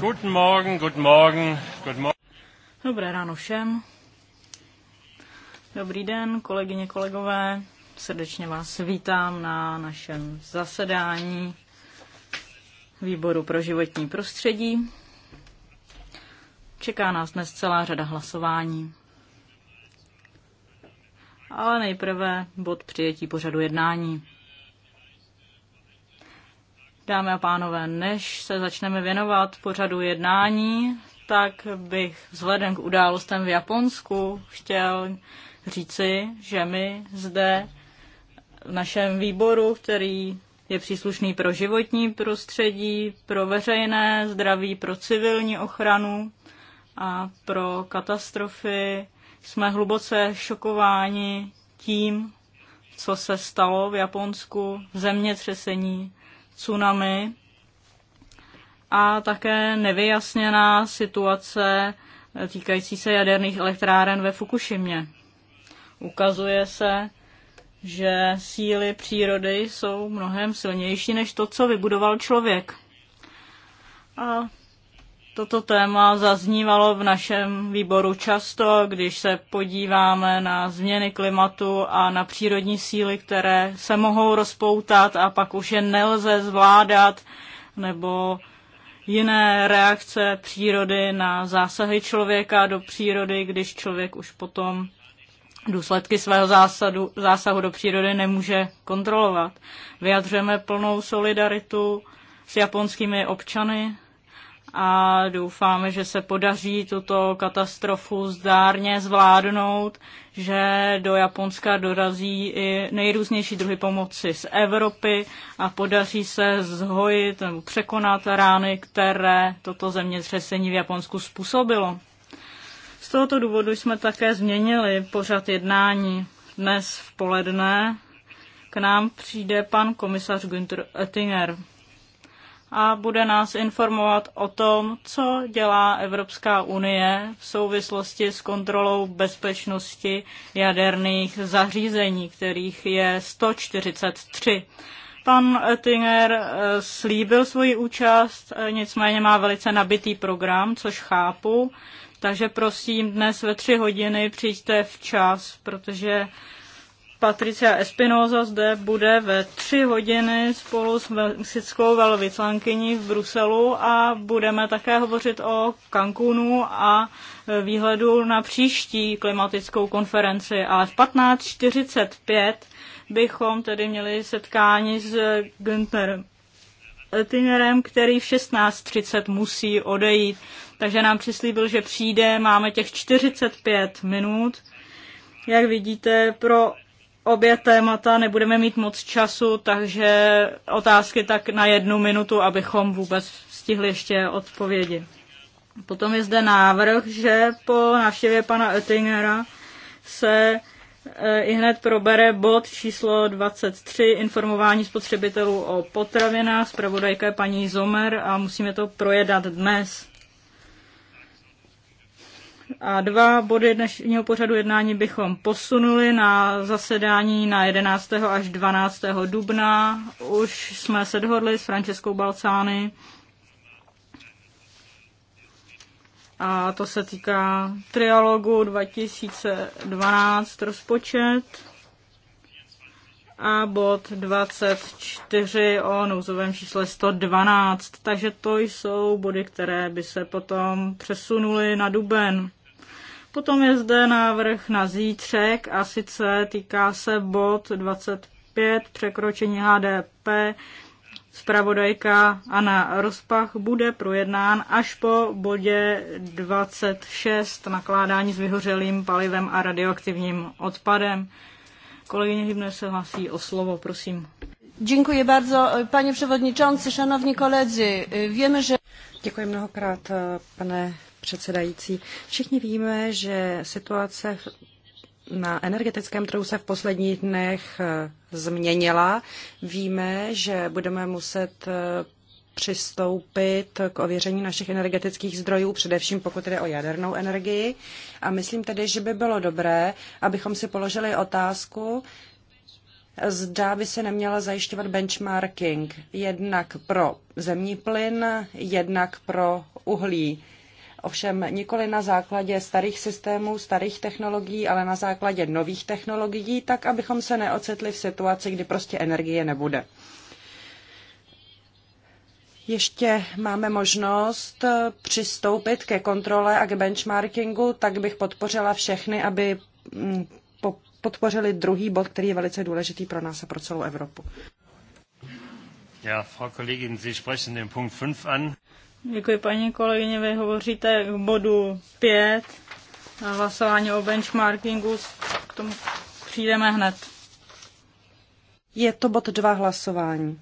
Guten Morgen, guten Morgen, guten Morgen. Dobré ráno všem. Dobrý den, kolegyně, kolegové. Srdečně vás vítám na našem zasedání Výboru pro životní prostředí. Čeká nás dnes celá řada hlasování. Ale nejprve bod přijetí pořadu jednání. Dámy a pánové, než se začneme věnovat pořadu jednání, tak bych vzhledem k událostem v Japonsku chtěl říci, že my zde v našem výboru, který je příslušný pro životní prostředí, pro veřejné zdraví, pro civilní ochranu a pro katastrofy, jsme hluboce šokováni tím, co se stalo v Japonsku v zemětřesení tsunami a také nevyjasněná situace týkající se jaderných elektráren ve Fukušimě. Ukazuje se, že síly přírody jsou mnohem silnější než to, co vybudoval člověk. A Toto téma zaznívalo v našem výboru často, když se podíváme na změny klimatu a na přírodní síly, které se mohou rozpoutat a pak už je nelze zvládat, nebo jiné reakce přírody na zásahy člověka do přírody, když člověk už potom důsledky svého zásadu, zásahu do přírody nemůže kontrolovat. Vyjadřujeme plnou solidaritu s japonskými občany, a doufáme, že se podaří tuto katastrofu zdárně zvládnout, že do Japonska dorazí i nejrůznější druhy pomoci z Evropy a podaří se zhojit nebo překonat rány, které toto zemětřesení v Japonsku způsobilo. Z tohoto důvodu jsme také změnili pořad jednání dnes v poledne. K nám přijde pan komisař Günther Oettinger a bude nás informovat o tom, co dělá Evropská unie v souvislosti s kontrolou bezpečnosti jaderných zařízení, kterých je 143. Pan Oettinger eh, slíbil svoji účast, eh, nicméně má velice nabitý program, což chápu. Takže prosím, dnes ve tři hodiny přijďte včas, protože Patricia Espinoza zde bude ve tři hodiny spolu s mexickou velvyslankyní v Bruselu a budeme také hovořit o Cancúnu a výhledu na příští klimatickou konferenci. A v 15.45 bychom tedy měli setkání s Günterem Tinerem, který v 16.30 musí odejít. Takže nám přislíbil, že přijde, máme těch 45 minut. Jak vidíte, pro obě témata nebudeme mít moc času, takže otázky tak na jednu minutu, abychom vůbec stihli ještě odpovědi. Potom je zde návrh, že po návštěvě pana Oettingera se eh, i hned probere bod číslo 23, informování spotřebitelů o potravinách, zpravodajka je paní Zomer a musíme to projedat dnes a dva body dnešního pořadu jednání bychom posunuli na zasedání na 11. až 12. dubna. Už jsme se dohodli s Franceskou Balcány. A to se týká trialogu 2012 rozpočet a bod 24 o nouzovém čísle 112. Takže to jsou body, které by se potom přesunuly na duben. Potom je zde návrh na zítřek a sice týká se bod 25 překročení HDP. Spravodajka Anna Rozpach bude projednán až po bodě 26 nakládání s vyhořelým palivem a radioaktivním odpadem. Kolegyně Hybner se hlásí o slovo, prosím. děkuji bardzo, e, Pane przewodniczący, šanovní koledzy. víme, že. Děkuji mnohokrát, pane předsedající. Všichni víme, že situace na energetickém trhu se v posledních dnech eh, změnila. Víme, že budeme muset eh, přistoupit k ověření našich energetických zdrojů, především pokud jde o jadernou energii. A myslím tedy, že by bylo dobré, abychom si položili otázku, zda by se neměla zajišťovat benchmarking jednak pro zemní plyn, jednak pro uhlí ovšem nikoli na základě starých systémů, starých technologií, ale na základě nových technologií, tak abychom se neocetli v situaci, kdy prostě energie nebude. Ještě máme možnost přistoupit ke kontrole a k benchmarkingu, tak bych podpořila všechny, aby mm, podpořili druhý bod, který je velice důležitý pro nás a pro celou Evropu. Ja, Frau Kollegin, Sie sprechen den Punkt 5 an. Děkuji paní kolegyně, vy hovoříte k bodu 5 a hlasování o benchmarkingu, k tomu přijdeme hned. Je to bod 2 hlasování.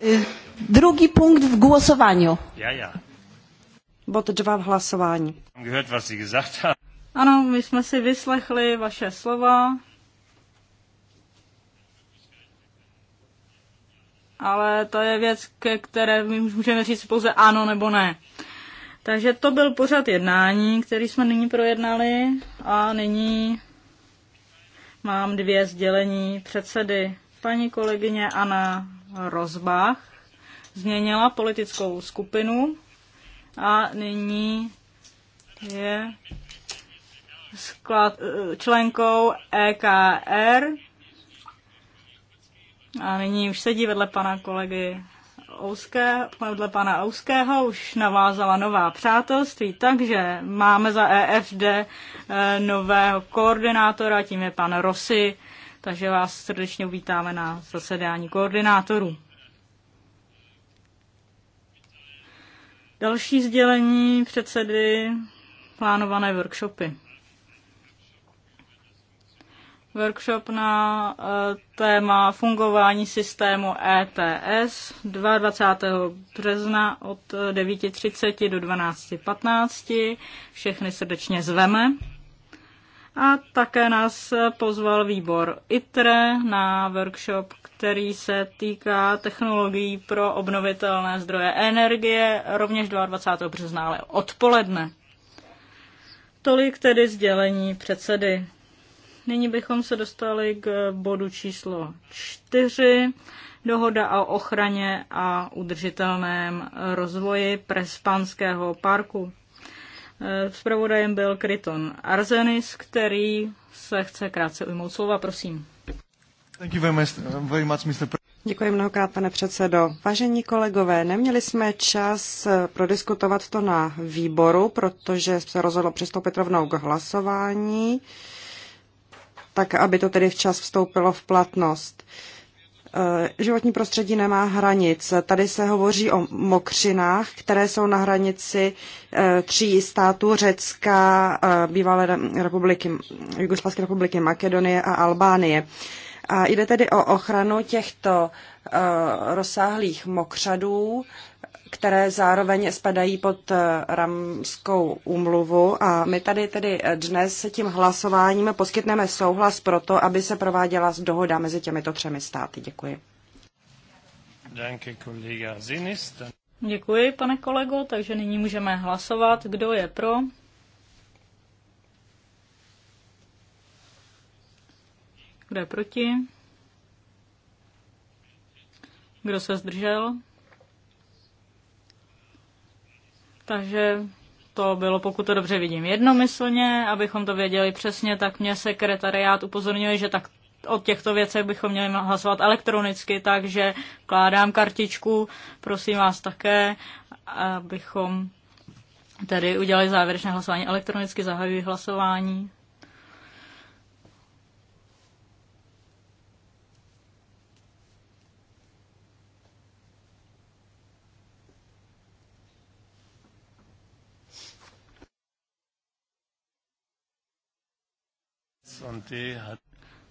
E, druhý punkt v hlasování. Ja, ja. Bod 2 v hlasování. Gehört, was Sie gesagt haben. Ano, my jsme si vyslechli vaše slova, ale to je věc, ke které my můžeme říct pouze ano nebo ne. Takže to byl pořad jednání, který jsme nyní projednali a nyní mám dvě sdělení předsedy. Paní kolegyně Anna Rozbach změnila politickou skupinu a nyní je členkou EKR a nyní už sedí vedle pana kolegy Ouské, vedle pana Ouského už navázala nová přátelství, takže máme za EFD eh, nového koordinátora, tím je pan Rosy, takže vás srdečně uvítáme na zasedání koordinátorů. Další sdělení předsedy plánované workshopy workshop na eh, téma fungování systému ETS 22. března od 9.30 eh, do 12.15. Všechny srdečně zveme. A také nás eh, pozval výbor ITRE na workshop, který se týká technologií pro obnovitelné zdroje energie, rovněž 22. března, ale odpoledne. Tolik tedy sdělení předsedy Nyní bychom se dostali k bodu číslo 4. Dohoda o ochraně a udržitelném rozvoji Prespanského parku. Eh, zpravodajem byl Kryton Arzenis, který se chce krátce ujmout slova. Prosím. Thank you very much, Mr. Děkuji mnohokrát, pane předsedo. Vážení kolegové, neměli jsme čas eh, prodiskutovat to na výboru, protože se rozhodlo přistoupit rovnou k hlasování tak aby to tedy včas vstoupilo v platnost. E, životní prostředí nemá hranic. Tady se hovoří o mokřinách, které jsou na hranici e, tří států Řecka, e, bývalé republiky, Jugoslavské republiky Makedonie a Albánie. A jde tedy o ochranu těchto rozsáhlých mokřadů, které zároveň spadají pod eh, Ramskou úmluvu. A my tady tedy eh, dnes tím hlasováním poskytneme souhlas pro to, aby se prováděla dohoda mezi těmito třemi státy. Děkuji. Děkuji, pane kolego, takže nyní můžeme hlasovat, kdo je pro. Kdo je proti? Kdo se zdržel? Takže to bylo, pokud to dobře vidím, jednomyslně, abychom to věděli přesně, tak mě sekretariát upozorňuje, že tak o těchto věcech bychom měli hlasovat elektronicky, takže kládám kartičku, prosím vás také, abychom tedy udělali závěrečné hlasování elektronicky, zahajuji hlasování.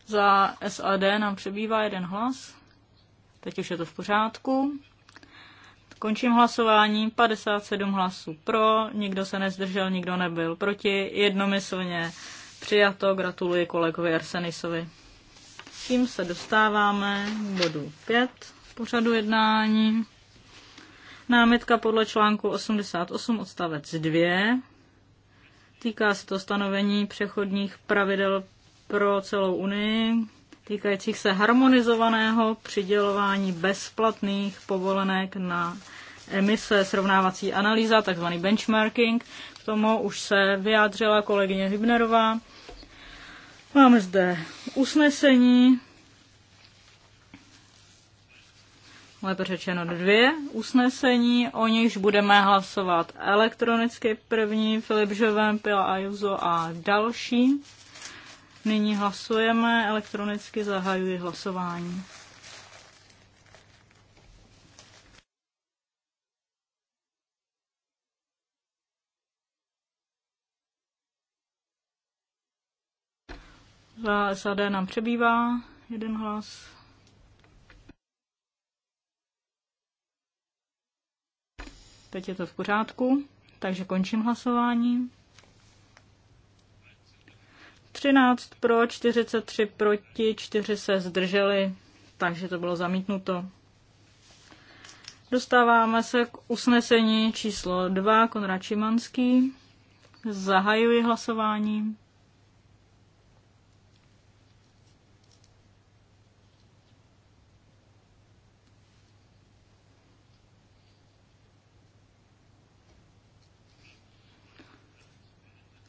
Za SAD nám přebývá jeden hlas. Teď už je to v pořádku. Končím hlasování. 57 hlasů pro, nikdo se nezdržel, nikdo nebyl proti. Jednomyslně přijato. Gratuluji kolegovi Arsenisovi. Tím se dostáváme k bodu 5 pořadu jednání. Námitka podle článku 88 odstavec 2. Týká se to stanovení přechodních pravidel pro celou Unii týkajících se harmonizovaného přidělování bezplatných povolenek na emise, srovnávací analýza, takzvaný benchmarking. K tomu už se vyjádřila kolegyně Hybnerová. Máme zde usnesení, lépe řečeno dvě usnesení, o nichž budeme hlasovat elektronicky. První Filip Žovem, Pila Ajuzo a další. Nyní hlasujeme, elektronicky zahajuji hlasování. Za SAD nám přebývá jeden hlas. Teď je to v pořádku, takže končím hlasování. 13 pro, 43 proti, 4 se zdrželi, takže to bylo zamítnuto. Dostáváme se k usnesení číslo 2, Konrad Šimanský. Zahajuji hlasování.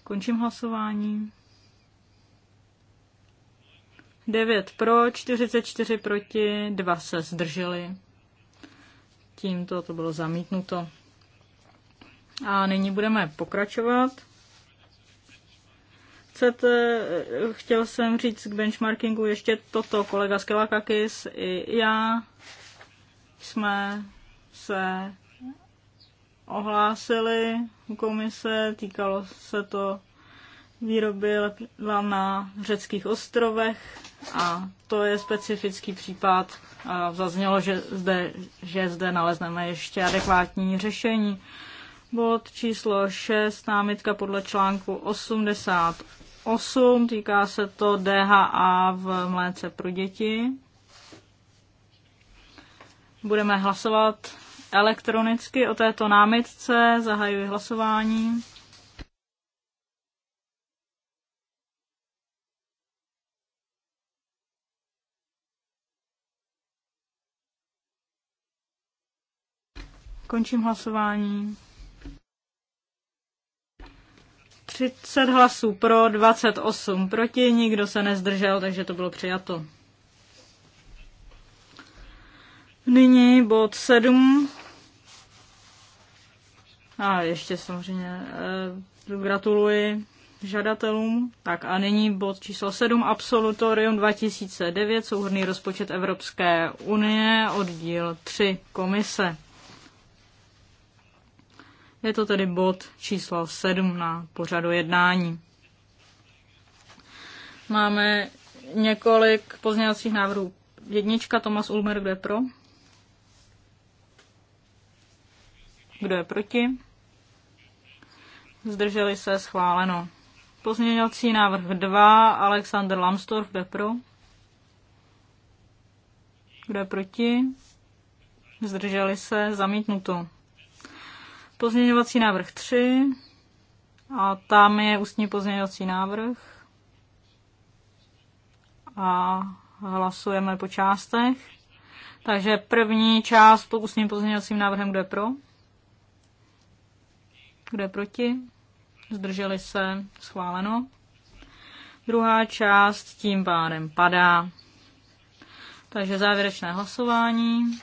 Končím hlasování. 9 pro, 44 proti, 2 se zdrželi. Tímto to bylo zamítnuto. A nyní budeme pokračovat. Chcete, chtěl jsem říct k benchmarkingu ještě toto, kolega Skelakakis i já jsme se ohlásili u komise, týkalo se to výroby letadla na řeckých ostrovech a to je specifický případ. A zaznělo, že zde, že zde nalezneme ještě adekvátní řešení. Bod číslo 6, námitka podle článku 88, týká se to DHA v mléce pro děti. Budeme hlasovat elektronicky o této námitce, zahajuji hlasování. Končím hlasování. 30 hlasů pro, 28 proti, nikdo se nezdržel, takže to bylo přijato. Nyní bod 7. A ještě samozřejmě eh, gratuluji žadatelům. Tak a nyní bod číslo 7, Absolutorium 2009, souhrný rozpočet Evropské unie, oddíl 3, komise. Je to tedy bod číslo 7 na pořadu jednání. Máme několik pozměňovacích návrhů. Jednička Tomas Ulmer, kdo je pro? Kdo je proti? Zdrželi se schváleno. Pozměňovací návrh 2, Alexander Lamstorf, kdo je pro? Kdo je proti? Zdrželi se zamítnuto. Pozměňovací návrh 3 a tam je ústní pozměňovací návrh a hlasujeme po částech. Takže první část po ústním pozměňovacím návrhem, kdo je pro? Kdo je proti? Zdrželi se, schváleno. Druhá část tím pádem padá. Takže závěrečné hlasování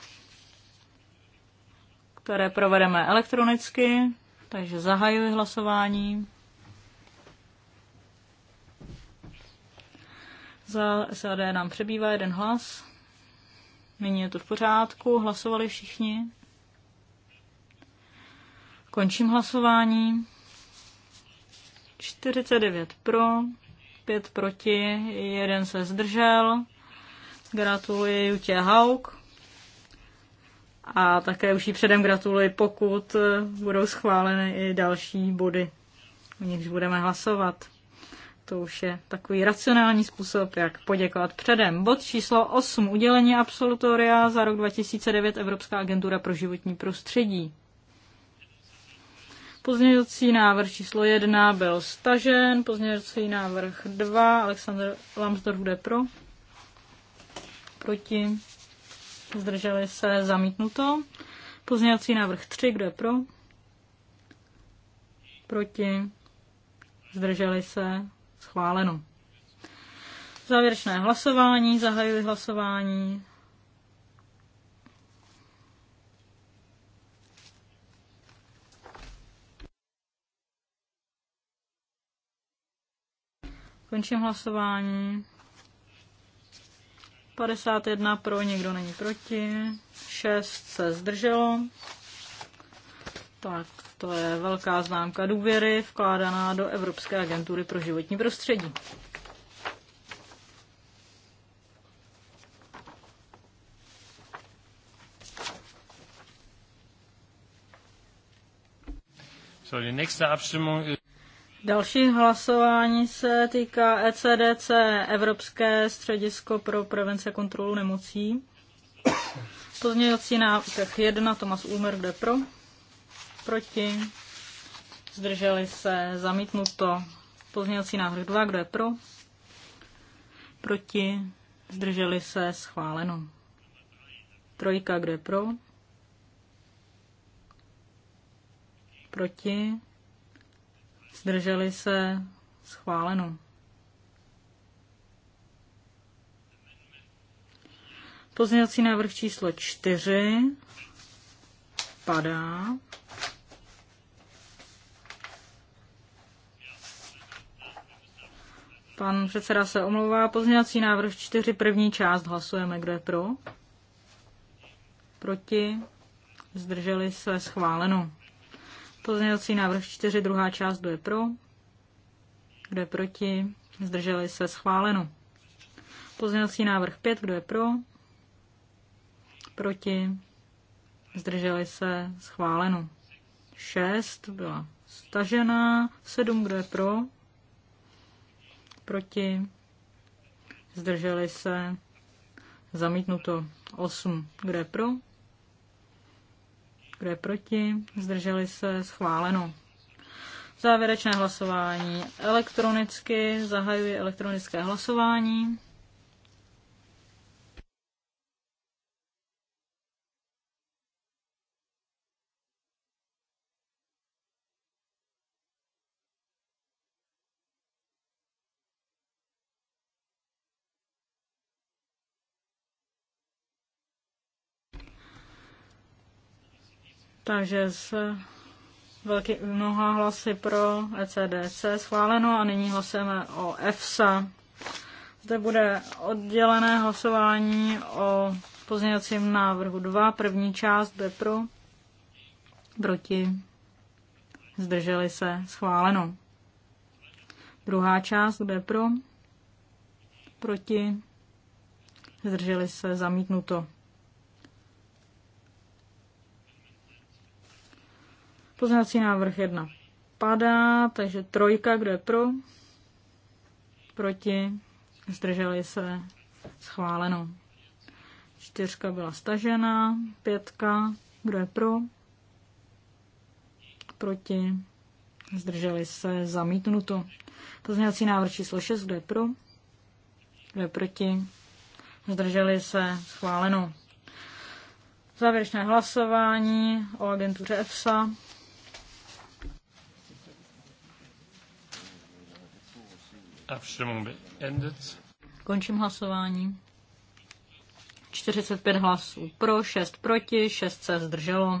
které provedeme elektronicky, takže zahajuji hlasování. Za SAD nám přebývá jeden hlas. Nyní je to v pořádku, hlasovali všichni. Končím hlasování. 49 pro, 5 proti, jeden se zdržel. Gratuluji Jutě Hauk a také už jí předem gratuluji, pokud eh, budou schváleny i další body, o nichž budeme hlasovat. To už je takový racionální způsob, jak poděkovat předem. Bod číslo 8. Udělení absolutoria za rok 2009 Evropská agentura pro životní prostředí. Pozměňovací návrh číslo 1 byl stažen, pozměňovací návrh 2, Aleksandr Lambsdorff jde pro, proti, zdrželi se, zamítnuto. Pozměňovací návrh 3, kdo je pro? Proti, zdrželi se, schváleno. Závěrečné hlasování, zahajuji hlasování. Končím hlasování. 51 pro, nikdo není proti. 6 se zdrželo. Tak to je velká známka důvěry vkládaná do Evropské agentury pro životní prostředí. So, die nächste Abstimmung ist Další hlasování se týká ECDC, Evropské středisko pro prevence kontrolu nemocí. Pozměňovací návrh 1, Tomas Úmer, kde pro? Proti. Zdrželi se, zamítnuto. Pozměňovací návrh 2, kdo je pro? Proti. Zdrželi se, schváleno. Trojka, kde je pro? Proti zdrželi se, schváleno. Pozměňovací návrh číslo 4 padá. Pan předseda se omlouvá. Pozměňovací návrh 4, první část. Hlasujeme, kdo je pro. Proti. Zdrželi se schváleno. Pozměňovací návrh 4, druhá část, kdo je pro, kdo je proti, zdrželi se schváleno. Pozměňovací návrh 5, kdo je pro, proti, zdrželi se schváleno. 6 byla stažená, 7, kdo je pro, proti, zdrželi se zamítnuto 8, kdo je pro, kdo je proti? Zdrželi se? Schváleno. Závěrečné hlasování elektronicky. Zahajuji elektronické hlasování. Takže s velký, mnoha hlasy pro ECDC schváleno a nyní hlasujeme o EFSA. Zde bude oddělené hlasování o pozměňovacím návrhu 2. První část jde pro, proti, zdrželi se, schváleno. Druhá část jde pro, proti, zdrželi se, zamítnuto. Poznací návrh jedna padá, takže trojka, kdo je pro? Proti? Zdrželi se? Schváleno. Čtyřka byla stažena, pětka, kdo je pro? Proti? Zdrželi se? Zamítnuto. Pozměňovací návrh číslo 6, kdo je pro? Kdo je proti? Zdrželi se? Schváleno. Závěrečné hlasování o agentuře EFSA. Abstimmung beendet. Končím hlasování. 45 hlasů pro, 6 proti, 6 se zdrželo.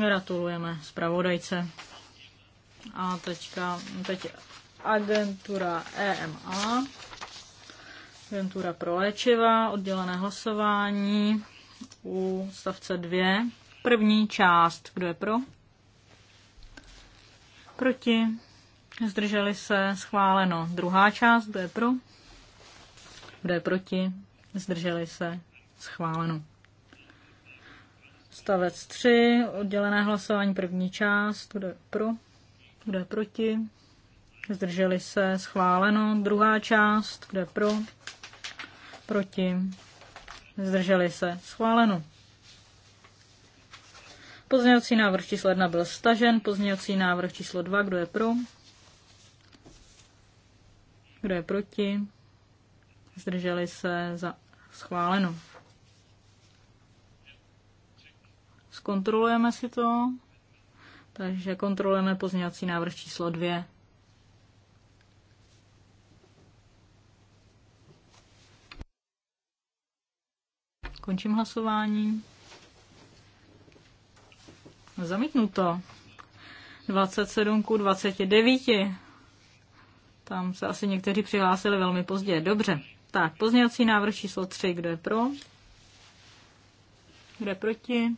Gratulujeme zpravodajce. A teďka, teď agentura EMA, agentura pro léčiva, oddělené hlasování u stavce 2. První část, kdo je pro? Proti? Zdrželi se schváleno. Druhá část, kdo je pro? Kdo je proti? Zdrželi se schváleno. Stavec 3, oddělené hlasování, první část, kdo je pro? Kdo je proti? Zdrželi se schváleno. Druhá část, kdo je pro? Proti? Zdrželi se schváleno. Pozměňovací návrh číslo 1 byl stažen. Pozměňovací návrh číslo 2, kdo je pro? Kdo je proti? Zdrželi se za schváleno. Zkontrolujeme si to. Takže kontrolujeme pozměňovací návrh číslo 2. Končím hlasování. Zamítnuto. 27 ku 29. Tam se asi někteří přihlásili velmi pozdě. Dobře. Tak, pozměňovací návrh číslo 3. Kdo je pro? Kdo je proti?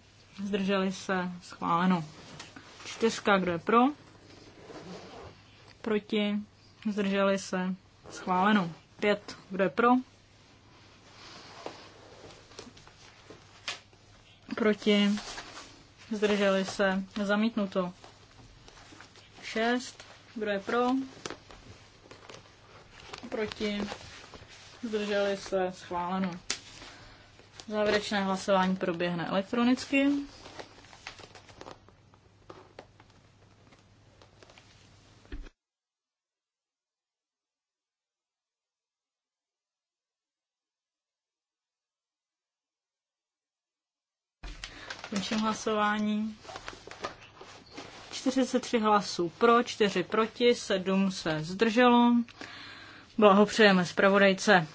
Zdrželi se? Schváleno. Čtyřka. Kdo je pro? Proti? Zdrželi se? Schváleno. Pět. Kdo je pro? Proti? Zdrželi se? Zamítnuto. Šest. Kdo je pro? proti, zdrželi se, schváleno. Závěrečné hlasování proběhne elektronicky. Končím hlasování. 43 hlasů pro, 4 proti, 7 se zdrželo. Blahopřejeme zpravodajce.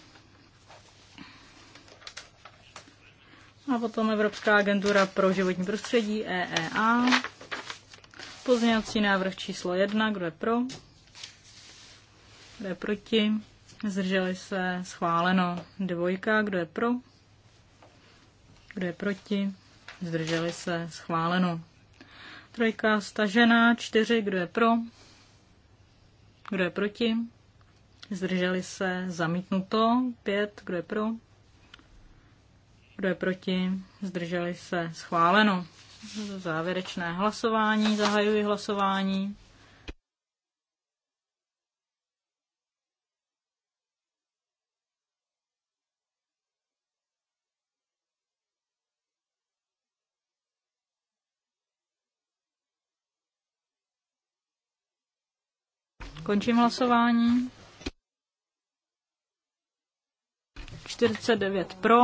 A potom Evropská agentura pro životní prostředí EEA. Pozměňovací návrh číslo 1. Kdo je pro? Kdo je proti? Zdrželi se schváleno dvojka. Kdo je pro? Kdo je proti? Zdrželi se schváleno. Trojka stažená. Čtyři. Kdo je pro? Kdo je proti? zdrželi se, zamítnuto. pět kdo je pro, kdo je proti, zdrželi se, schváleno. Závěrečné hlasování, zahajuji hlasování. Končím hlasování. 49 pro,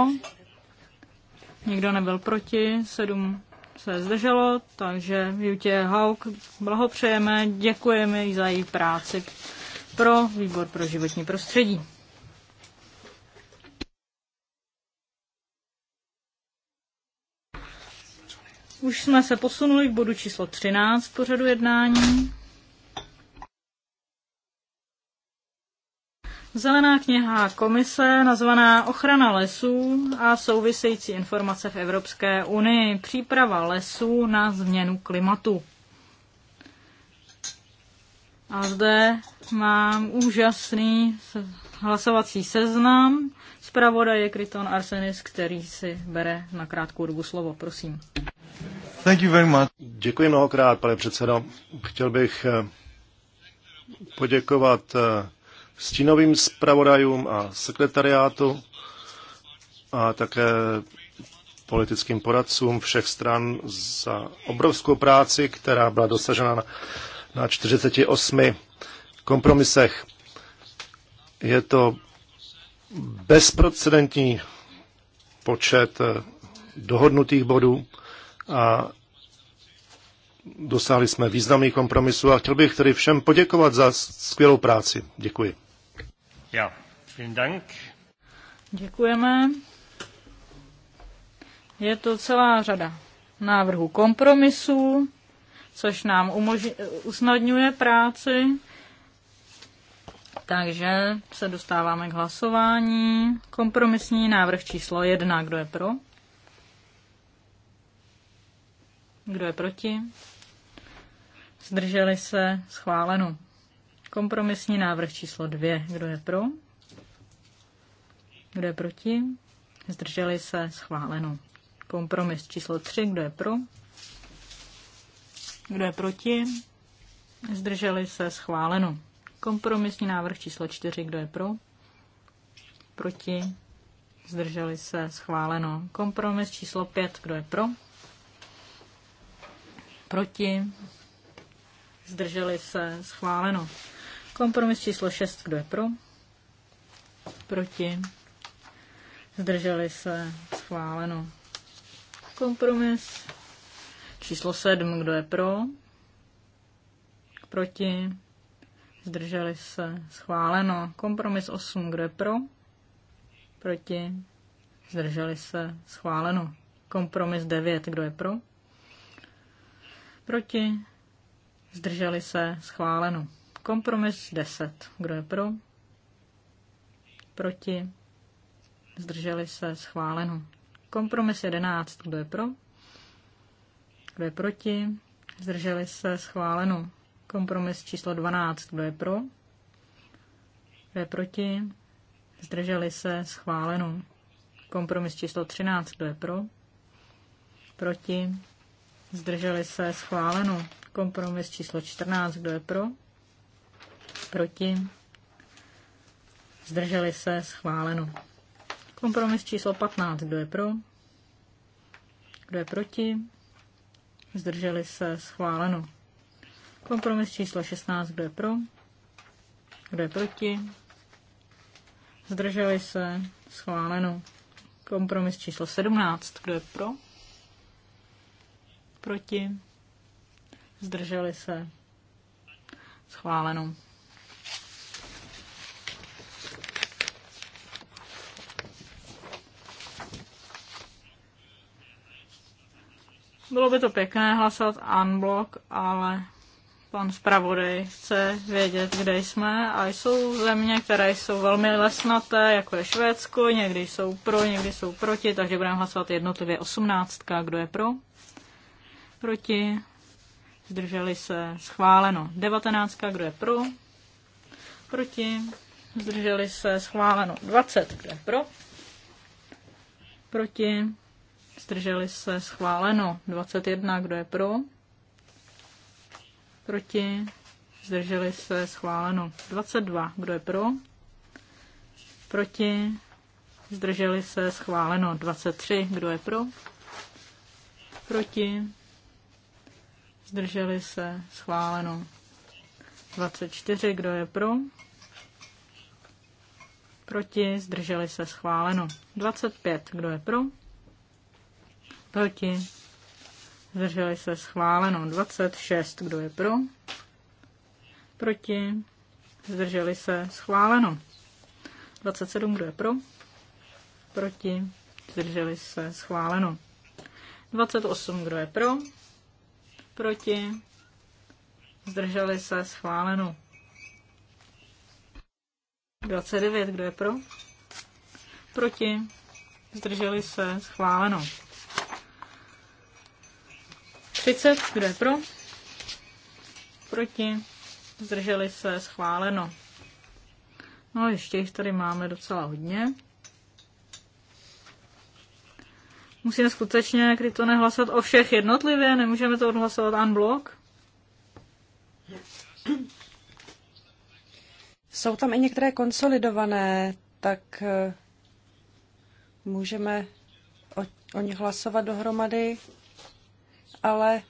nikdo nebyl proti, 7 se zdrželo, takže Jutě Hauk blahopřejeme, děkujeme jí za její práci pro výbor pro životní prostředí. Už jsme se posunuli k bodu číslo 13 pořadu jednání. Zelená kniha komise nazvaná Ochrana lesů a související informace v Evropské unii. Příprava lesů na změnu klimatu. A zde mám úžasný hlasovací seznam. Zpravodaj je Kryton Arsenis, který si bere na krátkou dobu slovo. Prosím. Thank you very much. Děkuji mnohokrát, pane předsedo. Chtěl bych eh, poděkovat eh, stínovým zpravodajům a sekretariátu a také politickým poradcům všech stran za obrovskou práci, která byla dosažena na 48 kompromisech. Je to bezprecedentní počet eh, dohodnutých bodů a dosáhli jsme významných kompromisů a chtěl bych tedy všem poděkovat za skvělou práci. Děkuji. Ja, vielen Dank. Děkujeme. Je to celá řada návrhů kompromisů, což nám umoži- usnadňuje práci. Takže se dostáváme k hlasování. Kompromisní návrh číslo jedna. Kdo je pro? Kdo je proti? Zdrželi se schváleno. Kompromisní návrh číslo dvě, Kdo je pro? Kdo je proti? Zdrželi se schváleno. Kompromis číslo tři, Kdo je pro? Kdo je proti? Zdrželi se schváleno. Kompromisní návrh číslo čtyři, Kdo je pro? Proti? Zdrželi se schváleno. Kompromis číslo pět, Kdo je pro? Proti? Zdrželi se schváleno. Kompromis číslo 6, kdo je pro? Proti? Zdrželi se? Schváleno. Kompromis číslo 7, kdo je pro? Proti? Zdrželi se? Schváleno. Kompromis 8, kdo je pro? Proti? Zdrželi se? Schváleno. Kompromis 9, kdo je pro? Proti? Zdrželi se? Schváleno. Kompromis 10. Kdo je pro? Proti? Zdrželi se? Schváleno. Kompromis 11. Kdo je pro? Kdo je proti? Zdrželi se? Schváleno. Kompromis číslo 12. Kdo je pro? Kdo je proti? Zdrželi se? Schváleno. Kompromis číslo 13. Kdo je pro? Proti? Zdrželi se? Schváleno. Kompromis číslo 14. Kdo je pro? proti, zdrželi se, schváleno. Kompromis číslo 15, kdo je pro, kdo je proti, zdrželi se, schváleno. Kompromis číslo 16, kdo je pro, kdo je proti, zdrželi se, schváleno. Kompromis číslo 17, kdo je pro, proti, zdrželi se, schváleno. Bylo by to pěkné hlasovat unblock, ale pan zpravodaj chce vědět, kde jsme a jsou země, které jsou velmi lesnaté, jako je Švédsko, někdy jsou pro, někdy jsou proti, takže budeme hlasovat jednotlivě osmnáctka, kdo je pro, proti, zdrželi se, schváleno, devatenáctka, kdo je pro, proti, zdrželi se, schváleno, dvacet, kdo je pro, proti, Zdrželi se schváleno. 21, kdo je pro? Proti? Zdrželi se schváleno. 22, kdo je pro? Proti? Zdrželi se schváleno. 23, kdo je pro? Proti? Zdrželi se schváleno. 24, kdo je pro? Proti? Zdrželi se schváleno. 25, kdo je pro? Proti? Zdrželi se schváleno 26. Kdo je pro? Proti? Zdrželi se schváleno. 27. Kdo je pro? Proti? Zdrželi se schváleno. 28. Kdo je pro? Proti? Zdrželi se schváleno. 29. Kdo je pro? Proti? Zdrželi se schváleno. 30, kdo je pro? Proti? Zdrželi se, schváleno. No ještě jich tady máme docela hodně. Musíme skutečně, když to nehlasovat o všech jednotlivě, nemůžeme to odhlasovat unblock. Jsou tam i některé konsolidované, tak eh, můžeme o, o nich hlasovat dohromady ale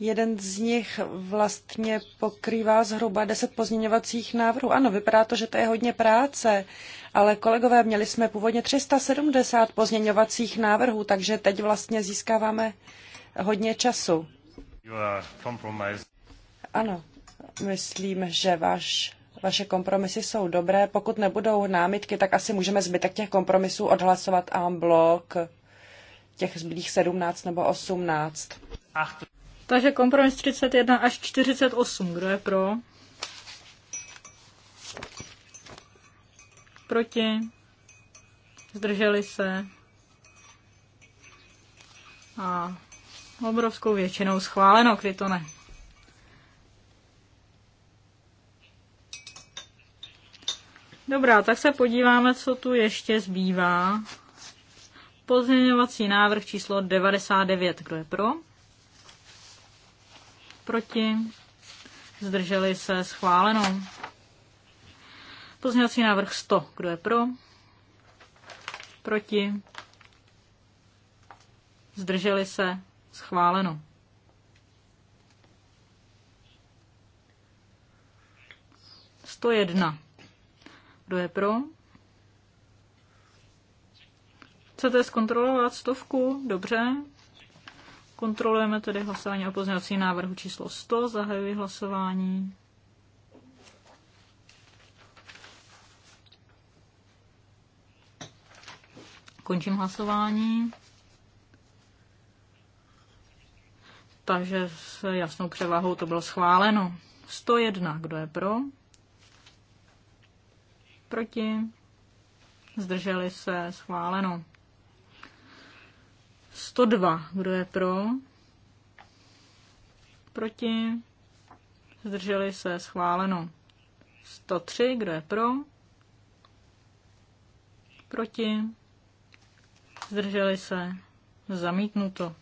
Jeden z nich vlastně pokrývá zhruba deset pozměňovacích návrhů. Ano, vypadá to, že to je hodně práce, ale kolegové, měli jsme původně 370 pozměňovacích návrhů, takže teď vlastně získáváme hodně času. Ano, myslím, že váš vaše kompromisy jsou dobré. Pokud nebudou námitky, tak asi můžeme zbytek těch kompromisů odhlasovat en blok těch zbylých 17 nebo 18. Takže kompromis 31 až 48. Kdo je pro? Proti? Zdrželi se? A obrovskou většinou schváleno, kdy to ne. Dobrá, tak se podíváme, co tu ještě zbývá. Pozměňovací návrh číslo 99. Kdo je pro? Proti? Zdrželi se Schváleno. Pozměňovací návrh 100. Kdo je pro? Proti? Zdrželi se schváleno. Sto jedna. Kdo je pro? Chcete zkontrolovat stovku? Dobře. Kontrolujeme tedy hlasování o pozměňovací návrhu číslo 100. Zahajuji hlasování. Končím hlasování. Takže s jasnou převahou to bylo schváleno. 101, kdo je pro? Proti? Zdrželi se. Schváleno. 102. Kdo je pro? Proti? Zdrželi se. Schváleno. 103. Kdo je pro? Proti? Zdrželi se. Zamítnuto.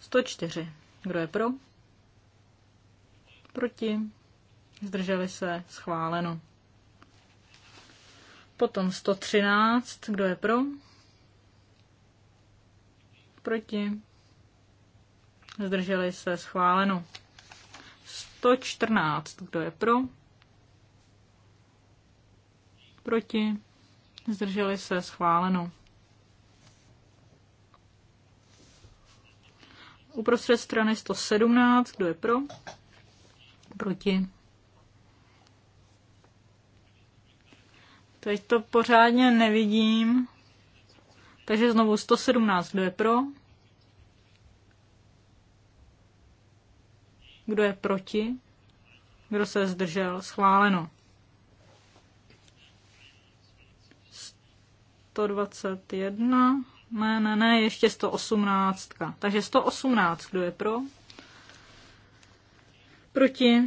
104. Kdo je pro? Proti? Zdrželi se. Schváleno. Potom 113, kdo je pro? Proti? Zdrželi se schváleno. 114, kdo je pro? Proti? Zdrželi se schváleno. Uprostřed strany 117, kdo je pro? Proti? Teď to pořádně nevidím. Takže znovu 117. Kdo je pro? Kdo je proti? Kdo se zdržel? Schváleno. 121. Ne, ne, ne, ještě 118. Takže 118. Kdo je pro? Proti?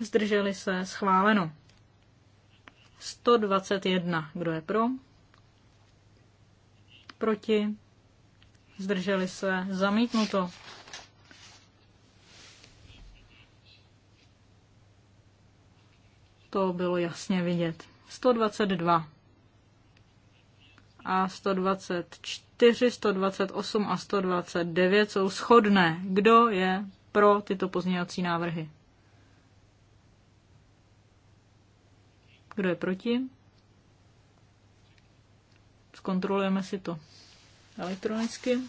Zdrželi se? Schváleno. 121. Kdo je pro? Proti? Zdrželi se? Zamítnuto. To bylo jasně vidět. 122 a 124, 128 a 129 jsou shodné. Kdo je pro tyto pozměňovací návrhy? Kdo je proti? Zkontrolujeme si to elektronicky.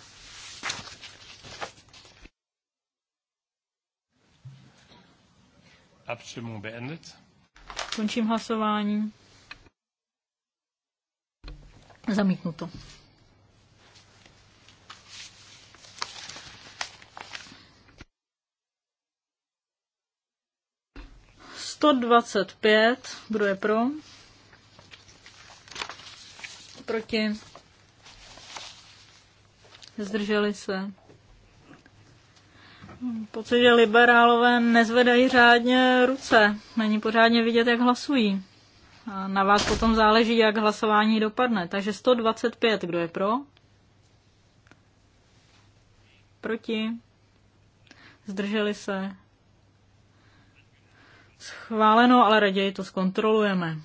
Abstimmung beendet. Končím hlasování. Zamítnuto. 125, kdo je pro? Proti? Zdrželi se. Pocit, že liberálové nezvedají řádně ruce. Není pořádně vidět, jak hlasují. A na vás potom záleží, jak hlasování dopadne. Takže 125, kdo je pro? Proti? Zdrželi se? schváleno, ale raději to zkontrolujeme.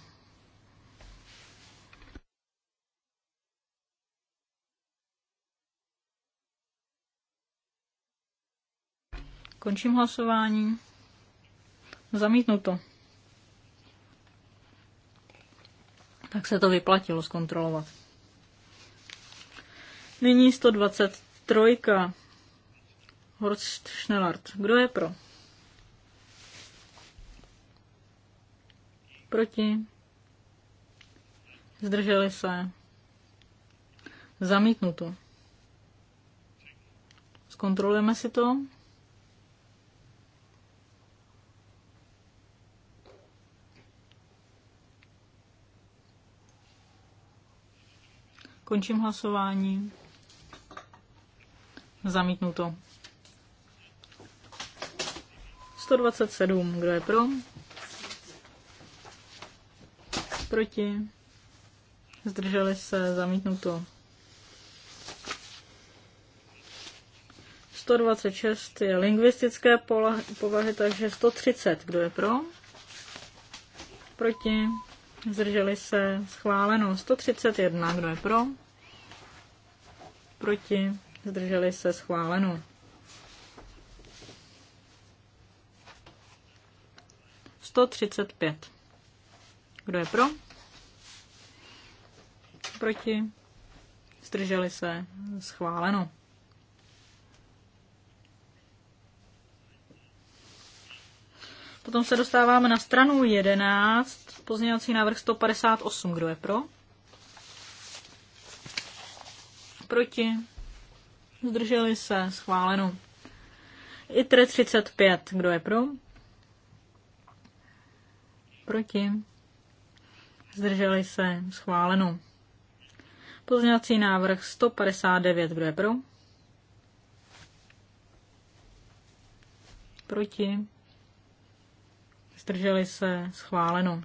Končím hlasování. Zamítnuto. Tak se to vyplatilo zkontrolovat. Nyní 123. Horst Schnellart. Kdo je pro? Proti? Zdrželi se? Zamítnuto. Zkontrolujeme si to. Končím hlasování. Zamítnuto. 127. Kdo je pro? Proti. Zdrželi se. Zamítnuto. 126 je lingvistické povahy, takže 130. Kdo je pro? Proti. Zdrželi se. Schváleno. 131. Kdo je pro? Proti. Zdrželi se. Schváleno. 135. Kdo je pro? Proti? Zdrželi se? Schváleno. Potom se dostáváme na stranu 11, pozměňovací návrh 158. Kdo je pro? Proti? Zdrželi se? Schváleno. ITRE 35. Kdo je pro? Proti? Zdrželi se? Schváleno. Pozměňovací návrh 159. Kdo je pro? Proti? Zdrželi se? Schváleno.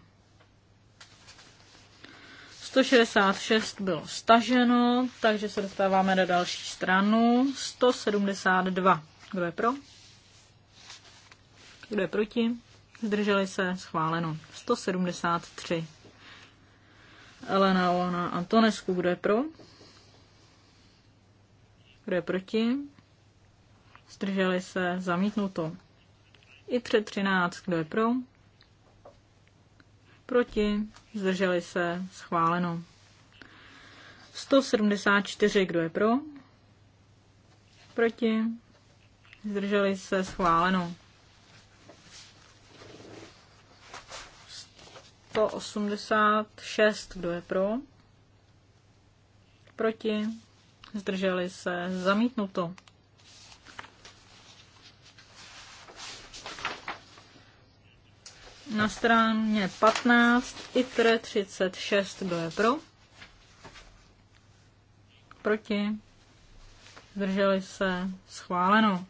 166 bylo staženo, takže se dostáváme na další stranu. 172. Kdo je pro? Kdo je proti? Zdrželi se? Schváleno. 173. Elena Ona Antonesku, kdo je pro? Kdo je proti? Zdrželi se zamítnuto. I před 13, kdo je pro? Proti? Zdrželi se schváleno. 174, kdo je pro? Proti? Zdrželi se schváleno. 186, kdo je pro? Proti? Zdrželi se? Zamítnuto. Na straně 15, ITRE 36, kdo je pro? Proti? Zdrželi se? Schváleno.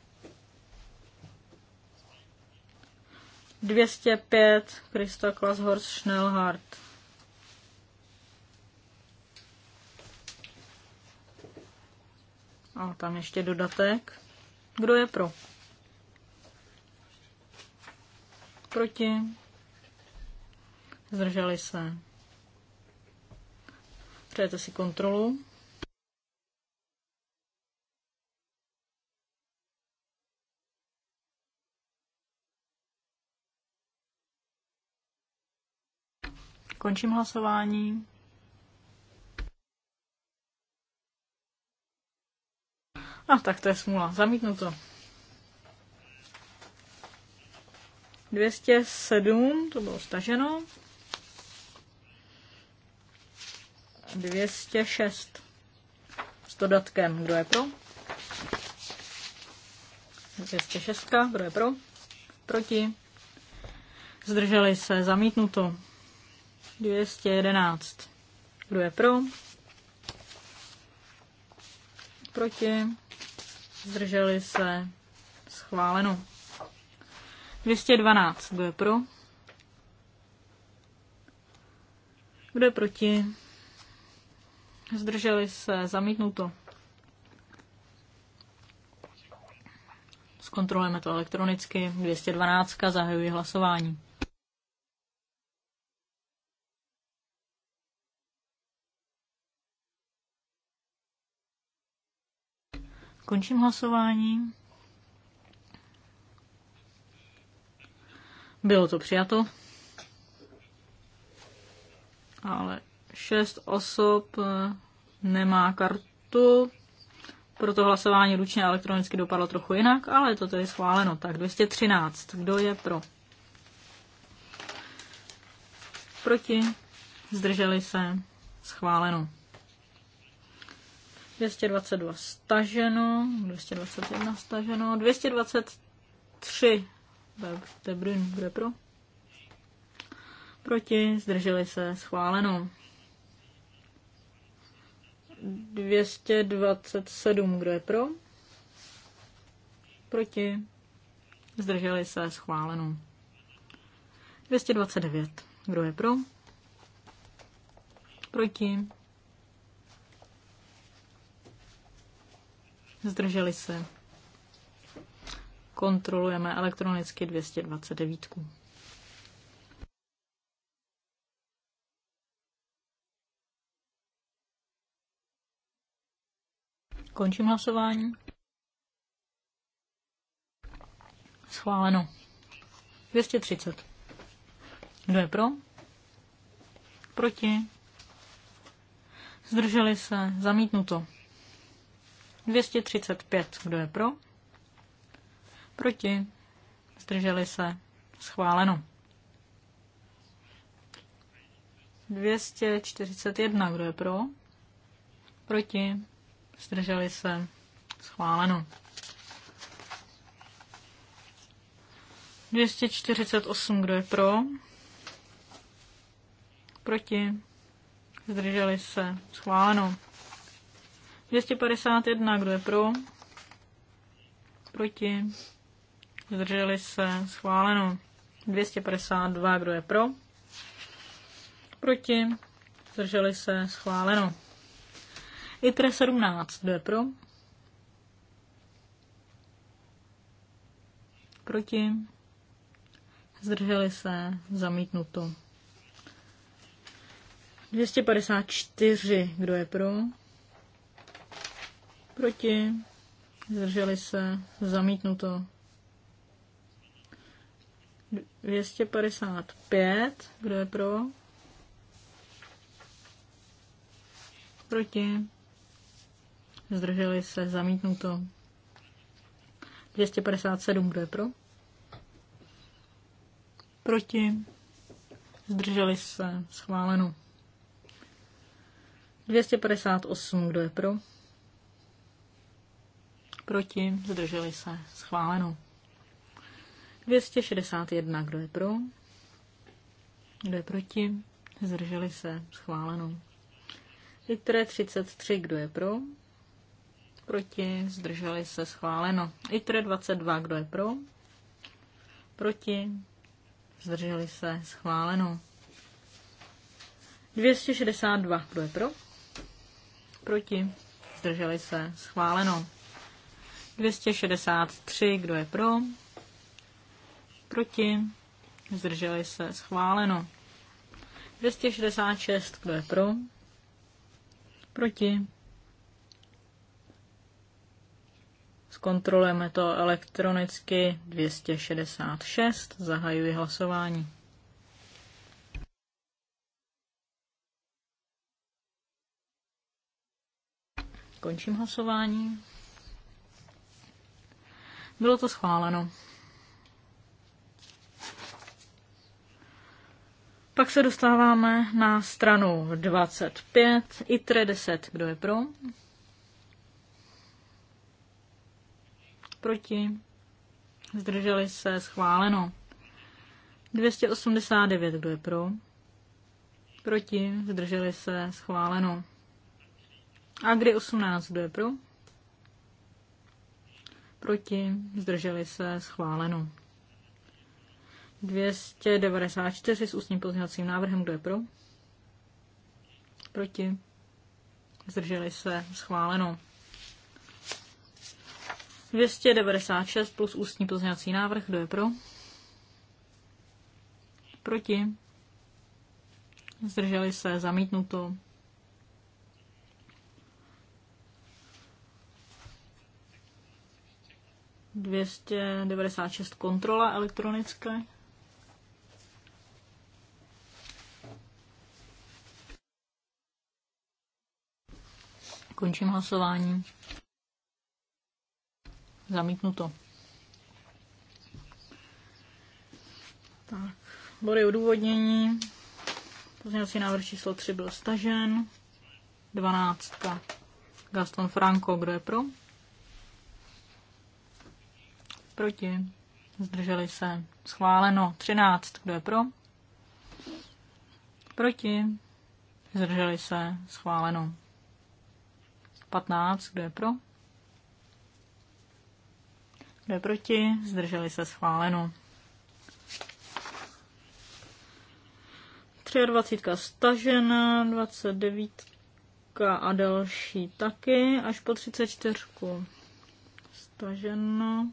205 Krista Klas Horst Schnellhardt. A tam ještě dodatek. Kdo je pro? Proti? Zdrželi se. Přejete si kontrolu. Končím hlasování. A tak to je smůla. Zamítnuto. 207, to bylo staženo. 206 s dodatkem, kdo je pro? 206, kdo je pro? Proti? Zdrželi se, zamítnuto. 211. Kdo je pro? Proti? Zdrželi se? Schváleno. 212. Kdo je pro? Kdo je proti? Zdrželi se? Zamítnuto. Zkontrolujeme to elektronicky. 212. Zahajuji hlasování. Končím hlasování. Bylo to přijato. Ale šest osob eh, nemá kartu, proto hlasování ručně elektronicky dopadlo trochu jinak, ale toto je schváleno. Tak 213. Kdo je pro? Proti? Zdrželi se? Schváleno. 222 staženo, 221 staženo, 223 De Bruyne bude pro. Proti, zdrželi se, schváleno. 227, kdo je pro? Proti, zdrželi se, schváleno. 229, kdo je pro? Proti, Zdrželi se. Kontrolujeme elektronicky 229. Končím hlasování. Schváleno. 230. Kdo je pro? Proti? Zdrželi se? Zamítnuto. 235. Kdo je pro? Proti? Zdrželi se? Schváleno. 241. Kdo je pro? Proti? Zdrželi se? Schváleno. 248. Kdo je pro? Proti? Zdrželi se? Schváleno. 251, kdo je pro? Proti? Zdrželi se, schváleno. 252, kdo je pro? Proti? Zdrželi se, schváleno. ITRE 17, kdo je pro? Proti? Zdrželi se, zamítnuto. 254, kdo je pro? Proti? Zdrželi se? Zamítnuto. 255. Kdo je pro? Proti? Zdrželi se? Zamítnuto. 257. Kdo je pro? Proti? Zdrželi se? Schváleno. 258. Kdo je pro? Proti? Zdrželi se. Schváleno. 261. Kdo je pro? Kdo je proti? Zdrželi se. Schváleno. ITRE 33. Kdo je pro? Proti? Zdrželi se. Schváleno. ITRE 22. Kdo je pro? Proti? Zdrželi se. Schváleno. 262. Kdo je pro? Proti? Zdrželi se. Schváleno. 263, kdo je pro? Proti? Zdrželi se, schváleno. 266, kdo je pro? Proti? Zkontrolujeme to elektronicky 266, zahajuji hlasování. Končím hlasování. Bylo to schváleno. Pak se dostáváme na stranu 25, ITRE 10. Kdo je pro? Proti? Zdrželi se? Schváleno. 289. Kdo je pro? Proti? Zdrželi se? Schváleno. A kdy 18. Kdo je pro? proti, zdrželi se, schváleno. 294 s ústním pozměňovacím návrhem, kdo je pro? Proti, zdrželi se, schváleno. 296 plus ústní pozměňovací návrh, kdo je pro? Proti, zdrželi se, zamítnuto. 296 kontrola elektronické. Končím hlasování. Zamítnuto. Tak, body odůvodnění. Pozměňovací návrh číslo 3 byl stažen. 12. Gaston Franco, kdo je pro? Proti? Zdrželi se. Schváleno. 13. Kdo je pro? Proti? Zdrželi se. Schváleno. 15. Kdo je pro? Kdo je proti? Zdrželi se. Schváleno. 23 stažena, 29 a další taky, až po 34. Staženo.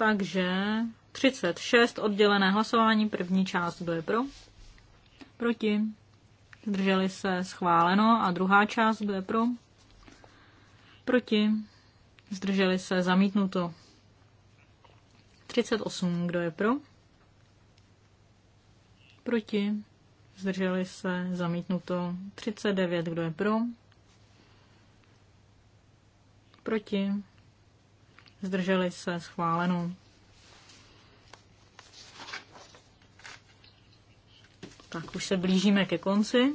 Takže 36 oddělené hlasování, první část, kdo je pro? Proti? Zdrželi se schváleno. A druhá část, kdo je pro? Proti? Zdrželi se zamítnuto. 38, kdo je pro? Proti? Zdrželi se zamítnuto. 39, kdo je pro? Proti? zdrželi se schváleno. Tak už se blížíme ke konci.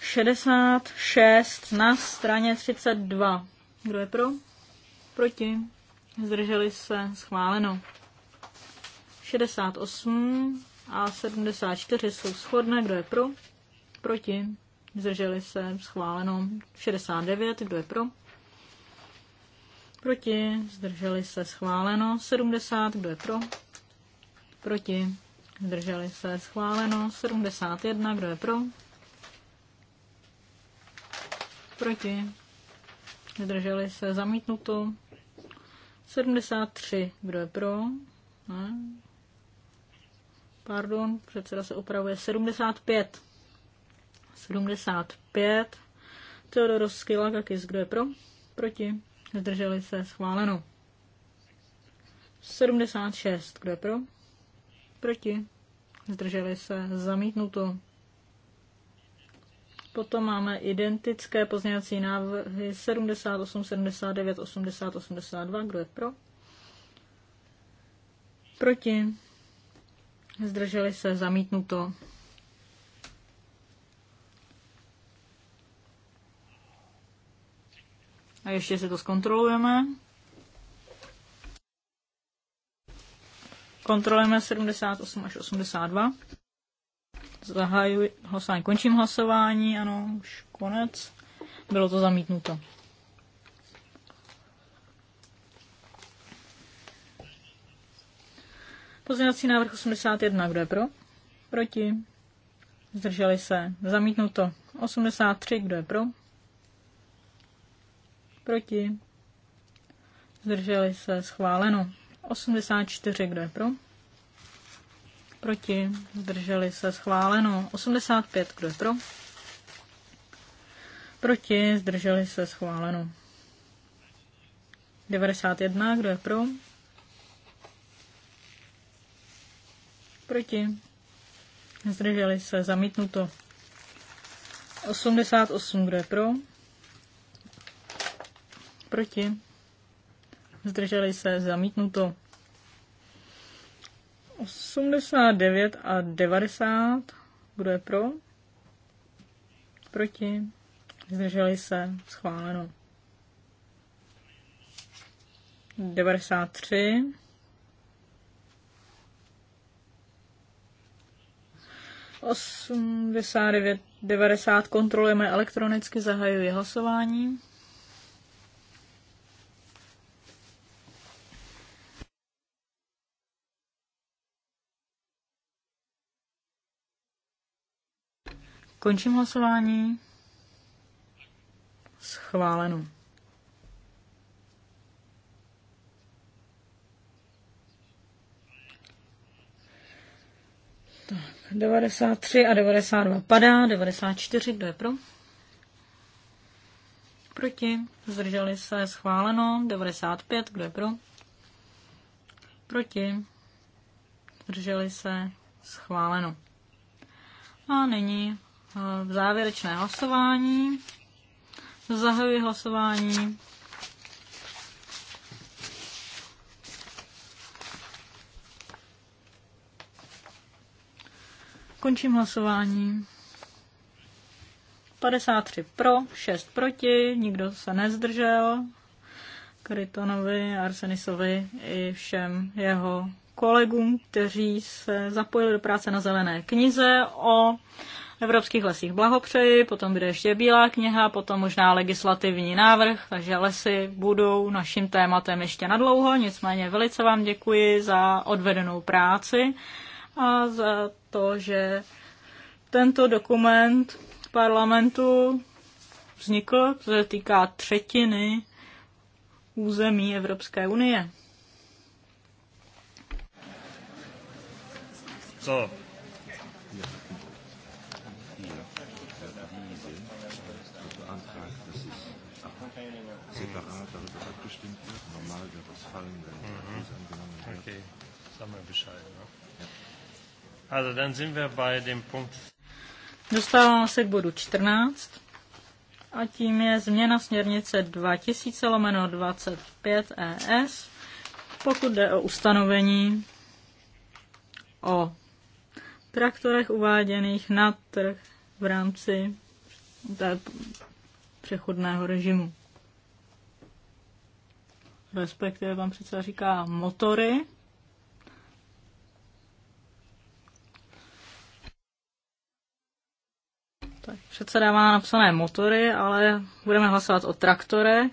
66 na straně 32. Kdo je pro? Proti. Zdrželi se schváleno. 68 a 74 jsou shodné. Kdo je pro? Proti. Zdrželi se schváleno. 69. Kdo je pro? Proti. Zdrželi se schváleno. 70. Kdo je pro? Proti. Zdrželi se schváleno. 71. Kdo je pro? Proti. Zdrželi se zamítnuto. 73. Kdo je pro? Ne. Pardon, předseda se opravuje. 75. 75. Teodorovský Lagakis, kdo je pro? Proti. Zdrželi se schváleno. 76. Kdo je pro? Proti. Zdrželi se zamítnuto. Potom máme identické pozměňovací návrhy 78, 79, 80, 82. Kdo je pro? Proti. Zdrželi se zamítnuto. A ještě si to zkontrolujeme. Kontrolujeme 78 až 82. Zahajuji hlasování. Končím hlasování. Ano, už konec. Bylo to zamítnuto. Pozměňovací návrh 81. Kdo je pro? Proti. Zdrželi se. Zamítnuto. 83. Kdo je pro? Proti? Zdrželi se schváleno. 84, kdo je pro? Proti? Zdrželi se schváleno. 85, kdo je pro? Proti? Zdrželi se schváleno. 91, kdo je pro? Proti? Zdrželi se zamítnuto. 88, kdo je pro? Proti? Zdrželi se zamítnuto. 89 a 90. Kdo je pro? Proti? Zdrželi se schváleno. 93. Osmdesát devět, devadesát kontrolujeme elektronicky, zahajuji hlasování. Končím hlasování. Schváleno. Tak, 93 a 92 padá, 94, kdo je pro? Proti, zdrželi se, schváleno, 95, kdo je pro? Proti, zdrželi se, schváleno. A nyní Eh, závěrečné hlasování. Zahajuji hlasování. Končím hlasování. 53 pro, 6 proti, nikdo se nezdržel. Krytonovi, Arsenisovi i všem jeho kolegům, kteří se zapojili do práce na zelené knize o evropských lesích. Blahopřeji, potom bude ještě bílá kniha, potom možná legislativní návrh, takže lesy budou naším tématem ještě nadlouho, nicméně velice vám děkuji za odvedenou práci a za to, že tento dokument parlamentu vznikl, co se týká třetiny území Evropské unie. So, abgestimmt wird. Normal wird das fallen, wenn mhm. dies angenommen wird. Okay, sagen wir Bescheid. Ne? Ja. Also dann sind wir bei dem Punkt. Dostáváme se k bodu 14 a tím je změna směrnice 2000 lomeno 25 ES, pokud jde o ustanovení o traktorech uváděných na trh v rámci přechodného režimu respektive vám přece říká motory. Tak předseda má napsané motory, ale budeme hlasovat o traktorech.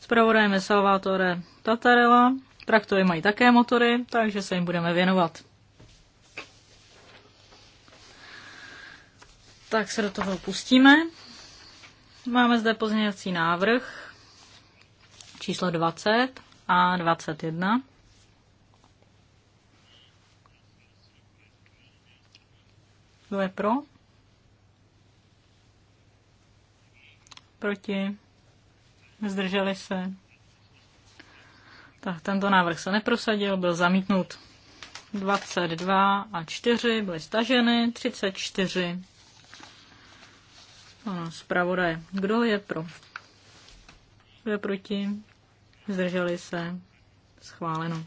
Spravodajem Salvatore Tatarela. Traktory mají také motory, takže se jim budeme věnovat. Tak se do toho pustíme. Máme zde pozměňovací návrh číslo 20 a 21. Kdo je pro? Proti? Zdrželi se? Tak tento návrh se neprosadil, byl zamítnut. 22 a 4 byly staženy, 34 Ano, zpravodaj. Kdo je pro? Kdo je proti? Zdrželi se. Schváleno.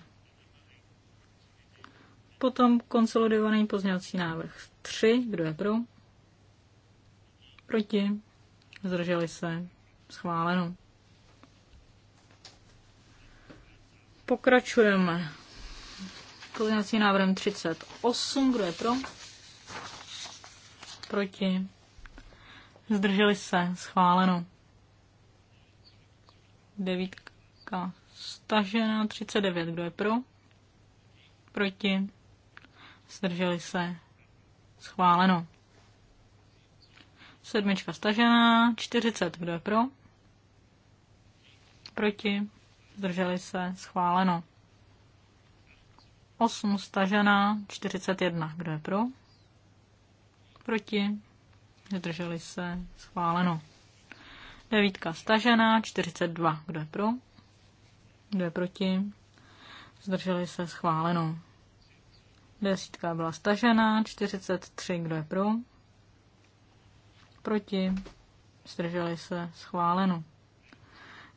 Potom konsolidovaný pozměňovací návrh 3. Kdo je pro? Proti? Zdrželi se. Schváleno. Pokračujeme pozměňovací návrhem 38. Kdo je pro? Proti? Zdrželi se. Schváleno devítka stažena, 39, kdo je pro, proti, zdrželi se, schváleno. Sedmička stažená, 40, kdo je pro, proti, zdrželi se, schváleno. osm stažená, 41, kdo je pro, proti, zdrželi se, schváleno. Devítka stažená, 42. Kdo je pro? Kdo je proti? Zdrželi se schváleno. Desítka byla stažená, 43. Kdo je pro? Proti? Zdrželi se schváleno.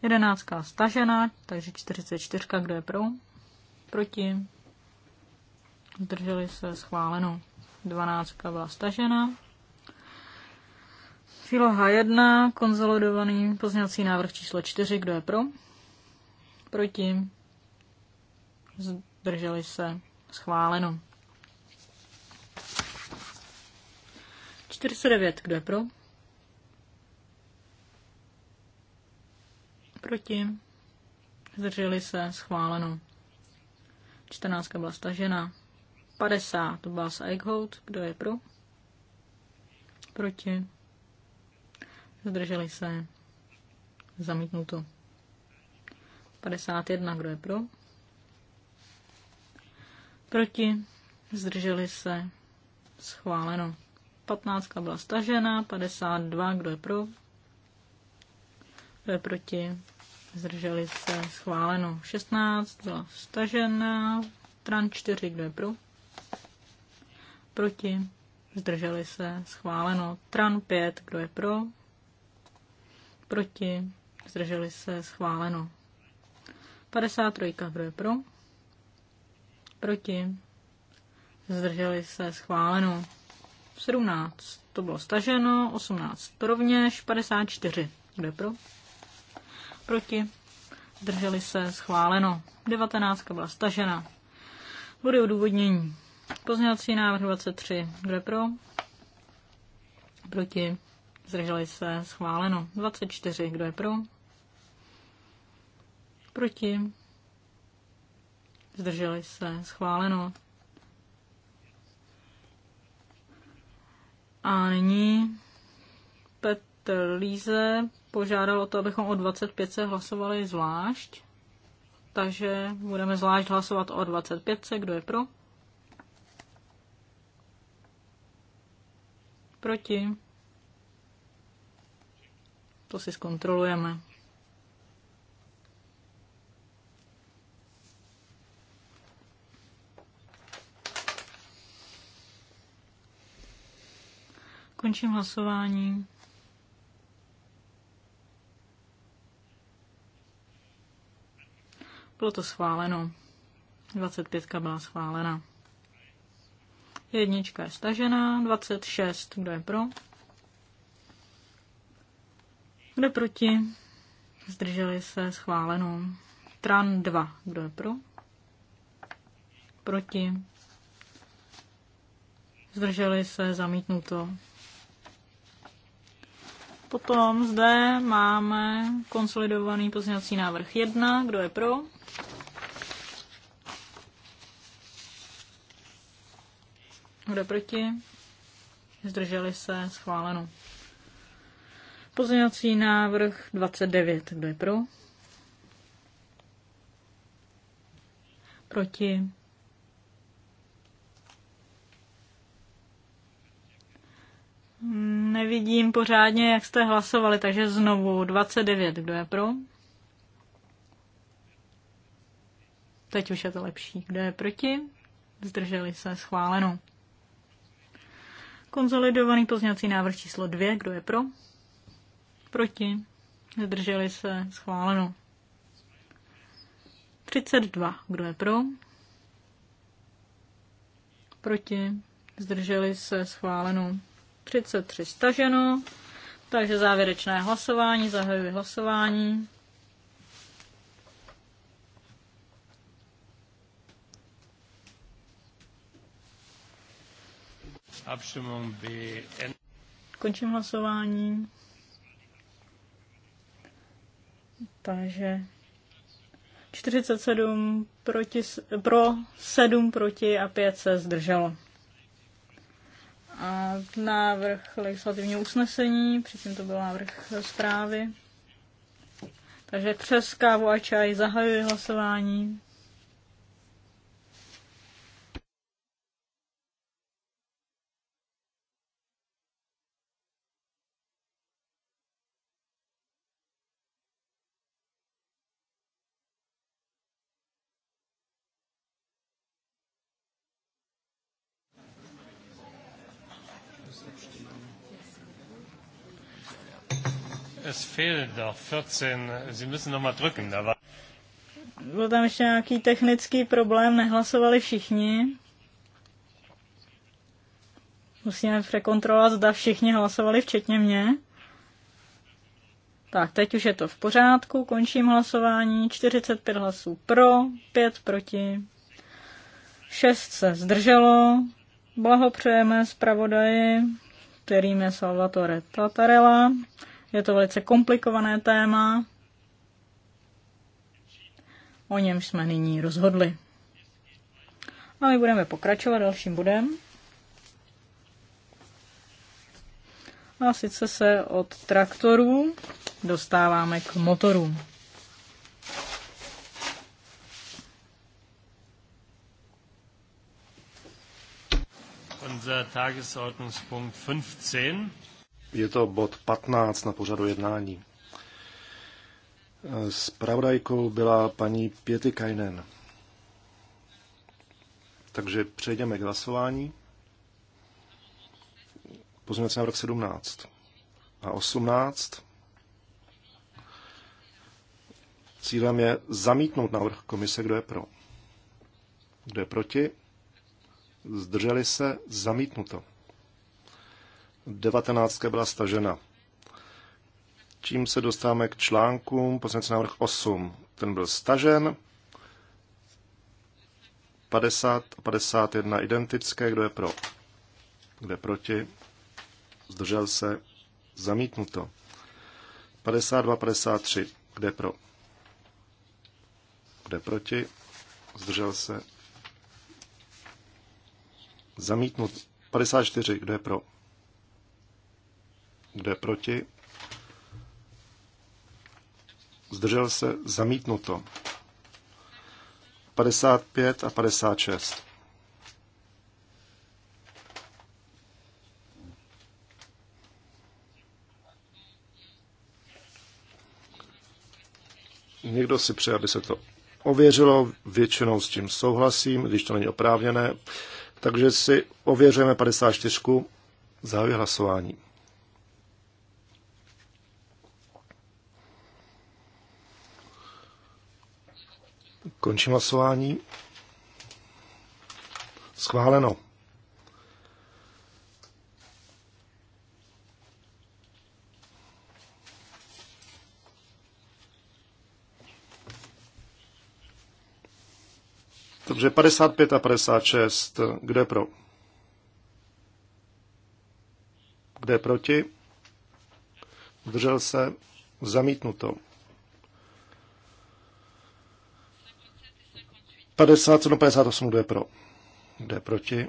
Jedenáctka stažená, takže 44. Kdo je pro? Proti? Zdrželi se schváleno. Dvanáctka byla stažena. Příloha 1, konzolidovaný pozněvací návrh číslo 4, kdo je pro? Proti? Zdrželi se? Schváleno. 49, kdo je pro? Proti? Zdrželi se? Schváleno. 14 byla stažena. 50 to byla Eichhout, kdo je pro? Proti? Zdrželi se. Zamítnuto. 51. Kdo je pro? Proti. Zdrželi se. Schváleno. 15 byla stažena. 52. Kdo je pro? Kdo je proti? Zdrželi se. Schváleno. 16 byla stažena. Tran 4. Kdo je pro? Proti. Zdrželi se. Schváleno. Tran 5. Kdo je pro? proti, zdrželi se, schváleno. 53, kdo je pro, proti, zdrželi se, schváleno. 17, to bylo staženo, 18 rovněž, 54, kdo je pro, proti, zdrželi se, schváleno. 19 byla stažena. Bude odůvodnění. Pozněvací návrh 23, kdo je pro, proti, Zdrželi se schváleno. 24. Kdo je pro? Proti? Zdrželi se schváleno. A nyní Petr Líze požádal o to, abychom o 25 se hlasovali zvlášť. Takže budeme zvlášť hlasovat o 25. Kdo je pro? Proti? To si zkontrolujeme. Končím hlasování. Bylo to schváleno. 25 byla schválena. Jednička je stažená, 26, kdo je pro? Kdo proti? Zdrželi se schváleno. Tran 2. Kdo je pro? Proti? Zdrželi se zamítnuto. Potom zde máme konsolidovaný pozměňovací návrh 1. Kdo je pro? Kdo je proti? Zdrželi se schváleno. Pozměňovací návrh 29. Kdo je pro? Proti? Nevidím pořádně, jak jste hlasovali, takže znovu 29. Kdo je pro? Teď už je to lepší. Kdo je proti? Zdrželi se schváleno. Konzolidovaný pozměňovací návrh číslo 2. Kdo je pro? proti, zdrželi se, schváleno. 32, kdo je pro, proti, zdrželi se, schváleno. 33 staženo, takže závěrečné hlasování, zahajuji hlasování. Končím hlasování. Takže 47 proti, pro, 7 proti a 5 se zdrželo. A návrh legislativního usnesení, předtím to byl návrh zprávy. Takže přes kávu a čaj zahajuji hlasování. fehlen doch 14. Sie müssen noch mal drücken. Da war... Byl tam ještě nějaký technický problém, nehlasovali všichni. Musíme překontrolovat, zda všichni hlasovali, včetně mě. Tak, teď už je to v pořádku, končím hlasování. 45 hlasů pro, 5 proti, 6 se zdrželo. Blahopřejeme zpravodaji, kterým je Salvatore Tatarella. Je to velice komplikované téma. O něm jsme nyní rozhodli. A my budeme pokračovat dalším bodem. A sice se od traktorů dostáváme k motorům. Unser Tagesordnungspunkt 15 je to bod 15 na pořadu jednání. Spravodajkou byla paní Pěty Kajnen. Takže přejdeme k hlasování. Pozměňovací návrh 17 a 18. Cílem je zamítnout návrh komise, kdo je pro. Kdo je proti? Zdrželi se? Zamítnuto. 19 byla stažena. Tím se dostáváme k článkům, poslanec návrh 8, ten byl stažen. 50 a 51 identické, kdo je pro, kdo je proti, zdržel se, zamítnuto. 52, 53, kde pro, kde proti, zdržel se, zamítnut. 54, kdo je pro, kdo proti? Zdržel se? Zamítnuto. 55 a 56. Někdo si přeje, aby se to ověřilo, většinou s tím souhlasím, když to není oprávněné. Takže si ověřujeme 54. Zahajuji hlasování. Končím hlasování. Schváleno. Dobře, 55 a 56. Kdo je pro? Kdo je proti? Držel se zamítnuto. 57, 58, kdo je pro? Kdo je proti?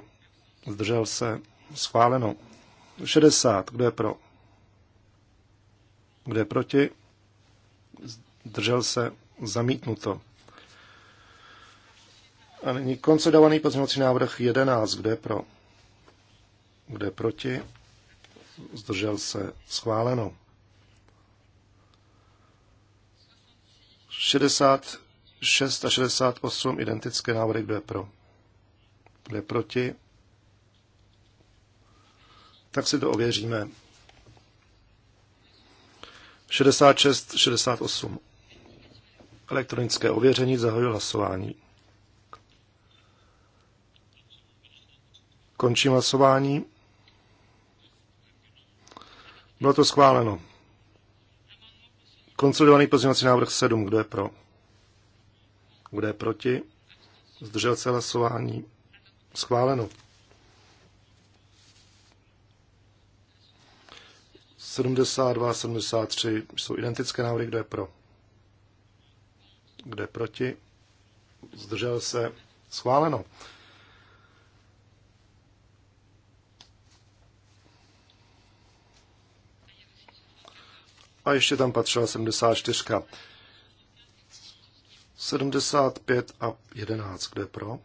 Zdržel se? Schváleno. 60, kdo je pro? Kdo je proti? Zdržel se? Zamítnuto. A nyní konsolidovaný pozměňovací návrh 11, kdo je pro? Kdo je proti? Zdržel se? Schváleno. 60, 6 a 68 identické návrhy, kdo je pro. Kdo je proti. Tak si to ověříme. 66, 68. Elektronické ověření zahajuje hlasování. Končím hlasování. Bylo to schváleno. Konsolidovaný pozměňovací návrh 7. Kdo je pro? Kdo je proti? Zdržel se hlasování. Schváleno. 72 73 jsou identické návrhy. Kdo je pro? Kdo je proti? Zdržel se. Schváleno. A ještě tam patřila 74. 75 a 11, kde pro?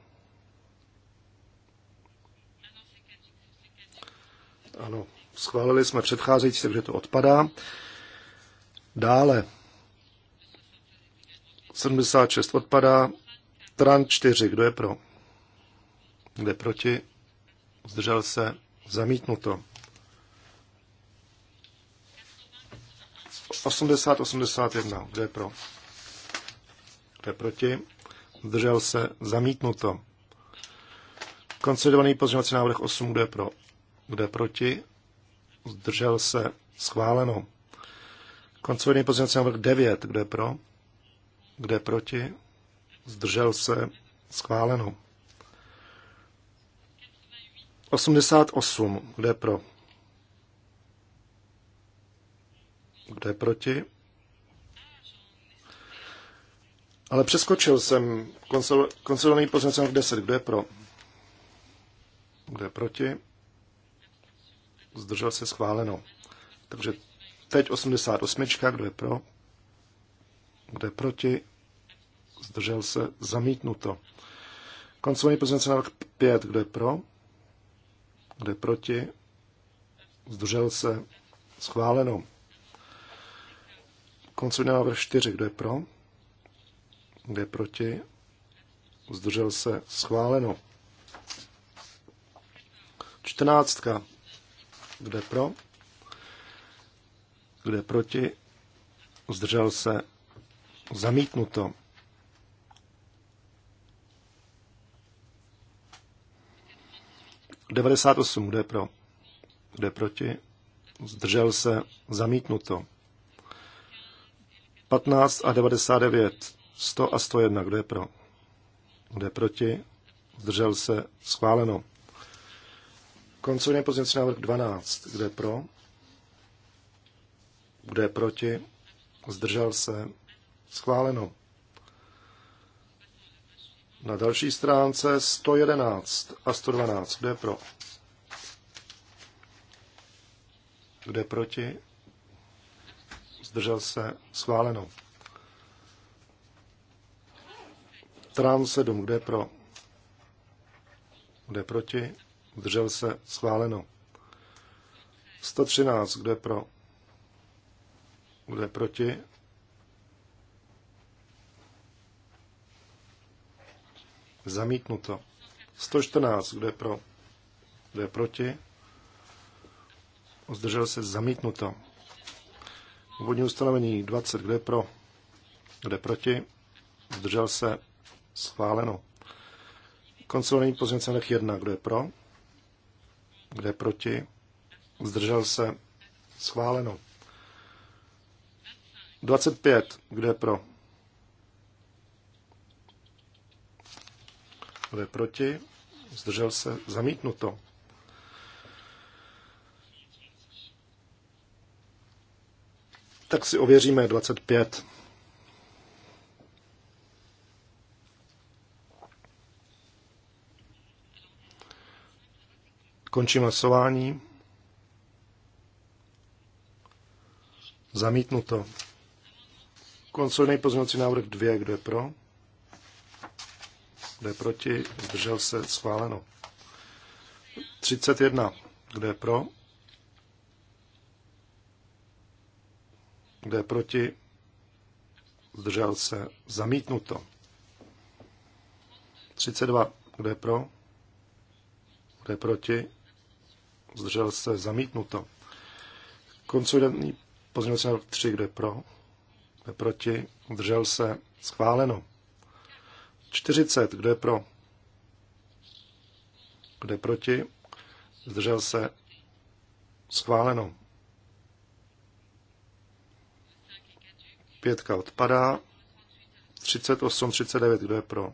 Ano, schválili jsme předcházející, takže to odpadá. Dále 76 odpadá, Tran 4, kdo je pro? Kde proti? Zdržel se, zamítnuto. 80-81, kdo je pro? Kdo je proti? Zdržel se? Zamítnuto. Konsolidovaný pozměňovací návrh 8. Kdo je pro? Kdo je proti? Zdržel se? Schváleno. Konsolidovaný pozměňovací návrh 9. Kdo je pro? Kdo je proti? Zdržel se? Schváleno. 88. Kdo je pro? Kdo je proti? Ale přeskočil jsem konsolidovaný pozměnce 10. Kdo je pro? Kdo je proti? Zdržel se schváleno. Takže teď 88. Kdo je pro? Kdo je proti? Zdržel se zamítnuto. Konsolidovaný pozměnce návrh 5. Kdo je pro? Kdo je proti? Zdržel se schváleno. Konsolidovaný návrh 4. Kdo je pro? Kde proti? Zdržel se. Schváleno. Čtrnáctka. Kde pro? Kde proti? Zdržel se. Zamítnuto. Devadesát osm. Kde pro? Kde proti? Zdržel se. Zamítnuto. 15 a 99 100 a 101. Kdo je pro? Kdo je proti? Zdržel se? Schváleno. Koncovně pozměnci návrh 12. Kdo je pro? Kdo je proti? Zdržel se? Schváleno. Na další stránce 111 a 112. Kdo je pro? Kdo je proti? Zdržel se? Schváleno. Trán 7, kde pro? Kde proti? Držel se? Schváleno. 113, kde pro? Kde proti? Zamítnuto. 114, kde pro? Kde proti? Zdržel se? Zamítnuto. Úvodní ustanovení 20, kde pro? Kde proti? Zdržel se? Schváleno. Konsolidní pozměnce návrh 1. Kdo je pro? Kdo je proti? Zdržel se? Schváleno. 25. Kdo je pro? Kdo je proti? Zdržel se? Zamítnuto. Tak si ověříme 25. Končím hlasování. Zamítnuto. Konsolidní pozměňovací návrh 2. Kdo je pro? Kdo je proti? Zdržel se? Schváleno. 31. Kdo je pro? Kdo je proti? Zdržel se? Zamítnuto. 32. Kdo je pro? Kdo je proti? zdržel se, zamítnuto. Konsolidantní pozměňovací návrh 3, kde pro, kde proti, zdržel se, schváleno. 40, kde pro, kde proti, zdržel se, schváleno. Pětka odpadá. 38, 39, kdo je pro?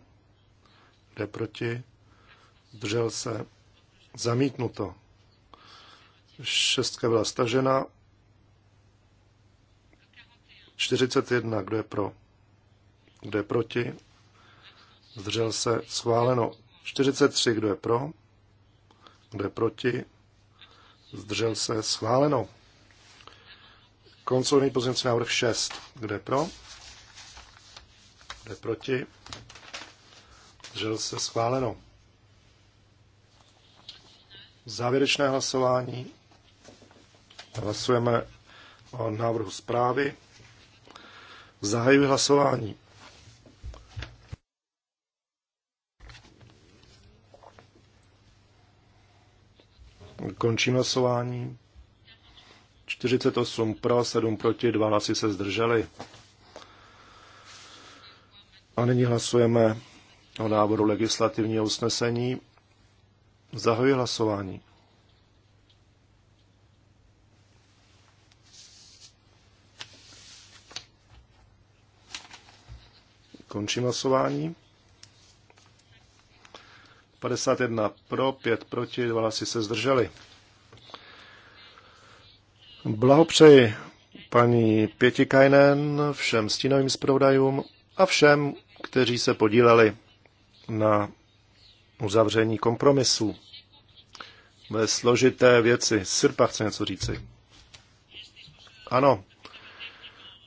Kdo je proti? Držel se. Zamítnuto. Šestka byla stažena. 41, kdo je pro? Kdo je proti? Zdržel se schváleno. 43, kdo je pro? Kdo je proti? Zdržel se schváleno. Konsolidní pozměnce návrh 6. Kdo je pro? Kdo je proti? Zdržel se schváleno. Závěrečné hlasování Hlasujeme o návrhu zprávy. Zahajuji hlasování. Končím hlasování. 48 pro, 7 proti, 12 se zdrželi. A nyní hlasujeme o návrhu legislativního usnesení. Zahajuji hlasování. Končím hlasování. 51 pro, 5 proti, 2 hlasy se zdrželi. Blahopřeji paní Kajnen, všem stínovým zpravodajům a všem, kteří se podíleli na uzavření kompromisu. Ve složité věci. Sirpa chce něco říci. Ano,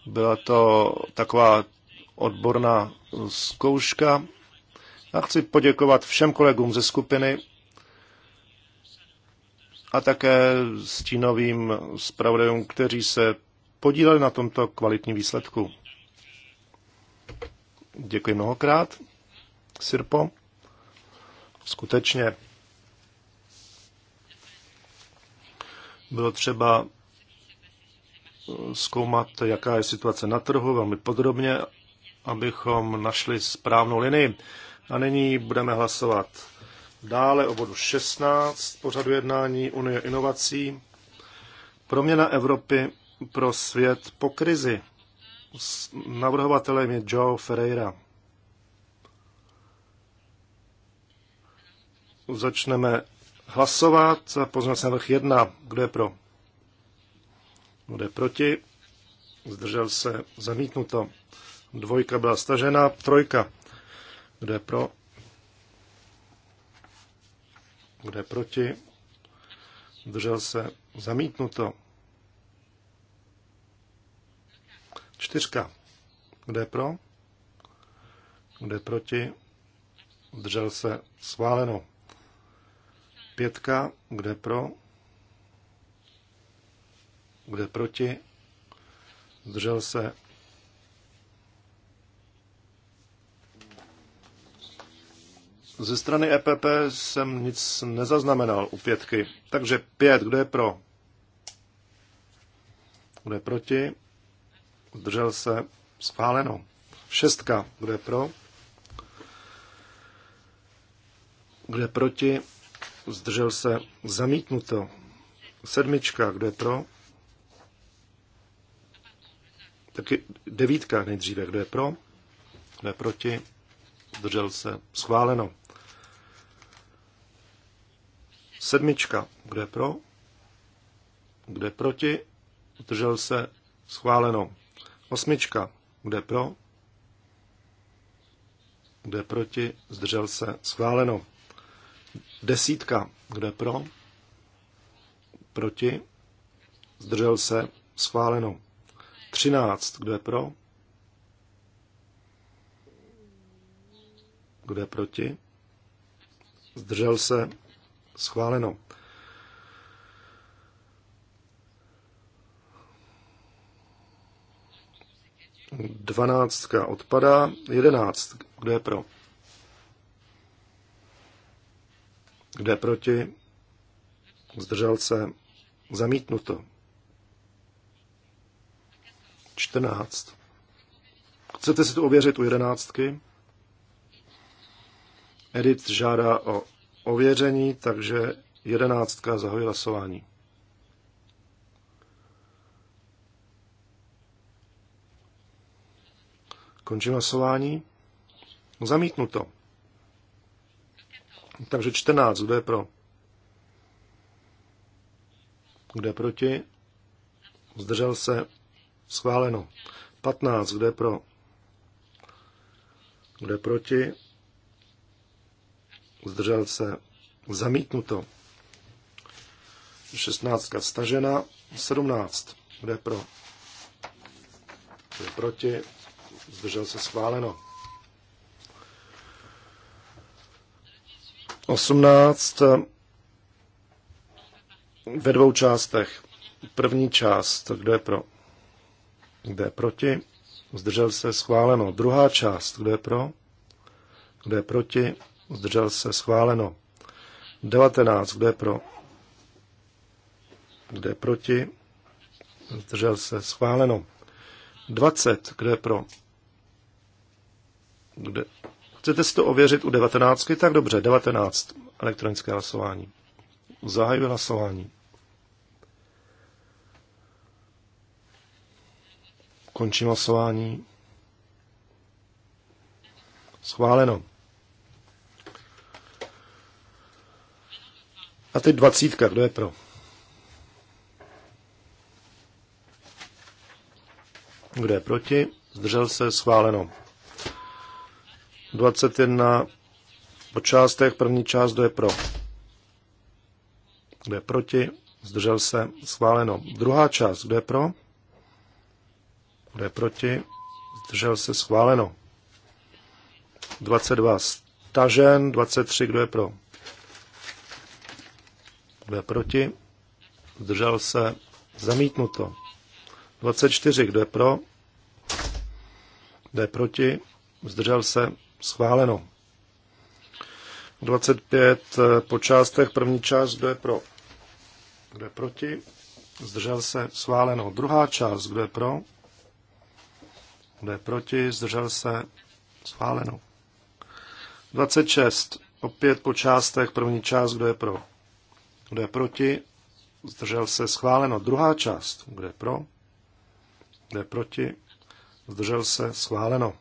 byla to taková odborná zkouška. A chci poděkovat všem kolegům ze skupiny a také stínovým zpravodajům, kteří se podíleli na tomto kvalitním výsledku. Děkuji mnohokrát, Sirpo. Skutečně bylo třeba zkoumat, jaká je situace na trhu velmi podrobně abychom našli správnou linii. A nyní budeme hlasovat dále o bodu 16 pořadu jednání Unie inovací. Proměna Evropy pro svět po krizi. Navrhovatelem je Joe Ferreira. Začneme hlasovat. Pozměňovací návrh 1. Kdo je pro? Kdo je proti? Zdržel se zamítnuto. Dvojka byla stažena, trojka. Kdo je pro? Kdo je proti? Držel se zamítnuto. Čtyřka. Kdo je pro? Kdo je proti? Držel se sváleno, Pětka. Kdo je pro? Kdo je proti? Držel se Ze strany EPP jsem nic nezaznamenal u pětky. Takže pět, kdo je pro? Kdo je proti? Zdržel se? Schváleno. Šestka, kdo je pro? Kdo je proti? Zdržel se? Zamítnuto. Sedmička, kdo je pro? Taky devítka nejdříve, kdo je pro? Kdo je proti? Zdržel se? Schváleno. Sedmička. Kdo je pro? Kdo je proti? Zdržel se? Schváleno. Osmička. Kdo je pro? Kdo je proti? Zdržel se? Schváleno. Desítka. Kdo je pro? Proti? Zdržel se? Schváleno. Třináct. Kdo je pro? Kdo je proti? Zdržel se? Schváleno. Dvanáctka odpadá. Jedenáct. Kdo je pro? Kdo je proti? Zdržel se. Zamítnuto. Čtrnáct. Chcete si to ověřit u jedenáctky? Edit žádá o ověření, takže jedenáctka zahojí hlasování. Končím hlasování. Zamítnuto. Takže 14. Kdo je pro? Kdo je proti? Zdržel se. Schváleno. 15. Kdo je pro? Kdo je proti? zdržel se, zamítnuto. 16 stažena, 17, kde pro, kde proti, zdržel se, schváleno. 18 ve dvou částech. První část, kde je pro, Kde je proti, zdržel se schváleno. Druhá část, kde je pro, Kde je proti, zdržel se, schváleno. 19, kdo je pro, kdo je proti, zdržel se, schváleno. 20, kdo je pro, kde... Chcete si to ověřit u 19? Tak dobře, 19 elektronické hlasování. Zahajuji hlasování. Končím hlasování. Schváleno. A teď dvacítka, kdo je pro? Kdo je proti? Zdržel se, schváleno. 21 po částech, první část, kdo je pro? Kdo je proti? Zdržel se, schváleno. Druhá část, kdo je pro? Kdo je proti? Zdržel se, schváleno. 22 stažen, 23, kdo je pro? Kdo je proti? Zdržel se? Zamítnuto. 24. Kdo je pro? Kdo je proti? Zdržel se? Schváleno. 25. Eh, po částech. První část. Kdo je pro? Kdo je proti? Zdržel se? Schváleno. Druhá část. Kdo je pro? Kdo je proti? Zdržel se? Schváleno. 26. Opět po částech. První část. Kdo je pro? Kdo je proti? Zdržel se schváleno. Druhá část. Kdo je pro? Kdo je proti? Zdržel se schváleno.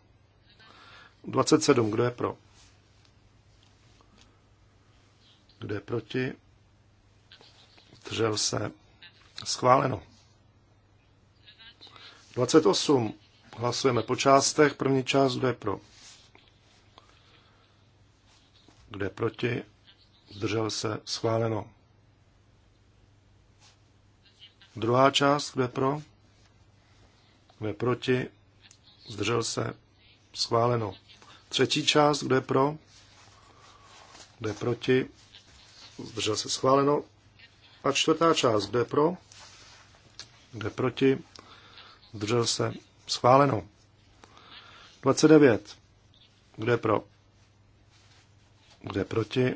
27. Kdo je pro? Kdo je proti? Zdržel se schváleno. 28. Hlasujeme po částech. První část, kdo je pro? Kdo je proti? Zdržel se schváleno. Druhá část, kdo je pro? Kdo je proti? Zdržel se? Schváleno. Třetí část, kdo je pro? Kdo je proti? Zdržel se? Schváleno. A čtvrtá část, kdo je pro? Kdo je proti? Zdržel se? Schváleno. 29. Kdo je pro? Kdo je proti?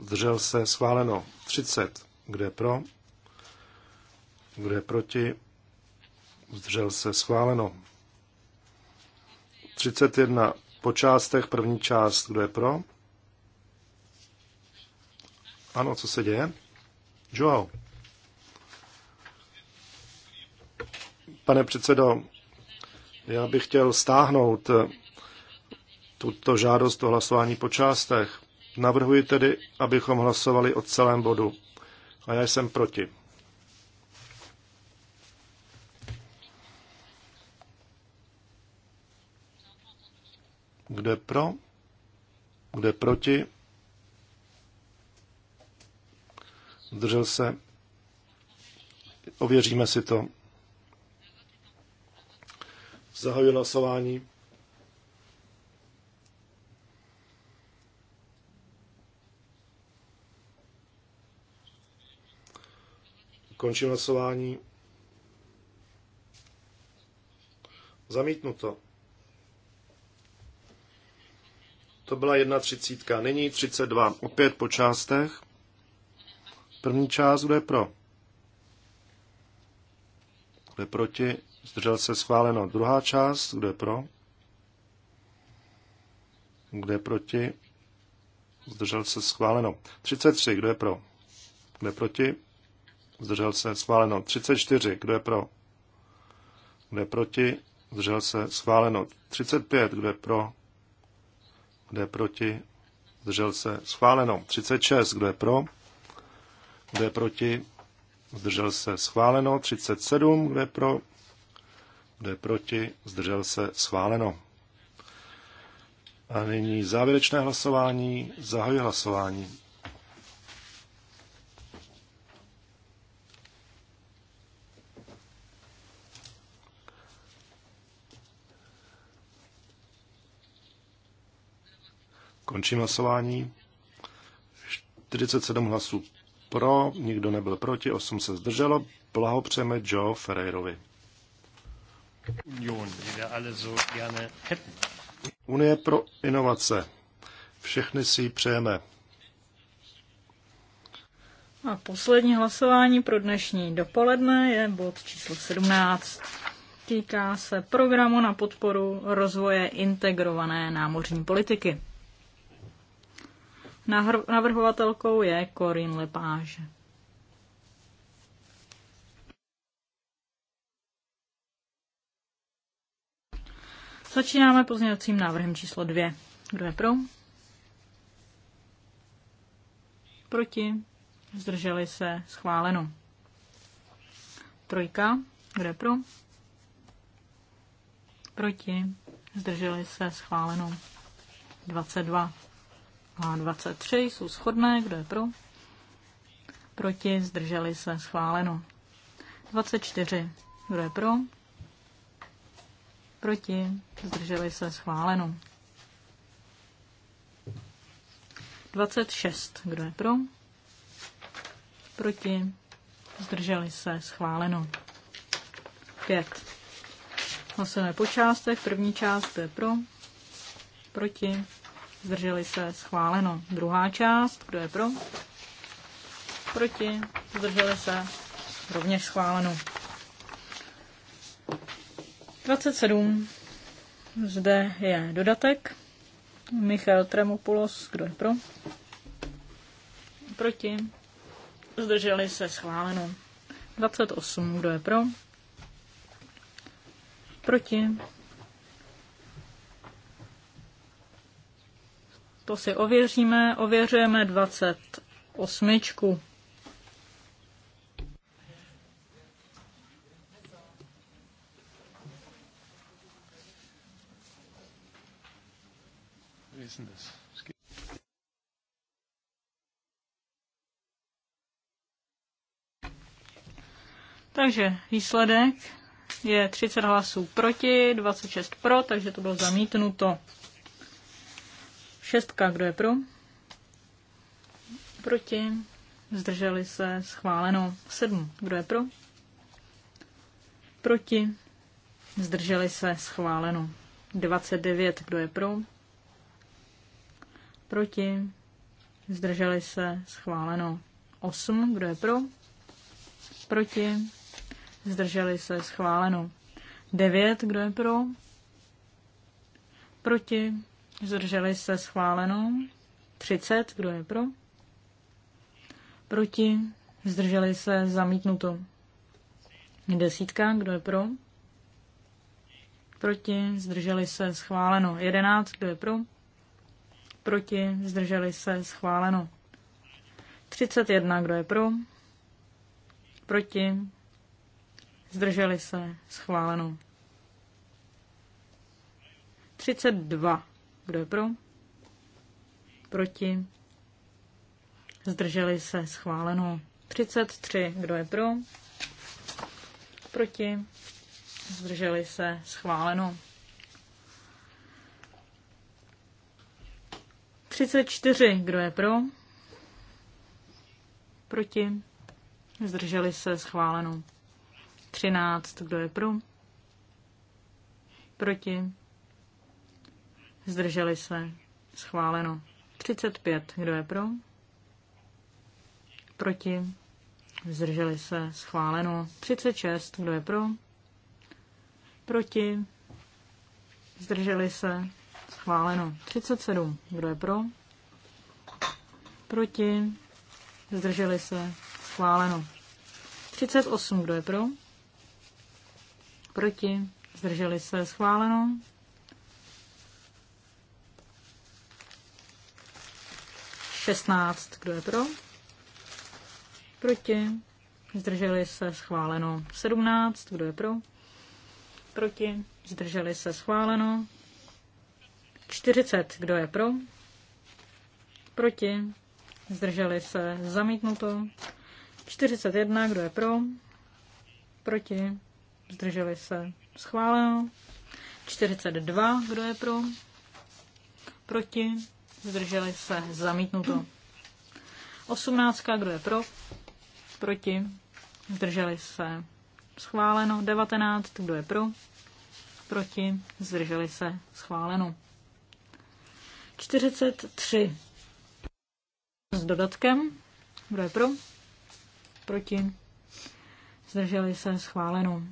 Zdržel se? Schváleno. 30. Kdo je pro? Kdo je proti? Zdržel se schváleno. 31 po částech, první část, kdo je pro? Ano, co se děje? Joao. Pane předsedo, já bych chtěl stáhnout eh, tuto žádost o hlasování po částech. Navrhuji tedy, abychom hlasovali o celém bodu. A já jsem proti. Kde pro? Kde proti? Zdržel se? Ověříme si to. Zahajuji hlasování. Končím hlasování. Zamítnuto. To byla jedna třicítka. Nyní 32. Opět po částech. První část bude pro. Bude proti. Zdržel se schváleno. Druhá část kde pro. Kde je proti? Zdržel se schváleno. 33. Kdo je pro? Kdo je proti? Zdržel se schváleno. 34. Kdo je pro? Kdo je proti? Zdržel se schváleno. 35. Kdo je pro? Kdo je proti? Zdržel se. Schváleno. 36. Kdo je pro? Kdo je proti? Zdržel se. Schváleno. 37. Kdo je pro? Kdo je proti? Zdržel se. Schváleno. A nyní závěrečné hlasování. Zahajuji hlasování. Končím hlasování. 47 hlasů pro, nikdo nebyl proti, 8 se zdrželo. Blahopřejeme Joe Ferreirovi. Unie pro inovace. Všechny si ji přejeme. A poslední hlasování pro dnešní dopoledne je bod číslo 17. Týká se programu na podporu rozvoje integrované námořní politiky. Navrhovatelkou je Corinne Lepage. Začínáme pozměňovacím návrhem číslo 2. Kdo je pro? Proti? Zdrželi se? Schváleno. Trojka. Kdo je pro? Proti? Zdrželi se? Schváleno. 22. H23 jsou shodné, kdo je pro? Proti, zdrželi se, schváleno. 24, kdo je pro? Proti, zdrželi se, schváleno. 26, kdo je pro? Proti, zdrželi se, schváleno. 5. Hlasujeme po částech. První část je pro, proti, zdrželi se, schváleno. Druhá část, kdo je pro, proti, zdrželi se, rovněž schváleno. 27. Zde je dodatek. Michal Tremopulos, kdo je pro? Proti. Zdrželi se schváleno. 28, kdo je pro? Proti. To si ověříme. Ověřujeme 28. Takže výsledek je 30 hlasů proti, 26 pro, takže to bylo zamítnuto. Šestka, kdo je pro? Proti. Zdrželi se. Schváleno. Sedm, kdo je pro? Proti. Zdrželi se. Schváleno. 29, kdo je pro? Proti. Zdrželi se. Schváleno. 8, kdo je pro? Proti. Zdrželi se. Schváleno. 9, kdo je pro? Proti Zdrželi se schváleno. 30. Kdo je pro? Proti. Zdrželi se zamítnuto. Desítka. Kdo je pro? Proti. Zdrželi se schváleno. 11. Kdo je pro? Proti. Zdrželi se schváleno. 31. Kdo je pro? Proti. Zdrželi se schváleno. 32. Kdo je pro? Proti? Zdrželi se schváleno. 33. Kdo je pro? Proti? Zdrželi se schváleno. 34. Kdo je pro? Proti? Zdrželi se schváleno. 13. Kdo je pro? Proti? Zdrželi se. Schváleno. 35. Kdo je pro? Proti. Zdrželi se. Schváleno. 36. Kdo je pro? Proti. Zdrželi se. Schváleno. 37. Kdo je pro? Proti. Zdrželi se. Schváleno. 38. Kdo je pro? Proti. Zdrželi se. Schváleno. 16. Kdo je pro? Proti. Zdrželi se schváleno 17. Kdo je pro? Proti. Zdrželi se schváleno 40. Kdo je pro? Proti. Zdrželi se zamítnuto 41. Kdo je pro? Proti. Zdrželi se schváleno 42. Kdo je pro? Proti zdrželi se, zamítnuto. 18. Kdo je pro? Proti? Zdrželi se. Schváleno. 19. Kdo je pro? Proti? Zdrželi se. Schváleno. 43. S dodatkem. Kdo je pro? Proti? Zdrželi se. Schváleno.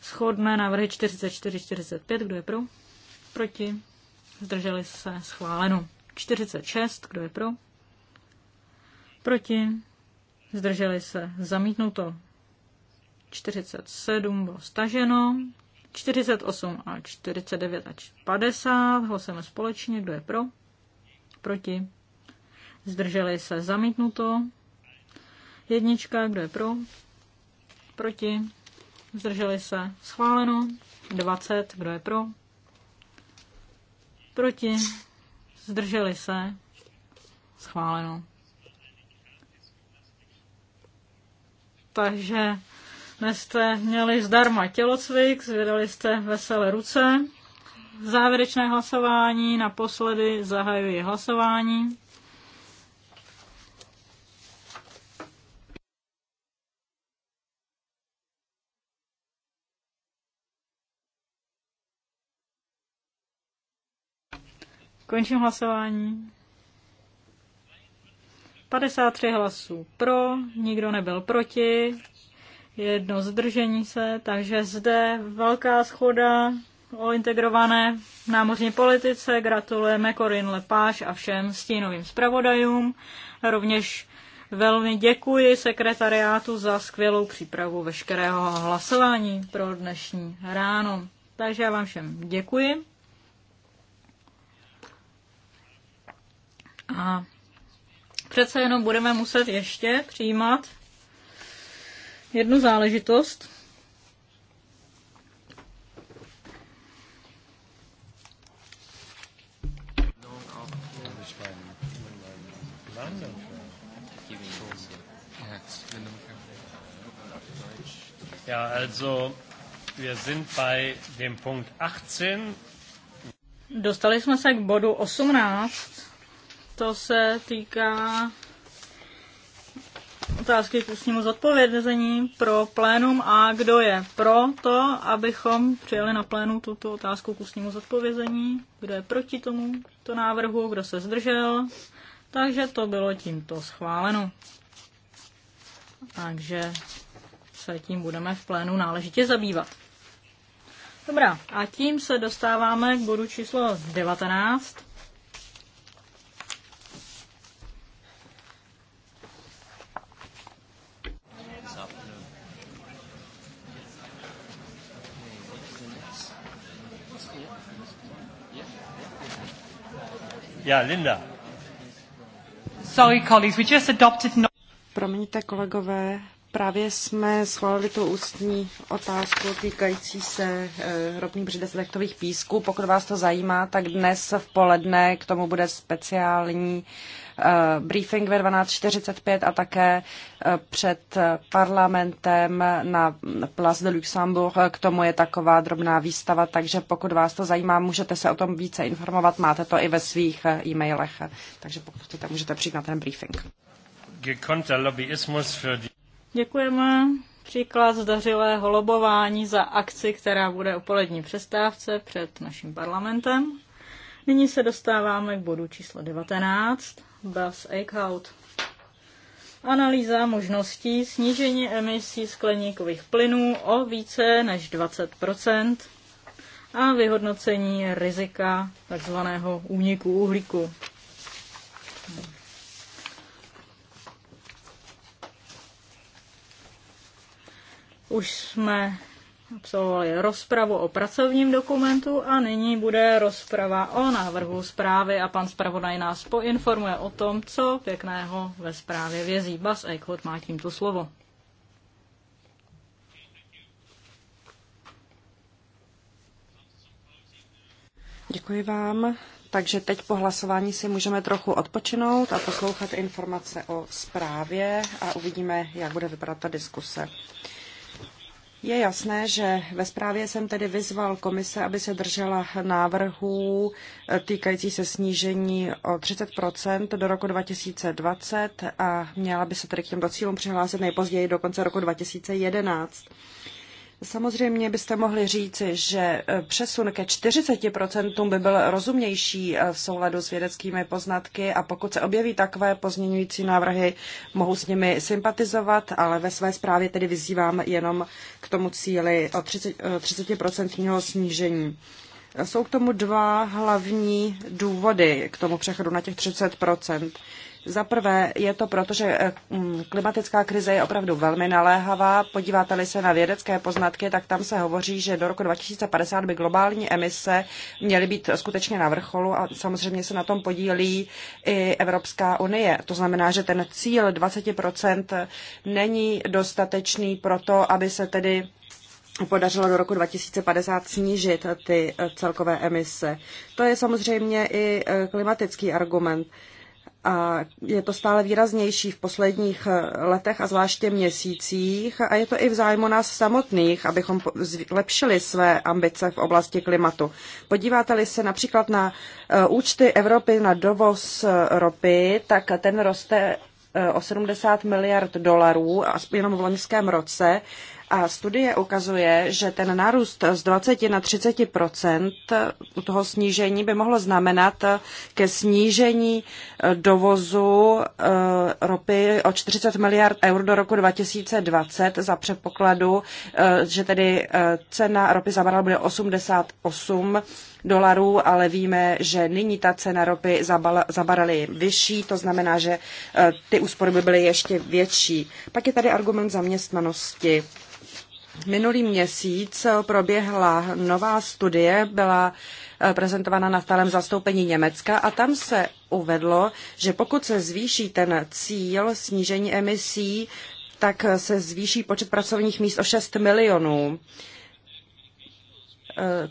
Schodné návrhy 44-45. Kdo je pro? Proti? zdrželi se, schváleno. 46, kdo je pro? Proti, zdrželi se, zamítnuto. 47 bylo staženo, 48 a 49 a 50, hlasujeme společně, kdo je pro? Proti, zdrželi se, zamítnuto. Jednička, kdo je pro? Proti, zdrželi se, schváleno. 20, kdo je pro? Proti? Zdrželi se? Schváleno. Takže dnes jste měli zdarma tělocvik, zvědali jste veselé ruce. Závěrečné hlasování, naposledy zahajuji hlasování. Končím hlasování. 53 hlasů pro, nikdo nebyl proti, jedno zdržení se, takže zde velká schoda o integrované námořní politice. Gratulujeme Korin Lepáš a všem stínovým zpravodajům. Rovněž velmi děkuji sekretariátu za skvělou přípravu veškerého hlasování pro dnešní ráno. Takže já vám všem děkuji. A přece jenom budeme muset ještě přijímat jednu záležitost. Ja, also wir sind bei dem Punkt 18. Dostali jsme se k bodu 18 to se týká otázky k ústnímu zodpovězení pro plénum a kdo je pro to, abychom přijeli na plénu tuto otázku k ústnímu zodpovězení, kdo je proti tomu to návrhu, kdo se zdržel. Takže to bylo tímto schváleno. Takže se tím budeme v plénu náležitě zabývat. Dobrá, a tím se dostáváme k bodu číslo 19. Yeah, Linda. Sorry, colleagues, we just adopted... No- Promiňte, kolegové, Právě jsme schválili tu ústní otázku týkající se eh, ropných břideslectových písků. Pokud vás to zajímá, tak dnes v poledne k tomu bude speciální eh, briefing ve 12.45 a také eh, před parlamentem na Place de Luxembourg. K tomu je taková drobná výstava, takže pokud vás to zajímá, můžete se o tom více informovat. Máte to i ve svých e-mailech, takže pokud chcete, můžete přijít na ten briefing. Gekonter Lobbyismus für die Děkujeme. Příklad zdařilého lobování za akci, která bude o polední přestávce před naším parlamentem. Nyní se dostáváme k bodu číslo 19, Buzz Eichhout. Analýza možností snížení emisí skleníkových plynů o více než 20 a vyhodnocení rizika tzv. úniku uhlíku. Už jsme absolvovali rozpravu o pracovním dokumentu a nyní bude rozprava o návrhu zprávy a pan zpravodaj nás poinformuje o tom, co pěkného ve zprávě vězí. Bas Eichhut má tímto slovo. Děkuji vám. Takže teď po hlasování si můžeme trochu odpočinout a poslouchat informace o zprávě a uvidíme, jak bude vypadat ta diskuse. Je jasné, že ve zprávě jsem tedy vyzval komise, aby se držela návrhů eh, týkající se snížení o 30 do roku 2020 a měla by se tedy k těmto cílům přihlásit nejpozději do konce roku 2011. Samozřejmě byste mohli říci, že eh, přesun ke 40% by byl rozumnější eh, v souladu s vědeckými poznatky a pokud se objeví takové pozměňující návrhy, mohu s nimi sympatizovat, ale ve své zprávě tedy vyzývám jenom k tomu cíli o 30, 30% eh, snížení. Jsou k tomu dva hlavní důvody k tomu přechodu na těch 30 za prvé je to proto, že eh, mm, klimatická krize je opravdu velmi naléhavá. Podíváte-li se na vědecké poznatky, tak tam se hovoří, že do roku 2050 by globální emise měly být skutečně na vrcholu a samozřejmě se na tom podílí i Evropská unie. To znamená, že ten cíl 20% není dostatečný pro to, aby se tedy podařilo do roku 2050 snížit ty eh, celkové emise. To je samozřejmě i eh, klimatický argument a je to stále výraznější v posledních eh, letech a zvláště měsících a je to i v zájmu nás samotných, abychom zlepšili své ambice v oblasti klimatu. Podíváte-li se například na eh, účty Evropy na dovoz eh, ropy, tak ten roste o 70 miliard dolarů, jenom v loňském roce, a studie ukazuje, že ten nárůst z 20 na 30 u toho snížení by mohlo znamenat ke snížení eh, dovozu eh, ropy o 40 miliard eur do roku 2020 za předpokladu, eh, že tedy cena ropy za barel bude 88 dolarů, ale víme, že nyní ta cena ropy za barel je vyšší, to znamená, že ty úspory by byly ještě větší. Pak je tady argument zaměstnanosti. Minulý měsíc proběhla nová studie, byla eh, prezentována na stálem zastoupení Německa a tam se uvedlo, že pokud se zvýší ten cíl snížení emisí, tak se zvýší počet pracovních míst o 6 milionů eh,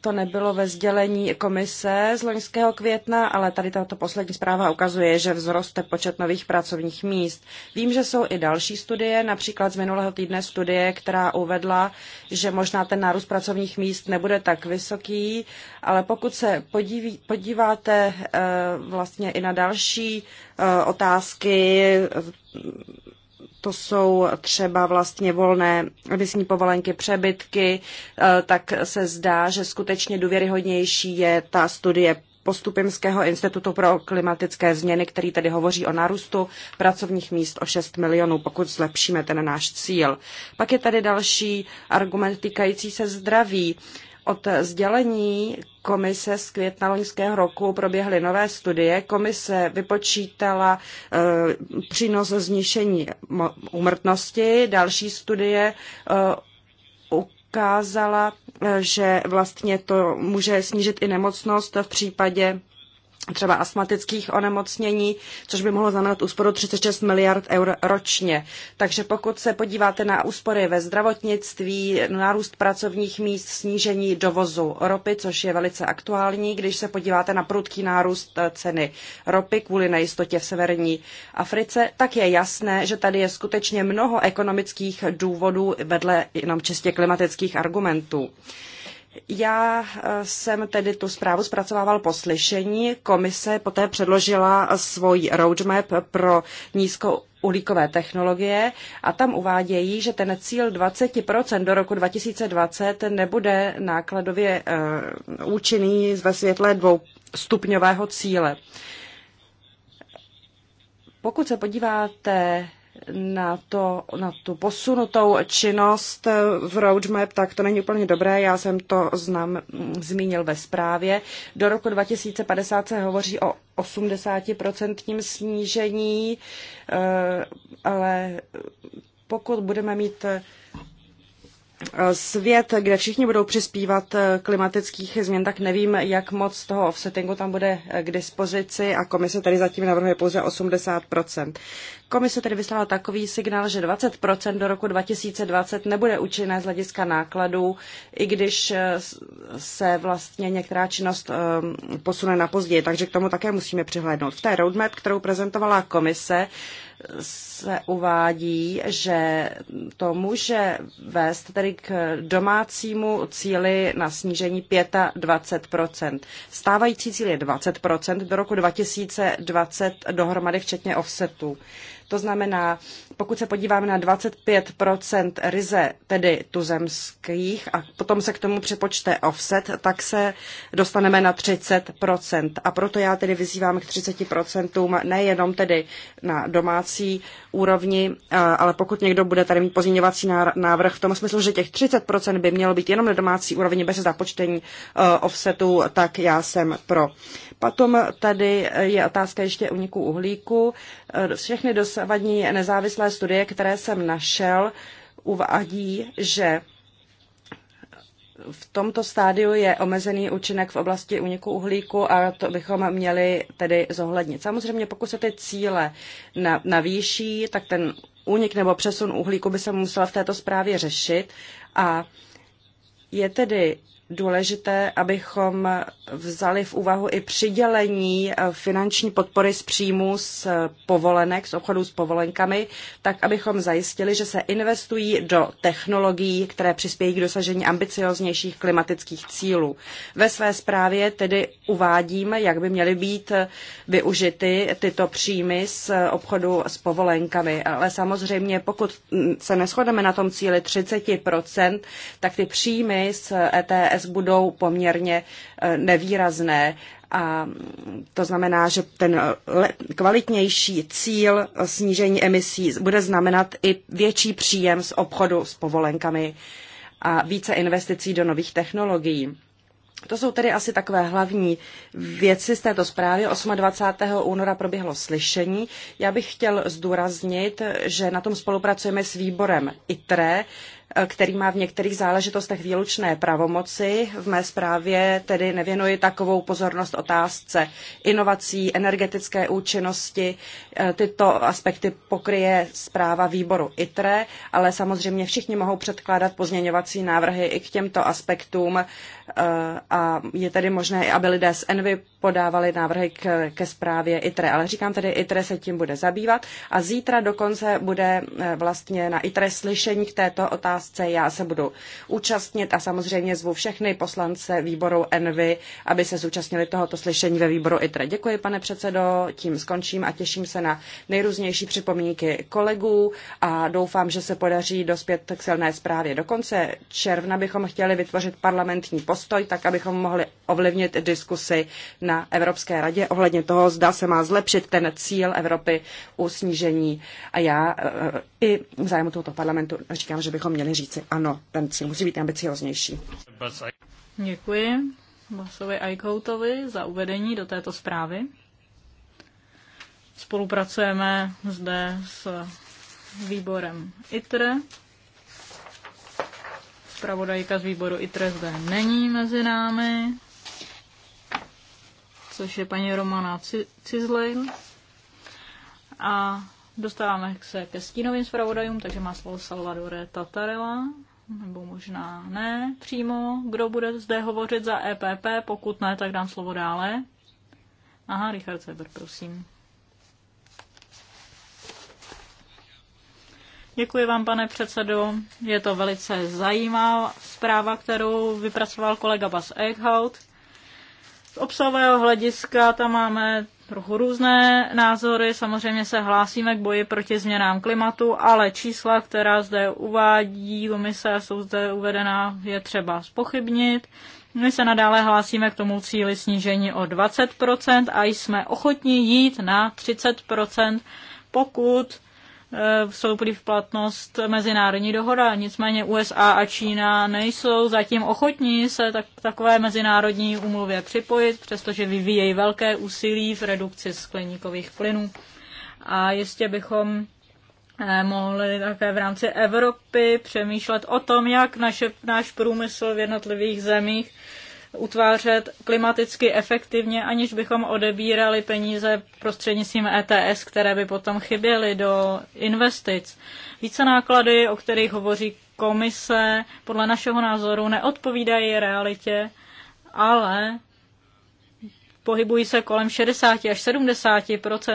to nebylo ve sdělení komise z loňského května, ale tady tato poslední zpráva ukazuje, že vzroste počet nových pracovních míst. Vím, že jsou i další studie, například z minulého týdne studie, která uvedla, že možná ten nárůst pracovních míst nebude tak vysoký, ale pokud se podíví, podíváte eh, vlastně i na další eh, otázky, to jsou třeba vlastně volné emisní povolenky, přebytky, eh, tak se zdá, že skutečně důvěryhodnější je ta studie Postupimského institutu pro klimatické změny, který tedy hovoří o nárůstu pracovních míst o 6 milionů, pokud zlepšíme ten náš cíl. Pak je tady další argument týkající se zdraví. Od sdělení komise z května loňského roku proběhly nové studie. Komise vypočítala e, přínos znišení umrtnosti. Další studie e, ukázala, eh, že vlastně to může snížit i nemocnost v případě třeba astmatických onemocnění, což by mohlo znamenat úsporu 36 miliard eur ročně. Takže pokud se podíváte na úspory ve zdravotnictví, nárůst pracovních míst, snížení dovozu ropy, což je velice aktuální, když se podíváte na prudký nárůst eh, ceny ropy kvůli nejistotě v severní Africe, tak je jasné, že tady je skutečně mnoho ekonomických důvodů vedle jenom čistě klimatických argumentů. Já eh, jsem tedy tu zprávu zpracovával po slyšení. Komise poté předložila svůj roadmap pro nízkou uhlíkové technologie a tam uvádějí, že ten cíl 20% do roku 2020 nebude nákladově uh, účinný ve světle dvoustupňového cíle. Pokud se podíváte na, to, na tu posunutou činnost v roadmap, tak to není úplně dobré. Já jsem to znám, mm, zmínil ve zprávě. Do roku 2050 se hovoří o 80% snížení, eh, ale pokud budeme mít svět, kde všichni budou přispívat klimatických změn, tak nevím, jak moc toho offsettingu tam bude k dispozici a komise tady zatím navrhuje pouze 80%. Komise tedy vyslala takový signál, že 20% do roku 2020 nebude účinné z hlediska nákladů, i když eh, se vlastně některá činnost eh, posune na později, takže k tomu také musíme přihlédnout. V té roadmap, kterou prezentovala komise, se uvádí, že to může vést tedy k domácímu cíli na snížení 25 Stávající cíl je 20 do roku 2020 dohromady včetně offsetu. To znamená, pokud se podíváme na 25 ryze, tedy tuzemských, a potom se k tomu přepočte offset, tak se dostaneme na 30 A proto já tedy vyzývám k 30 nejenom tedy na domácí úrovni, ale pokud někdo bude tady mít pozměňovací návrh v tom smyslu, že těch 30 by mělo být jenom na domácí úrovni bez započtení e, offsetu, tak já jsem pro. Potom tady je otázka ještě uniku uhlíku. Všechny dosavadní nezávislé studie, které jsem našel, uvádí, že v tomto stádiu je omezený účinek v oblasti uniku uhlíku a to bychom měli tedy zohlednit. Samozřejmě, pokud se ty cíle navýší, tak ten únik nebo přesun uhlíku by se musel v této zprávě řešit a je tedy důležité, abychom vzali v úvahu i přidělení eh, finanční podpory z příjmu z eh, povolenek, z obchodu s povolenkami, tak abychom zajistili, že se investují do technologií, které přispějí k dosažení ambicioznějších klimatických cílů. Ve své zprávě tedy uvádím, jak by měly být eh, využity tyto příjmy z obchodu s povolenkami. Ale samozřejmě, pokud hm, se neschodeme na tom cíli 30%, tak ty příjmy z ETS e dnes budou poměrně eh, nevýrazné. A to znamená, že ten eh, kvalitnější cíl eh, snížení emisí bude znamenat i větší příjem z obchodu s povolenkami a více investicí do nových technologií. To jsou tedy asi takové hlavní věci z této zprávy. 28. února proběhlo slyšení. Já bych chtěl zdůraznit, že na tom spolupracujeme s výborem ITRE, Eh, který má v některých záležitostech výlučné pravomoci. V mé zprávě tedy nevěnuji takovou pozornost otázce inovací, energetické účinnosti. Eh, tyto aspekty pokryje zpráva výboru ITRE, ale samozřejmě všichni mohou předkládat pozměňovací návrhy i k těmto aspektům Eh, a je tedy možné, aby lidé z Envy podávali návrhy k, ke zprávě ITRE. Ale říkám tedy, ITRE se tím bude zabývat a zítra dokonce bude eh, vlastně na ITRE slyšení k této otázce. Já se budu účastnit a samozřejmě zvu všechny poslance výboru Envy, aby se zúčastnili tohoto slyšení ve výboru ITRE. Děkuji, pane předsedo, tím skončím a těším se na nejrůznější připomínky kolegů a doufám, že se podaří dospět k silné zprávě. Do konce června bychom chtěli vytvořit parlamentní post postoj, tak abychom mohli ovlivnit diskusy na Evropské radě ohledně toho, zda se má zlepšit ten cíl Evropy u snížení. A já eh, i v zájmu tohoto parlamentu říkám, že bychom měli říci ano, ten cíl musí být ambicioznější. Děkuji Basovi Aikoutovi za uvedení do této zprávy. Spolupracujeme zde s výborem ITRE Zpravodajka z výboru ITRE není mezi námi, což je paní Romana Cizlin. A dostáváme se ke stínovým zpravodajům, takže má slovo Salvadore Tatarela, nebo možná ne přímo. Kdo bude zde hovořit za EPP? Pokud ne, tak dám slovo dále. Aha, Richard Seber, prosím. Děkuji vám, pane předsedo. Je to velice zajímavá zpráva, kterou vypracoval kolega Bas Eichhout. Z obsahového hlediska tam máme trochu různé názory. Samozřejmě se hlásíme k boji proti změnám klimatu, ale čísla, která zde uvádí komise, jsou zde uvedená je třeba spochybnit. My se nadále hlásíme k tomu cíli snížení o 20% a jsme ochotni jít na 30%, pokud Eh, vstoupí v platnost mezinárodní dohoda. Nicméně USA a Čína nejsou zatím ochotní se tak, takové mezinárodní umluvě připojit, přestože vyvíjejí velké úsilí v redukci skleníkových plynů. A jistě bychom eh, mohli také v rámci Evropy přemýšlet o tom, jak naše, náš průmysl v jednotlivých zemích utvářet klimaticky efektivně, aniž bychom odebírali peníze prostřednictvím ETS, které by potom chyběly do investic. Více náklady, o kterých hovoří komise, podle našeho názoru neodpovídají realitě, ale pohybují se kolem 60 až 70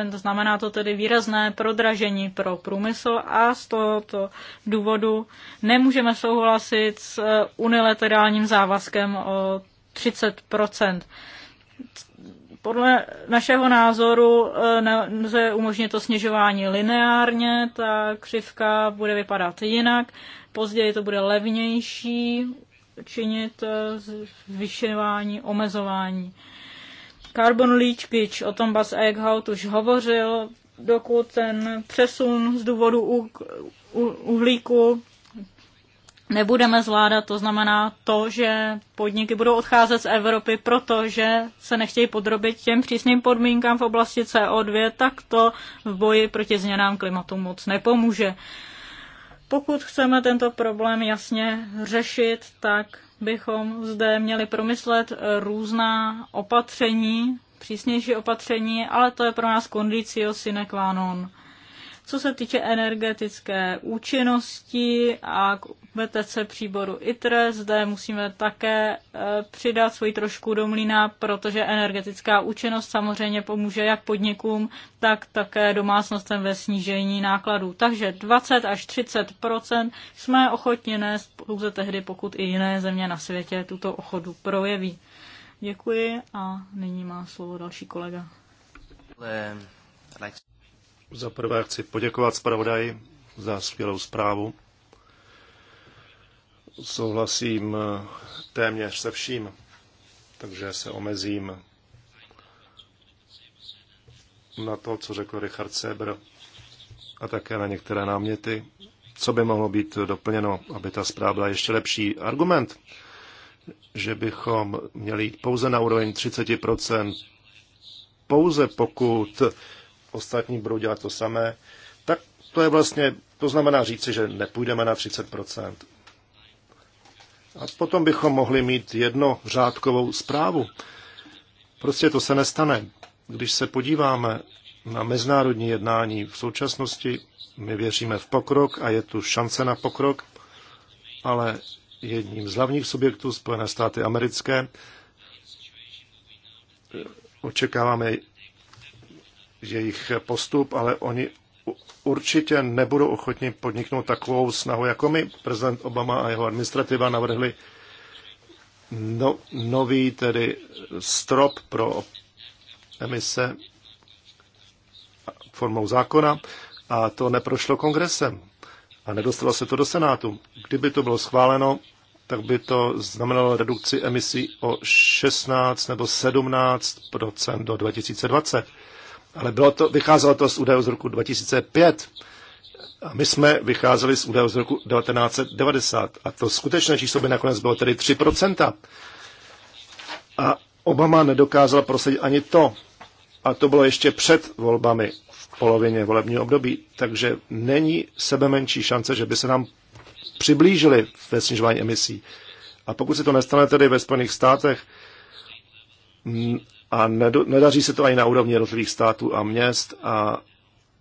znamená to tedy výrazné prodražení pro průmysl a z tohoto důvodu nemůžeme souhlasit s unilaterálním závazkem o 30 Podle našeho názoru eh, nelze umožnit to snižování lineárně, ta křivka bude vypadat jinak, později to bude levnější činit eh, zvyšování, omezování. Carbon pitch, o tom Bas Eichhout už hovořil, dokud ten přesun z důvodu uhlíku nebudeme zvládat. To znamená to, že podniky budou odcházet z Evropy, protože se nechtějí podrobit těm přísným podmínkám v oblasti CO2, tak to v boji proti změnám klimatu moc nepomůže. Pokud chceme tento problém jasně řešit, tak bychom zde měli promyslet různá opatření, přísnější opatření, ale to je pro nás kondicio sine qua non. Co se týče energetické účinnosti a VTC příboru ITR, zde musíme také e, přidat svoji trošku do mlína, protože energetická účinnost samozřejmě pomůže jak podnikům, tak také domácnostem ve snížení nákladů. Takže 20 až 30 jsme ochotni nést pouze tehdy, pokud i jiné země na světě tuto ochodu projeví. Děkuji a nyní má slovo další kolega. Um, za prvé chci poděkovat zpravodaji za skvělou zprávu. Souhlasím téměř se vším, takže se omezím na to, co řekl Richard Sebr a také na některé náměty, co by mohlo být doplněno, aby ta zpráva byla ještě lepší. Argument, že bychom měli jít pouze na úroveň 30%, pouze pokud ostatní budou dělat to samé, tak to je vlastně, to znamená říci, že nepůjdeme na 30%. A potom bychom mohli mít jedno řádkovou zprávu. Prostě to se nestane. Když se podíváme na mezinárodní jednání v současnosti, my věříme v pokrok a je tu šance na pokrok, ale jedním z hlavních subjektů Spojené státy americké očekáváme jejich postup, ale oni určitě nebudou ochotni podniknout takovou snahu, jako my. Prezident Obama a jeho administrativa navrhli no, nový tedy strop pro emise formou zákona a to neprošlo kongresem a nedostalo se to do Senátu. Kdyby to bylo schváleno, tak by to znamenalo redukci emisí o 16 nebo 17 do 2020. Ale bylo to, vycházelo to z údajů z roku 2005. A my jsme vycházeli z údajů z roku 1990. A to skutečné číslo by nakonec bylo tedy 3%. A Obama nedokázal prosadit ani to. A to bylo ještě před volbami v polovině volebního období. Takže není sebe menší šance, že by se nám přiblížili ve snižování emisí. A pokud se to nestane tedy ve Spojených státech, a nedaří se to ani na úrovni jednotlivých států a měst a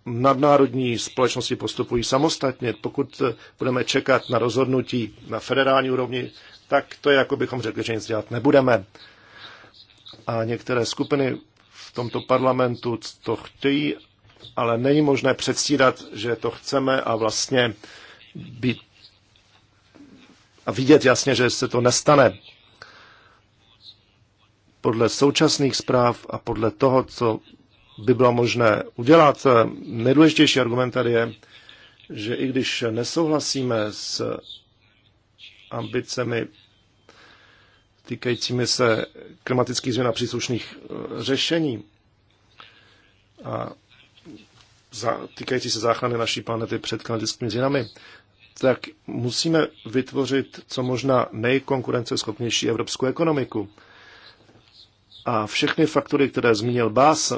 nadnárodní společnosti postupují samostatně. Pokud budeme čekat na rozhodnutí na federální úrovni, tak to je, jako bychom řekli, že nic dělat nebudeme. A některé skupiny v tomto parlamentu to chtějí, ale není možné předstírat, že to chceme a vlastně být a vidět jasně, že se to nestane podle současných zpráv a podle toho, co by bylo možné udělat. Nejdůležitější argument tady je, že i když nesouhlasíme s ambicemi týkajícími se klimatických změn a příslušných eh, řešení a týkající se záchrany naší planety před klimatickými změnami, tak musíme vytvořit co možná nejkonkurenceschopnější evropskou ekonomiku. A všechny faktory, které zmínil Bás,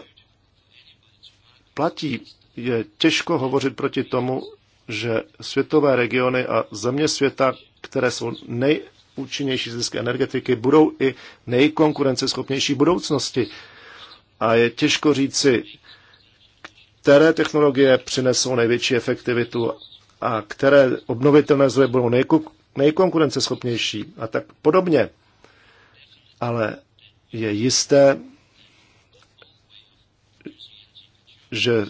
platí. Je těžko hovořit proti tomu, že světové regiony a země světa, které jsou nejúčinnější zisk energetiky, budou i nejkonkurenceschopnější v budoucnosti. A je těžko říci, které technologie přinesou největší efektivitu a které obnovitelné zdroje budou nejkonkurenceschopnější a tak podobně. Ale je jisté, že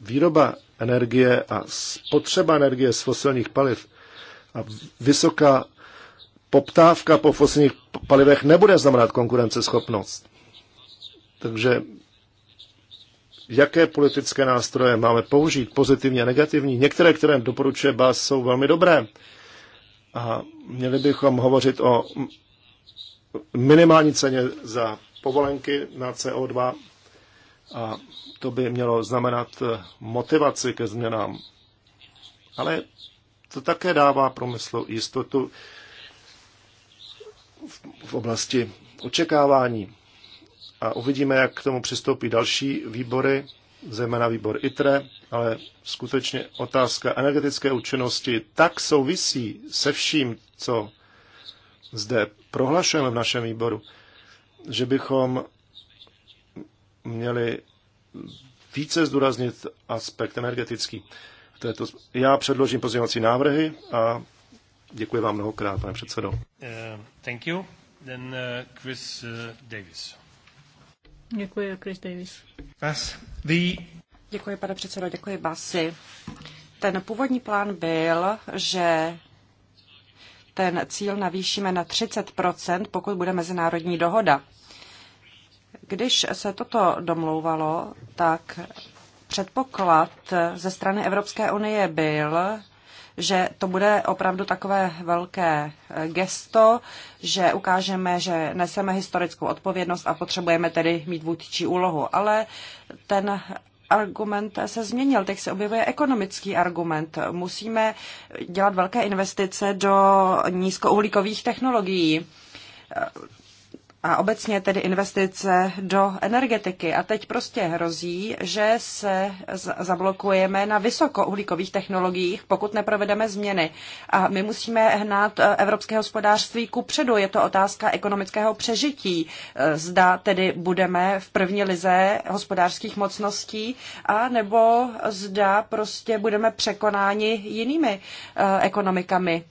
výroba energie a spotřeba energie z fosilních paliv a vysoká poptávka po fosilních palivech nebude znamenat konkurenceschopnost. Takže jaké politické nástroje máme použít, pozitivní a negativní. Některé, které doporučuje BAS, jsou velmi dobré. A měli bychom hovořit o minimální ceně za povolenky na CO2 a to by mělo znamenat eh, motivaci ke změnám. Ale to také dává promyslu jistotu v oblasti očekávání. A uvidíme, jak k tomu přistoupí další výbory, zejména výbor ITRE, ale skutečně otázka energetické účinnosti tak souvisí se vším, co zde prohlašujeme v našem výboru, že bychom měli více zdůraznit aspekt energetický. Této, já předložím pozměňovací návrhy a děkuji vám mnohokrát, pane předsedo. Uh, thank you. Then, uh, Chris uh, Davis. Děkuji, Chris Davis. Vás, the... Děkuji, pane předsedo, děkuji, Basi. Ten původní plán byl, že ten cíl navýšíme na 30 pokud bude mezinárodní dohoda. Když se toto domlouvalo, tak předpoklad ze strany Evropské unie byl, že to bude opravdu takové velké gesto, že ukážeme, že neseme historickou odpovědnost a potřebujeme tedy mít vůdčí úlohu. Ale ten argument se změnil. Teď se objevuje ekonomický argument. Musíme dělat velké investice do nízkouhlíkových technologií a obecně tedy investice do energetiky. A teď prostě hrozí, že se zablokujeme na vysokouhlíkových technologiích, pokud neprovedeme změny. A my musíme hnát eh, evropské hospodářství ku předu. Je to otázka ekonomického přežití. Eh, zda tedy budeme v první lize hospodářských mocností, a nebo zda prostě budeme překonáni jinými eh, ekonomikami.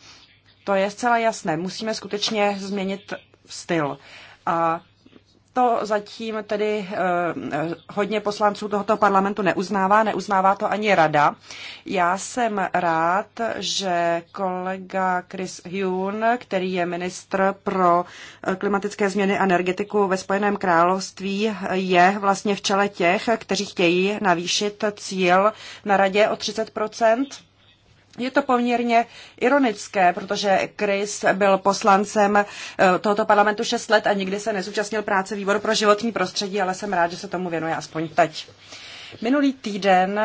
To je zcela jasné. Musíme skutečně změnit styl. A to zatím tedy eh, hodně poslanců tohoto parlamentu neuznává, neuznává to ani rada. Já jsem rád, že kolega Chris Hume, který je ministr pro eh, klimatické změny a energetiku ve Spojeném království, je vlastně v čele těch, kteří chtějí navýšit cíl na radě o 30 je to poměrně ironické, protože Chris byl poslancem eh, tohoto parlamentu 6 let a nikdy se nezúčastnil práce výboru pro životní prostředí, ale jsem rád, že se tomu věnuje aspoň teď. Minulý týden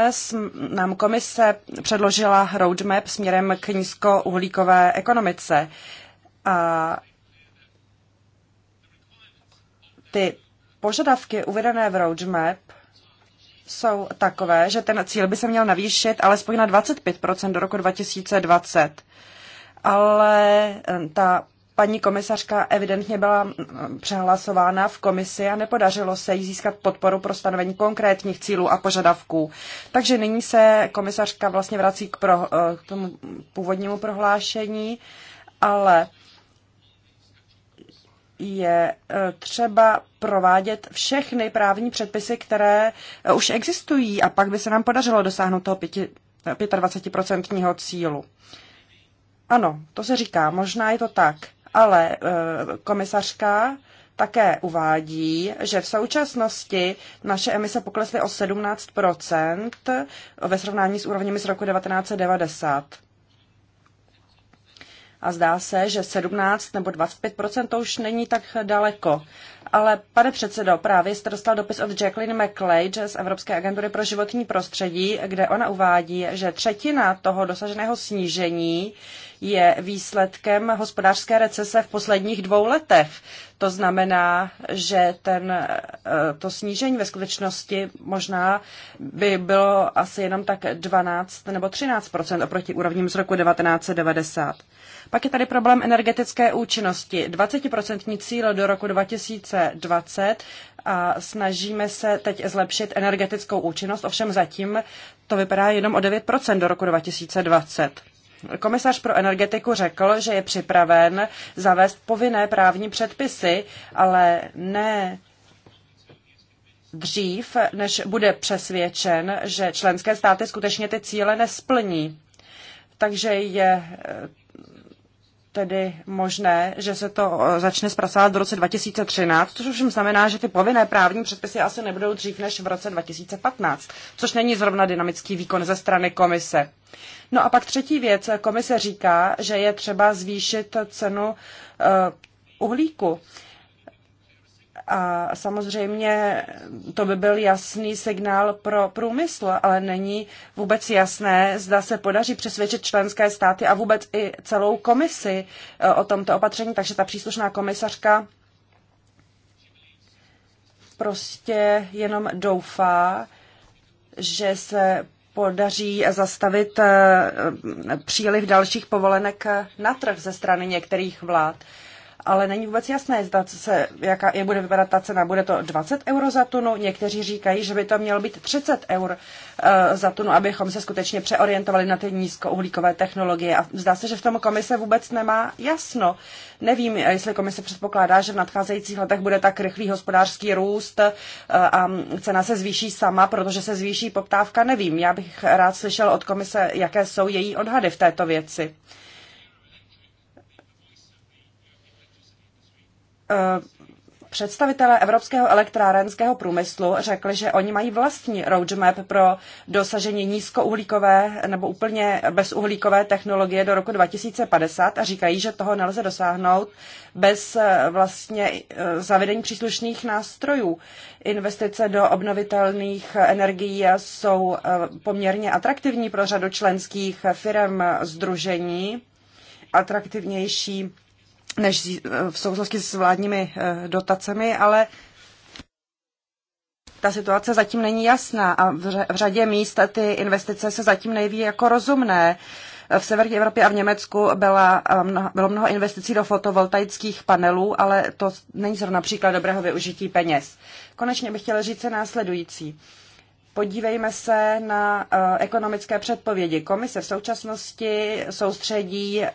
nám komise předložila roadmap směrem k nízkouhlíkové ekonomice. A ty požadavky uvedené v roadmap jsou takové, že ten cíl by se měl navýšit alespoň na 25% do roku 2020. Ale eh, ta paní komisařka evidentně byla mm, mm, přehlasována v komisi a nepodařilo se jí získat podporu pro stanovení konkrétních cílů a požadavků. Takže nyní se komisařka vlastně vrací k, pro, eh, k tomu původnímu prohlášení, ale je e, třeba provádět všechny právní předpisy, které e, už existují a pak by se nám podařilo dosáhnout toho 25% cílu. Ano, to se říká, možná je to tak, ale e, komisařka také uvádí, že v současnosti naše emise poklesly o 17 ve srovnání s úrovněmi z roku 1990. A zdá se, že 17 nebo 25 to už není tak daleko. Ale pane předsedo, právě jste dostal dopis od Jacqueline McLeod z Evropské agentury pro životní prostředí, kde ona uvádí, že třetina toho dosaženého snížení je výsledkem hospodářské recese v posledních dvou letech. To znamená, že ten, eh, to snížení ve skutečnosti možná by bylo asi jenom tak 12 nebo 13 oproti úrovním z roku 1990. Pak je tady problém energetické účinnosti. 20% cíl do roku 2020 a snažíme se teď zlepšit energetickou účinnost, ovšem zatím to vypadá jenom o 9% do roku 2020. Komisař pro energetiku řekl, že je připraven zavést povinné právní předpisy, ale ne dřív, než bude přesvědčen, že členské státy skutečně ty cíle nesplní. Takže je tedy možné, že se to eh, začne zpracovat v roce 2013, což ovšem znamená, že ty povinné právní předpisy asi nebudou dřív než v roce 2015, což není zrovna dynamický výkon ze strany komise. No a pak třetí věc. Komise říká, že je třeba zvýšit cenu eh, uhlíku. A samozřejmě to by byl jasný signál pro průmysl, ale není vůbec jasné, zda se podaří přesvědčit členské státy a vůbec i celou komisi e, o tomto opatření, takže ta příslušná komisařka prostě jenom doufá, že se podaří zastavit e, příliv dalších povolenek na trh ze strany některých vlád ale není vůbec jasné, zda se, jaká je bude vypadat ta cena. Bude to 20 euro za tunu, někteří říkají, že by to mělo být 30 eur eh, za tunu, abychom se skutečně přeorientovali na ty nízkouhlíkové technologie. A zdá se, že v tom komise vůbec nemá jasno. Nevím, jestli komise předpokládá, že v nadcházejících letech bude tak rychlý hospodářský růst eh, a cena se zvýší sama, protože se zvýší poptávka, nevím. Já bych rád slyšel od komise, jaké jsou její odhady v této věci. Eh, představitelé evropského elektrárenského průmyslu řekli, že oni mají vlastní roadmap pro dosažení nízkouhlíkové nebo úplně bezuhlíkové technologie do roku 2050 a říkají, že toho nelze dosáhnout bez eh, vlastně eh, zavedení příslušných nástrojů. Investice do obnovitelných energií jsou poměrně atraktivní pro řadu členských firm, združení, atraktivnější než v souvislosti s vládními eh, dotacemi, ale ta situace zatím není jasná a v řadě míst ty investice se zatím neví jako rozumné. V severní Evropě a v Německu byla, eh, bylo mnoho investicí do fotovoltaických panelů, ale to není zrovna příklad dobrého využití peněz. Konečně bych chtěla říct se následující. Podívejme se na eh, ekonomické předpovědi. Komise v současnosti soustředí eh,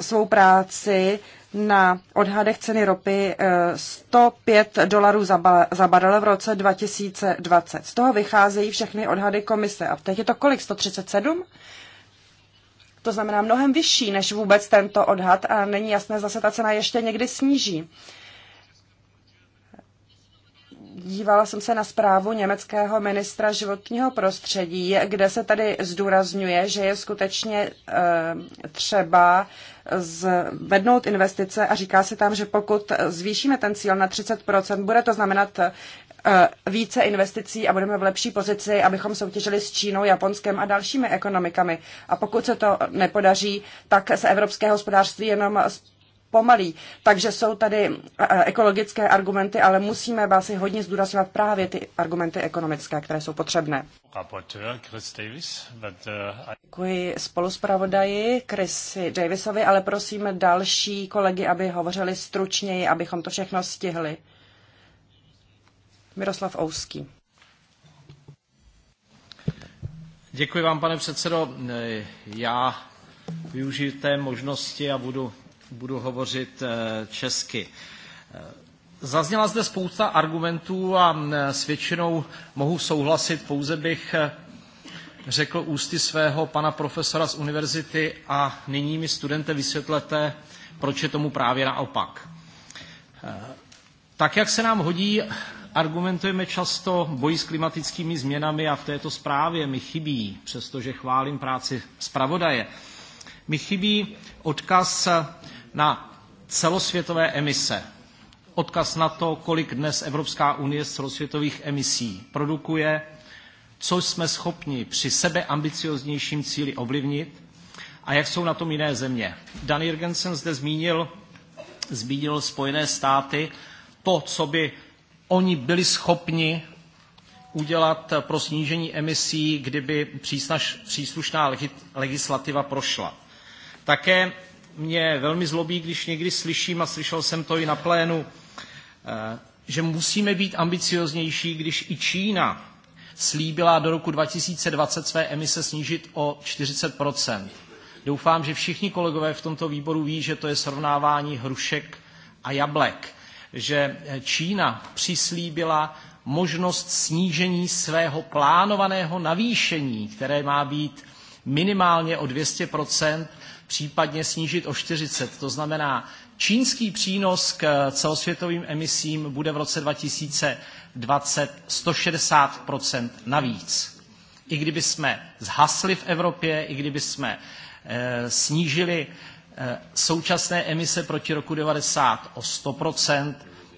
svou práci na odhadech ceny ropy 105 eh, dolarů za barel v roce 2020. Z toho vycházejí všechny odhady komise. A teď je to kolik? 137? To znamená mnohem vyšší než vůbec tento odhad a není jasné, zase ta cena ještě někdy sníží dívala jsem se na zprávu německého ministra životního prostředí, kde se tady zdůrazňuje, že je skutečně eh, třeba zvednout investice a říká se tam, že pokud zvýšíme ten cíl na 30%, bude to znamenat eh, více investicí a budeme v lepší pozici, abychom soutěžili s Čínou, Japonskem a dalšími ekonomikami. A pokud se to nepodaří, tak se evropské hospodářství jenom pomalý. Takže jsou tady e, e, ekologické argumenty, ale musíme asi hodně zdůrazňovat právě ty argumenty ekonomické, které jsou potřebné. Uh, Děkuji spoluspravodaji Chrisi Davisovi, ale prosím další kolegy, aby hovořili stručněji, abychom to všechno stihli. Miroslav Ouský. Děkuji vám, pane předsedo. E, já využiju té možnosti a budu budu hovořit eh, česky. Eh, zazněla zde spousta argumentů a s většinou mohu souhlasit, pouze bych eh, řekl ústy svého pana profesora z univerzity a nyní mi studente vysvětlete, proč je tomu právě naopak. Tak, jak se nám hodí, argumentujeme často boji s klimatickými změnami a v této zprávě mi chybí, přestože chválím práci zpravodaje, mi chybí odkaz na celosvětové emise. Odkaz na to, kolik dnes Evropská unie z celosvětových emisí produkuje, co jsme schopni při sebe ambicioznějším cíli ovlivnit a jak jsou na tom jiné země. Dan Jürgensen zde zmínil, zmínil Spojené státy, to, co by oni byli schopni udělat pro snížení emisí, kdyby příslušná legislativa prošla. Také mě velmi zlobí, když někdy slyším, a slyšel jsem to i na plénu, eh, že musíme být ambicioznější, když i Čína slíbila do roku 2020 své emise snížit o 40 Doufám, že všichni kolegové v tomto výboru ví, že to je srovnávání hrušek a jablek, že Čína přislíbila možnost snížení svého plánovaného navýšení, které má být minimálně o 200 případně snížit o 40. To znamená, čínský přínos k celosvětovým emisím bude v roce 2020 160 navíc. I kdyby jsme zhasli v Evropě, i kdyby jsme e, snížili e, současné emise proti roku 90 o 100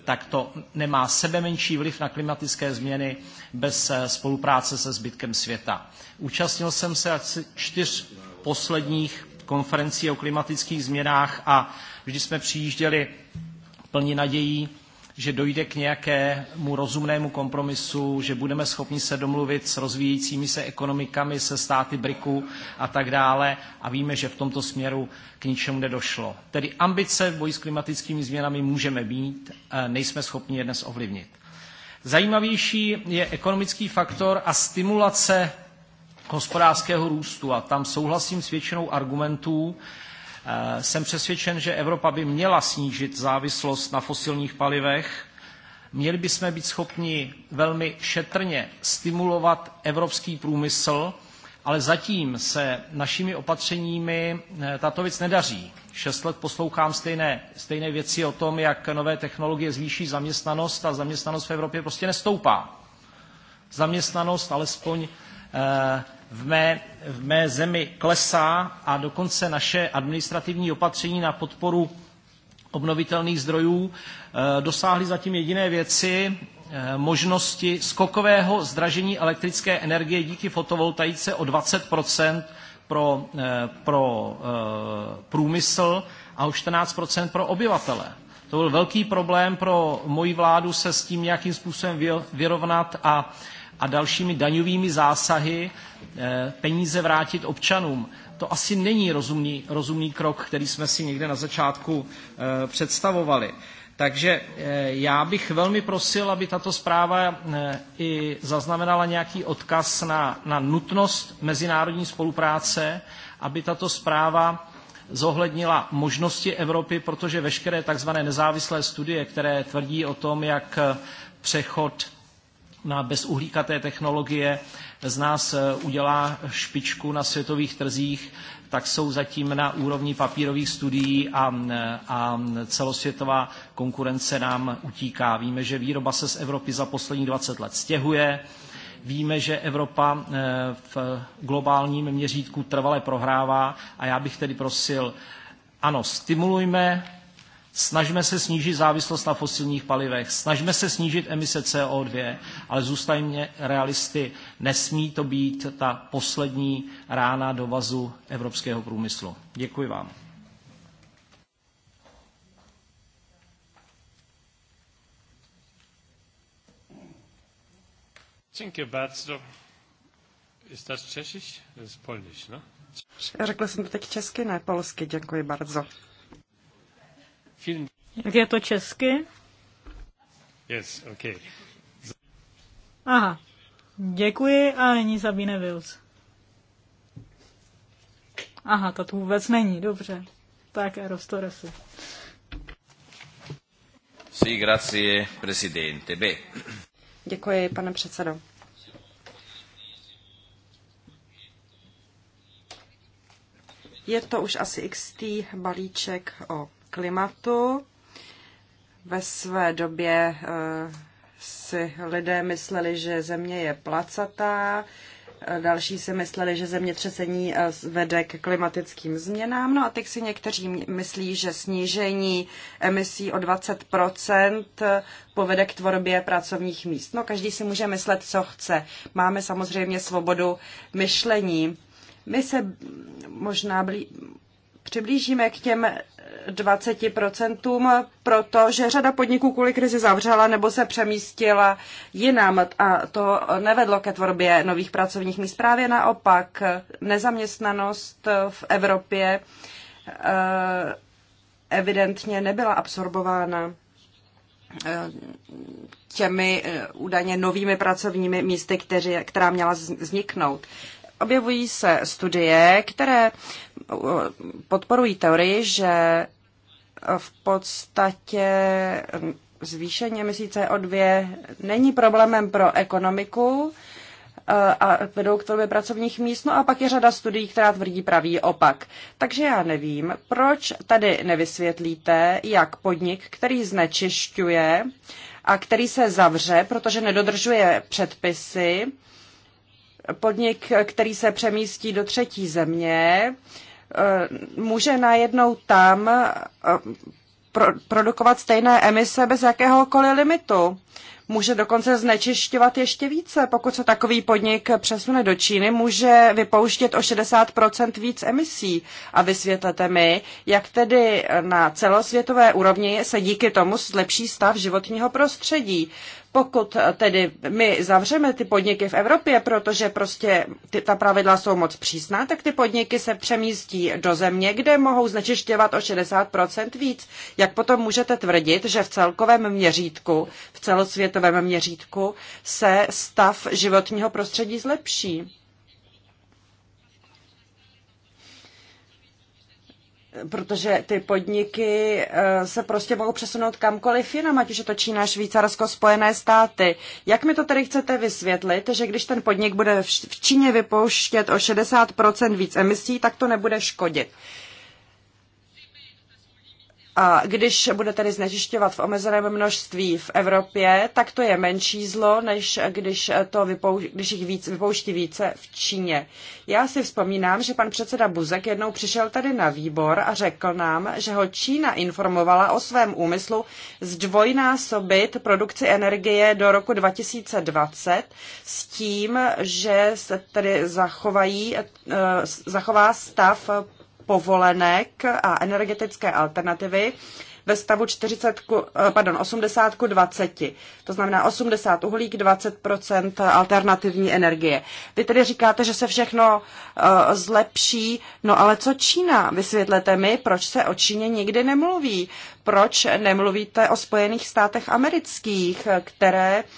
tak to nemá sebe menší vliv na klimatické změny bez eh, spolupráce se zbytkem světa. Účastnil jsem se asi čtyř posledních konferencí o klimatických změnách a vždy jsme přijížděli plní nadějí, že dojde k nějakému rozumnému kompromisu, že budeme schopni se domluvit s rozvíjejícími se ekonomikami, se státy BRICu a tak dále. A víme, že v tomto směru k ničemu nedošlo. Tedy ambice v boji s klimatickými změnami můžeme mít, eh, nejsme schopni je dnes ovlivnit. Zajímavější je ekonomický faktor a stimulace hospodářského růstu. A tam souhlasím s většinou argumentů. Eh, jsem přesvědčen, že Evropa by měla snížit závislost na fosilních palivech. Měli bychom být schopni velmi šetrně stimulovat evropský průmysl, ale zatím se našimi opatřeními eh, tato věc nedaří. Šest let poslouchám stejné, stejné věci o tom, jak nové technologie zvýší zaměstnanost a zaměstnanost v Evropě prostě nestoupá. Zaměstnanost alespoň Eh, v mé, v mé zemi klesá a dokonce naše administrativní opatření na podporu obnovitelných zdrojů eh, dosáhly zatím jediné věci, eh, možnosti skokového zdražení elektrické energie díky fotovoltaice o 20 pro, pro průmysl a o 14 pro obyvatele. To byl velký problém pro moji vládu se s tím, jakým způsobem vyrovnat a a dalšími daňovými zásahy eh, peníze vrátit občanům. To asi není rozumný, rozumný krok, který jsme si někde na začátku eh, představovali. Takže eh, já bych velmi prosil, aby tato zpráva i zaznamenala nějaký odkaz na, na nutnost mezinárodní spolupráce, aby tato zpráva zohlednila možnosti Evropy, protože veškeré tzv. nezávislé studie, které tvrdí o tom, jak přechod na bezuhlíkaté technologie z nás eh, udělá špičku na světových trzích, tak jsou zatím na úrovni papírových studií a, eh, a celosvětová konkurence nám utíká. Víme, že výroba se z Evropy za poslední 20 let stěhuje, Víme, že Evropa eh, v globálním měřítku trvale prohrává a já bych tedy prosil, ano, stimulujme Snažme se snížit závislost na fosilních palivech, snažme se snížit emise CO2, ale zůstaňme realisty. Nesmí to být ta poslední rána do vazu evropského průmyslu. Děkuji vám. Dziękuję bardzo. Jest to Czesiś? To jest Polniś, no? Řekl jsem to teď česky, ne polsky, děkuji bardzo. Jak je to česky? Yes, okay. Aha, děkuji a nyní Sabine Wills. Aha, to tu vůbec není, dobře. Tak, si. Sí, grazie, presidente. Be. Děkuji, pane předsedo. Je to už asi XT balíček o klimatu. Ve své době eh, si lidé mysleli, že země je placatá, eh, další si mysleli, že zemětřesení eh, vede k klimatickým změnám. No a teď si někteří myslí, že snížení emisí o 20 povede k tvorbě pracovních míst. No každý si může myslet, co chce. Máme samozřejmě svobodu myšlení. My se možná blí, přiblížíme k těm 20%, protože řada podniků kvůli krizi zavřela nebo se přemístila jinam a to nevedlo ke tvorbě nových pracovních míst. Právě naopak nezaměstnanost v Evropě eh, evidentně nebyla absorbována eh, těmi eh, údajně novými pracovními místy, které, která měla vzniknout objevují se studie, které uh, podporují teorii, že v podstatě zvýšení emisí CO2 není problémem pro ekonomiku eh, a vedou k tvorbě pracovních míst. No a pak je řada studií, která tvrdí pravý opak. Takže já nevím, proč tady nevysvětlíte, jak podnik, který znečišťuje a který se zavře, protože nedodržuje předpisy, podnik, který se přemístí do třetí země, eh, může najednou tam eh, produkovat stejné emise bez jakéhokoliv limitu. Může dokonce znečišťovat ještě více. Pokud se takový podnik přesune do Číny, může vypouštět o 60 víc emisí. A vysvětlete mi, jak tedy na celosvětové úrovni se díky tomu zlepší stav životního prostředí. Pokud eh, tedy my zavřeme ty podniky v Evropě, protože prostě ty, ta pravidla jsou moc přísná, tak ty podniky se přemístí do země, kde mohou znečišťovat o 60% víc. Jak potom můžete tvrdit, že v celkovém měřítku, v celosvětovém měřítku se stav životního prostředí zlepší? protože ty podniky eh, se prostě mohou přesunout kamkoliv jinam, ať už je to Čína, Švýcarsko, Spojené státy. Jak mi to tedy chcete vysvětlit, že když ten podnik bude v Číně vypouštět o 60% víc emisí, tak to nebude škodit? A když bude tedy znečišťovat v omezeném množství v Evropě, tak to je menší zlo, než když, to vypou- když jich víc, vypouští více v Číně. Já si vzpomínám, že pan předseda Buzek jednou přišel tady na výbor a řekl nám, že ho Čína informovala o svém úmyslu zdvojnásobit produkci energie do roku 2020 s tím, že se tedy zachovají, eh, zachová stav povolenek a energetické alternativy ve stavu 40, eh, pardon, 80 ku 20. To znamená 80 uhlík, 20 alternativní energie. Vy tedy říkáte, že se všechno uh, zlepší, no ale co Čína? Vysvětlete mi, proč se o Číně nikdy nemluví. Proč nemluvíte o Spojených státech amerických, které uh,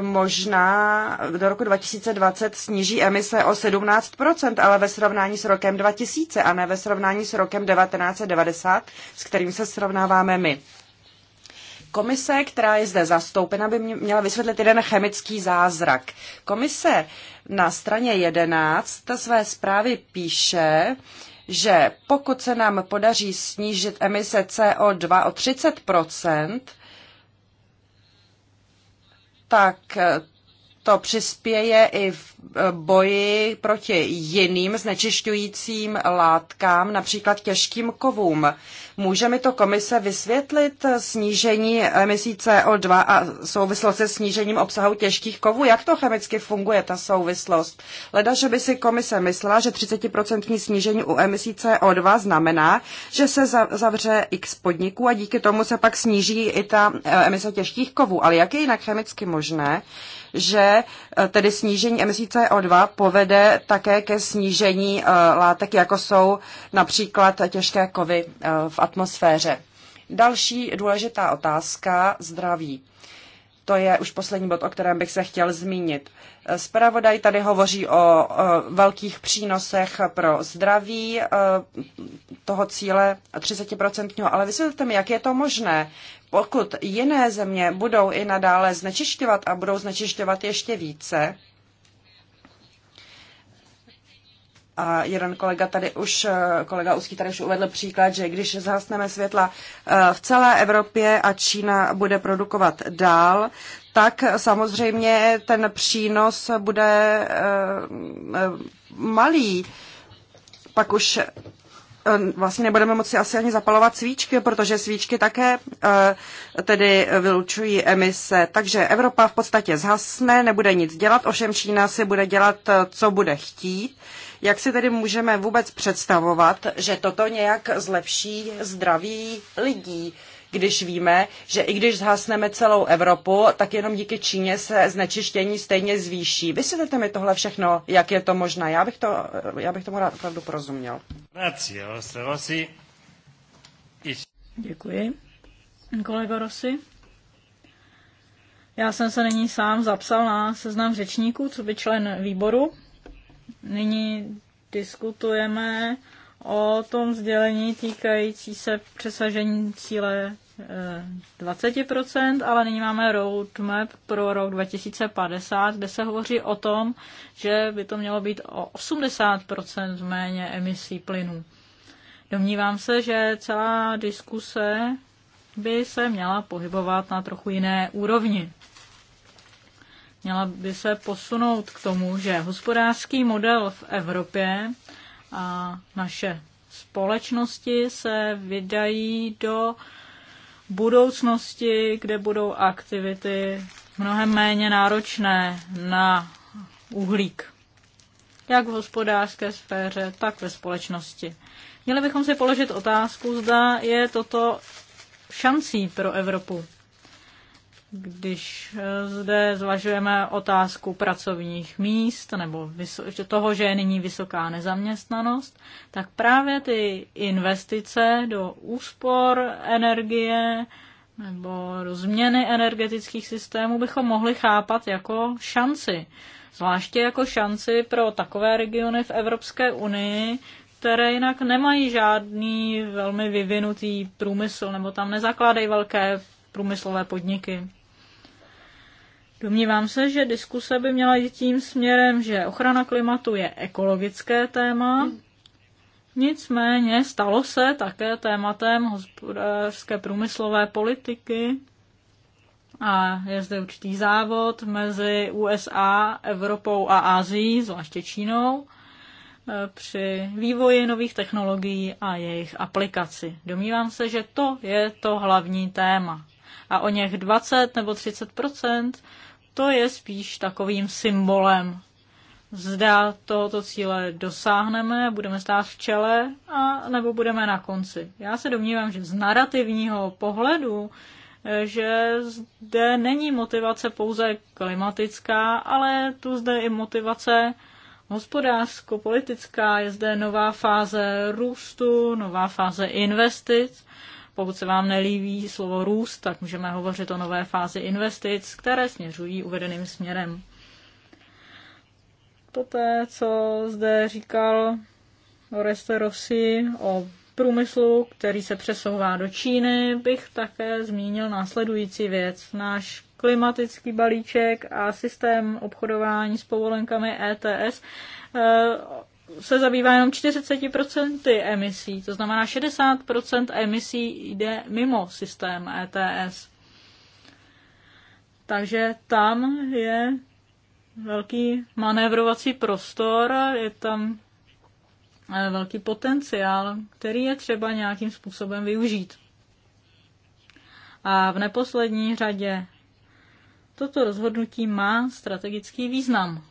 možná do roku 2020 sníží emise o 17 ale ve srovnání s rokem 2000 a ne ve srovnání s rokem 1990, s kterým se srovnáváme my. Komise, která je zde zastoupena, by měla vysvětlit jeden chemický zázrak. Komise na straně 11 své zprávy píše, že pokud se nám podaří snížit emise CO2 o 30 tak to přispěje i v eh, boji proti jiným znečišťujícím látkám, například těžkým kovům. Může mi to komise vysvětlit eh, snížení emisí CO2 a souvislost se snížením obsahu těžkých kovů? Jak to chemicky funguje, ta souvislost? Leda, že by si komise myslela, že 30% snížení u emisí CO2 znamená, že se zavře x podniků a díky tomu se pak sníží i ta eh, emise těžkých kovů. Ale jak je jinak chemicky možné, že eh, tedy snížení emisí CO2 povede také ke snížení eh, látek, jako jsou například těžké kovy eh, v atmosféře. Další důležitá otázka zdraví. To je už poslední bod, o kterém bych se chtěl zmínit. Spravodaj tady hovoří o velkých přínosech pro zdraví toho cíle 30%, ale vysvětlete mi, jak je to možné, pokud jiné země budou i nadále znečišťovat a budou znečišťovat ještě více, a jeden kolega tady už, kolega Uský tady už uvedl příklad, že když zhasneme světla eh, v celé Evropě a Čína bude produkovat dál, tak samozřejmě ten přínos bude eh, eh, malý. Pak už Ehm, vlastně nebudeme moci asi ani zapalovat svíčky, protože svíčky také eh, tedy vylučují emise. Takže Evropa v podstatě zhasne, nebude nic dělat, ovšem Čína si bude dělat, eh, co bude chtít. Jak si tedy můžeme vůbec představovat, že toto nějak zlepší zdraví lidí? když víme, že i když zhasneme celou Evropu, tak jenom díky Číně se znečištění stejně zvýší. Vysvětlete mi tohle všechno, jak je to možné. Já bych, to, já bych tomu rád opravdu porozuměl. Děkuji. Kolego Rossi? Já jsem se nyní sám zapsal na seznam řečníků, co by člen výboru. Nyní diskutujeme o tom sdělení týkající se přesažení cíle 20%, ale nyní máme roadmap pro rok 2050, kde se hovoří o tom, že by to mělo být o 80% méně emisí plynů. Domnívám se, že celá diskuse by se měla pohybovat na trochu jiné úrovni. Měla by se posunout k tomu, že hospodářský model v Evropě a naše společnosti se vydají do budoucnosti, kde budou aktivity mnohem méně náročné na uhlík. Jak v hospodářské sféře, tak ve společnosti. Měli bychom si položit otázku, zda je toto šancí pro Evropu když eh, zde zvažujeme otázku pracovních míst nebo toho, že je nyní vysoká nezaměstnanost, tak právě ty investice do úspor energie nebo do změny energetických systémů bychom mohli chápat jako šanci. Zvláště jako šanci pro takové regiony v Evropské unii, které jinak nemají žádný velmi vyvinutý průmysl nebo tam nezakládají velké průmyslové podniky. Domnívám se, že diskuse by měla jít tím směrem, že ochrana klimatu je ekologické téma, nicméně stalo se také tématem hospodářské průmyslové politiky a je zde určitý závod mezi USA, Evropou a Ázií, zvláště Čínou, eh, při vývoji nových technologií a jejich aplikaci. Domnívám se, že to je to hlavní téma. A o něch 20 nebo 30 to je spíš takovým symbolem. Zda tohoto cíle dosáhneme, budeme stát v čele, a nebo budeme na konci. Já se domnívám, že z narrativního pohledu, eh, že zde není motivace pouze klimatická, ale tu zde i motivace hospodářsko-politická, je zde nová fáze růstu, nová fáze investic pokud se vám nelíbí slovo růst, tak můžeme hovořit o nové fázi investic, které směřují uvedeným směrem. Poté, co zde říkal Oreste Rossi o průmyslu, který se přesouvá do Číny, bych také zmínil následující věc. Náš klimatický balíček a systém obchodování s povolenkami ETS eh, se zabývá jenom 40% emisí, to znamená 60% emisí jde mimo systém ETS. Takže tam je velký manévrovací prostor, je tam eh, velký potenciál, který je třeba nějakým způsobem využít. A v neposlední řadě toto rozhodnutí má strategický význam.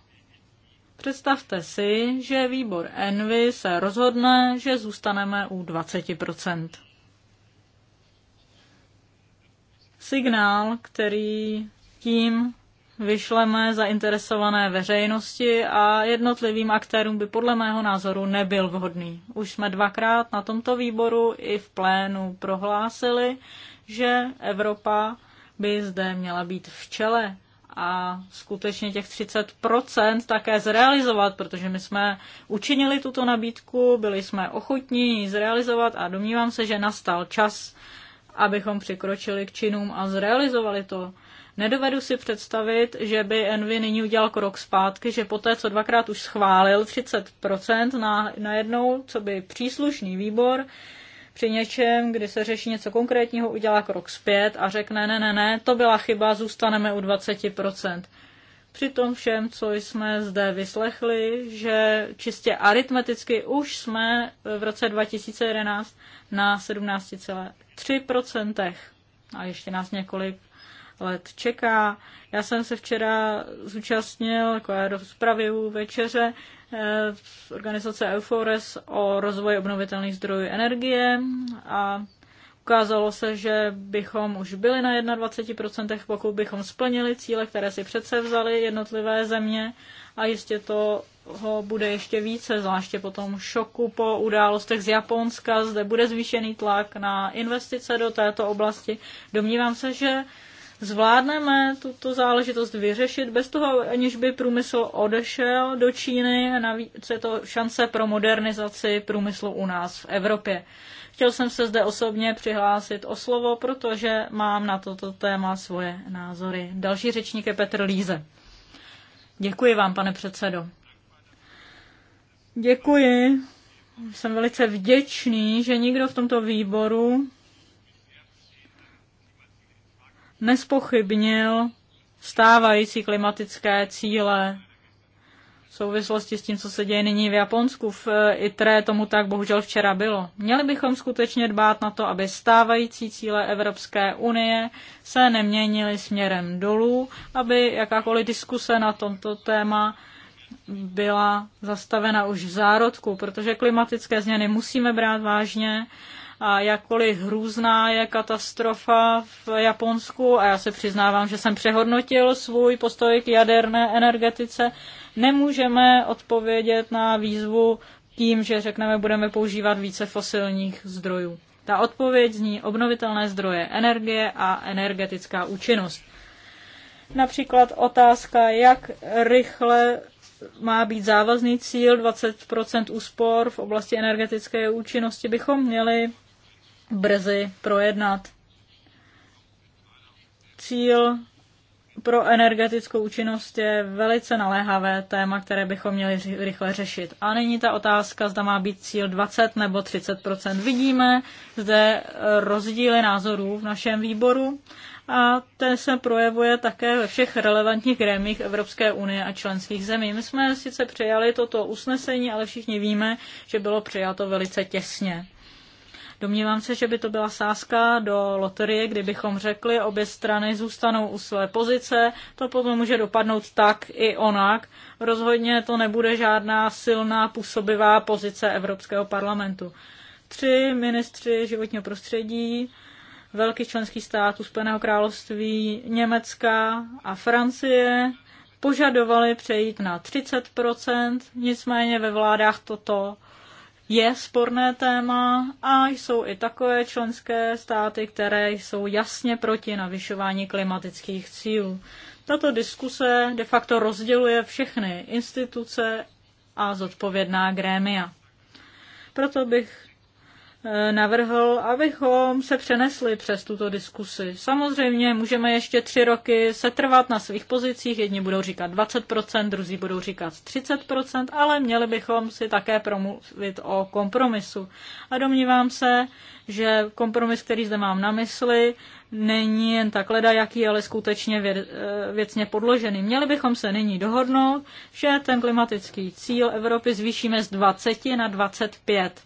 Představte si, že výbor Envy se rozhodne, že zůstaneme u 20%. Signál, který tím vyšleme zainteresované veřejnosti a jednotlivým aktérům by podle mého názoru nebyl vhodný. Už jsme dvakrát na tomto výboru i v plénu prohlásili, že Evropa by zde měla být v čele a skutečně těch 30% také zrealizovat, protože my jsme učinili tuto nabídku, byli jsme ochotní ji zrealizovat a domnívám se, že nastal čas, abychom přikročili k činům a zrealizovali to. Nedovedu si představit, že by Envy nyní udělal krok zpátky, že poté, co dvakrát už schválil 30% na, na jednou, co by příslušný výbor, při něčem, kdy se řeší něco konkrétního, udělá krok zpět a řekne, ne, ne, ne, to byla chyba, zůstaneme u 20%. Při tom všem, co jsme zde vyslechli, že čistě aritmeticky už jsme v roce 2011 na 17,3% a ještě nás několik let čeká. Já jsem se včera zúčastnil jako rozpravy u večeře v eh, organizace Eufores o rozvoji obnovitelných zdrojů energie a ukázalo se, že bychom už byli na 21%, pokud bychom splnili cíle, které si přece vzali jednotlivé země a jistě to ho bude ještě více, zvláště po tom šoku po událostech z Japonska. Zde bude zvýšený tlak na investice do této oblasti. Domnívám se, že zvládneme tuto záležitost vyřešit bez toho, aniž by průmysl odešel do Číny. Navíc je to šance pro modernizaci průmyslu u nás v Evropě. Chtěl jsem se zde osobně přihlásit o slovo, protože mám na toto téma svoje názory. Další řečník je Petr Líze. Děkuji vám, pane předsedo. Děkuji. Jsem velice vděčný, že nikdo v tomto výboru nespochybnil stávající klimatické cíle v souvislosti s tím, co se děje nyní v Japonsku. V eh, ITRE tomu tak bohužel včera bylo. Měli bychom skutečně dbát na to, aby stávající cíle Evropské unie se neměnily směrem dolů, aby jakákoliv diskuse na tomto téma byla zastavena už v zárodku, protože klimatické změny musíme brát vážně a jakkoliv hrůzná je katastrofa v Japonsku a já se přiznávám, že jsem přehodnotil svůj postoj k jaderné energetice, nemůžeme odpovědět na výzvu tím, že řekneme, budeme používat více fosilních zdrojů. Ta odpověď zní obnovitelné zdroje energie a energetická účinnost. Například otázka, jak rychle má být závazný cíl 20 úspor v oblasti energetické účinnosti, bychom měli brzy projednat. Cíl pro energetickou účinnost je velice naléhavé téma, které bychom měli rychle řešit. A není ta otázka, zda má být cíl 20 nebo 30 Vidíme zde rozdíly názorů v našem výboru a ten se projevuje také ve všech relevantních grémích Evropské unie a členských zemí. My jsme sice přijali toto usnesení, ale všichni víme, že bylo přijato velice těsně. Domnívám se, že by to byla sázka do loterie, kdybychom řekli, obě strany zůstanou u své pozice, to potom může dopadnout tak i onak. Rozhodně to nebude žádná silná působivá pozice Evropského parlamentu. Tři ministři životního prostředí, velkých členských států Spojeného království, Německa a Francie požadovali přejít na 30%, nicméně ve vládách toto je sporné téma a jsou i takové členské státy, které jsou jasně proti navyšování klimatických cílů. Tato diskuse de facto rozděluje všechny instituce a zodpovědná grémia. Proto bych Eh, navrhl, abychom se přenesli přes tuto diskusi. Samozřejmě můžeme ještě tři roky setrvat na svých pozicích, jedni budou říkat 20%, druzí budou říkat 30%, ale měli bychom si také promluvit o kompromisu. A domnívám se, že kompromis, který zde mám na mysli, není jen tak jaký, ale skutečně eh, věcně podložený. Měli bychom se nyní dohodnout, že ten klimatický cíl Evropy zvýšíme z 20 na 25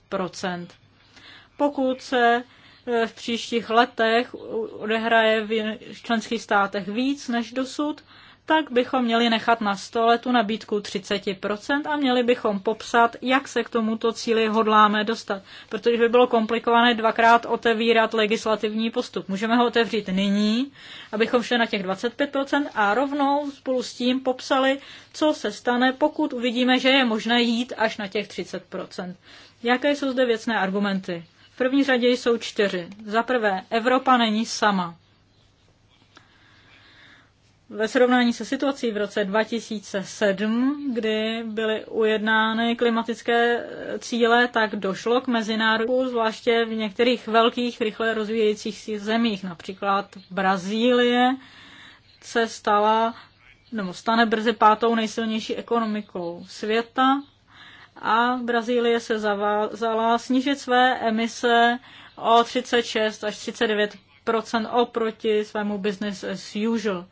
pokud se eh, v příštích letech odehraje v členských státech víc než dosud, tak bychom měli nechat na stole tu nabídku 30% a měli bychom popsat, jak se k tomuto cíli hodláme dostat. Protože by bylo komplikované dvakrát otevírat legislativní postup. Můžeme ho otevřít nyní, abychom šli na těch 25% a rovnou spolu s tím popsali, co se stane, pokud uvidíme, že je možné jít až na těch 30%. Jaké jsou zde věcné argumenty? první řadě jsou čtyři. Za prvé, Evropa není sama. Ve srovnání se situací v roce 2007, kdy byly ujednány klimatické cíle, tak došlo k mezinárodnímu, zvláště v některých velkých, rychle rozvíjejících se zemích, například Brazílie se stala nebo stane brzy pátou nejsilnější ekonomikou světa a Brazílie se zavázala snížit své emise o 36 až 39 oproti svému business as usual.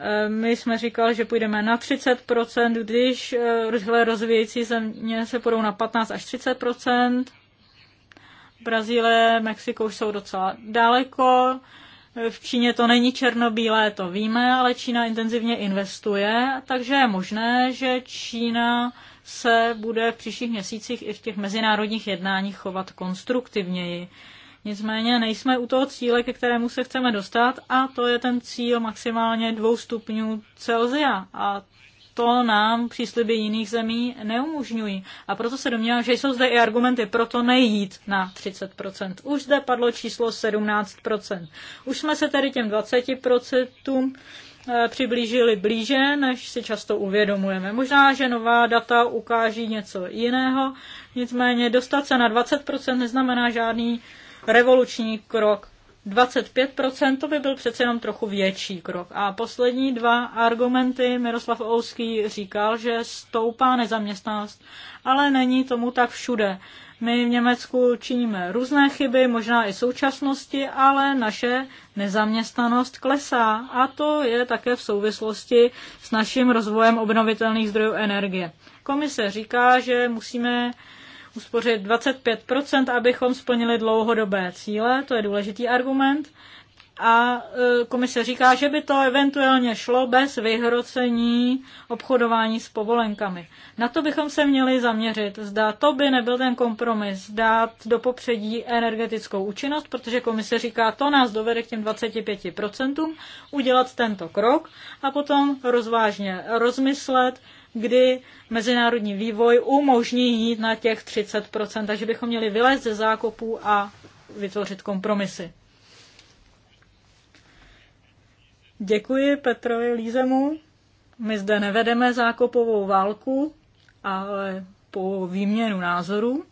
Ehm, my jsme říkali, že půjdeme na 30 když eh, rychle rozvíjející země se půjdou na 15 až 30 Brazílie, Mexiko už jsou docela daleko, v Číně to není černobílé, to víme, ale Čína intenzivně investuje, takže je možné, že Čína se bude v příštích měsících i v těch mezinárodních jednáních chovat konstruktivněji. Nicméně nejsme u toho cíle, ke kterému se chceme dostat a to je ten cíl maximálně dvou stupňů Celzia. A to nám přísliby jiných zemí neumožňují. A proto se domnívám, že jsou zde i argumenty pro to nejít na 30%. Už zde padlo číslo 17%. Už jsme se tedy těm 20% eh, přiblížili blíže, než si často uvědomujeme. Možná, že nová data ukáží něco jiného, nicméně dostat se na 20% neznamená žádný revoluční krok 25%, to by byl přece jenom trochu větší krok. A poslední dva argumenty, Miroslav Ouský říkal, že stoupá nezaměstnanost, ale není tomu tak všude. My v Německu činíme různé chyby, možná i současnosti, ale naše nezaměstnanost klesá a to je také v souvislosti s naším rozvojem obnovitelných zdrojů energie. Komise říká, že musíme uspořit 25%, abychom splnili dlouhodobé cíle, to je důležitý argument. A e, komise říká, že by to eventuálně šlo bez vyhrocení obchodování s povolenkami. Na to bychom se měli zaměřit. Zda to by nebyl ten kompromis dát do popředí energetickou účinnost, protože komise říká, to nás dovede k těm 25%, udělat tento krok a potom rozvážně rozmyslet, kdy mezinárodní vývoj umožní jít na těch 30%, takže bychom měli vylézt ze zákopů a vytvořit kompromisy. Děkuji Petrovi Lízemu. My zde nevedeme zákopovou válku, ale po výměnu názorů.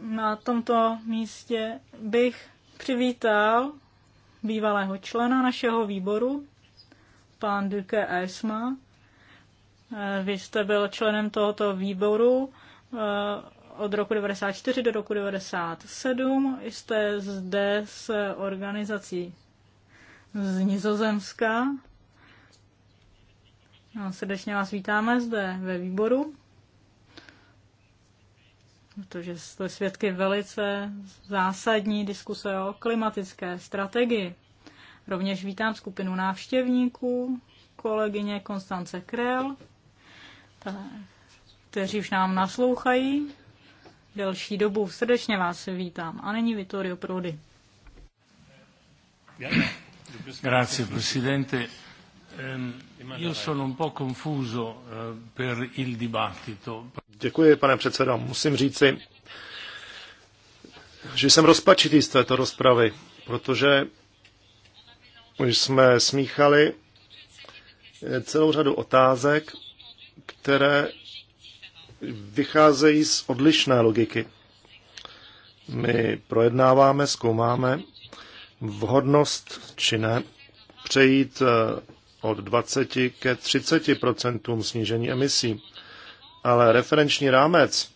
Na tomto místě bych přivítal bývalého člena našeho výboru, pan Duke Esma. Eh, vy jste byl členem tohoto výboru eh, od roku 94 do roku 97. Jste zde s organizací z Nizozemska. No, srdečně vás vítáme zde ve výboru, protože jste svědky velice zásadní diskuse o klimatické strategii. Rovněž vítám skupinu návštěvníků, kolegyně Konstance Krel, kteří už nám naslouchají delší dobu. Srdečně vás vítám. A nyní Vittorio Prodi. Grazie Presidente. Ehm, eh, Děkuji, pane předsedo. Musím říci, že jsem rozpačitý z této rozpravy, protože už jsme smíchali celou řadu otázek, které vycházejí z odlišné logiky. My projednáváme, zkoumáme vhodnost či ne přejít eh, od 20 ke 30 snížení emisí. Ale referenční rámec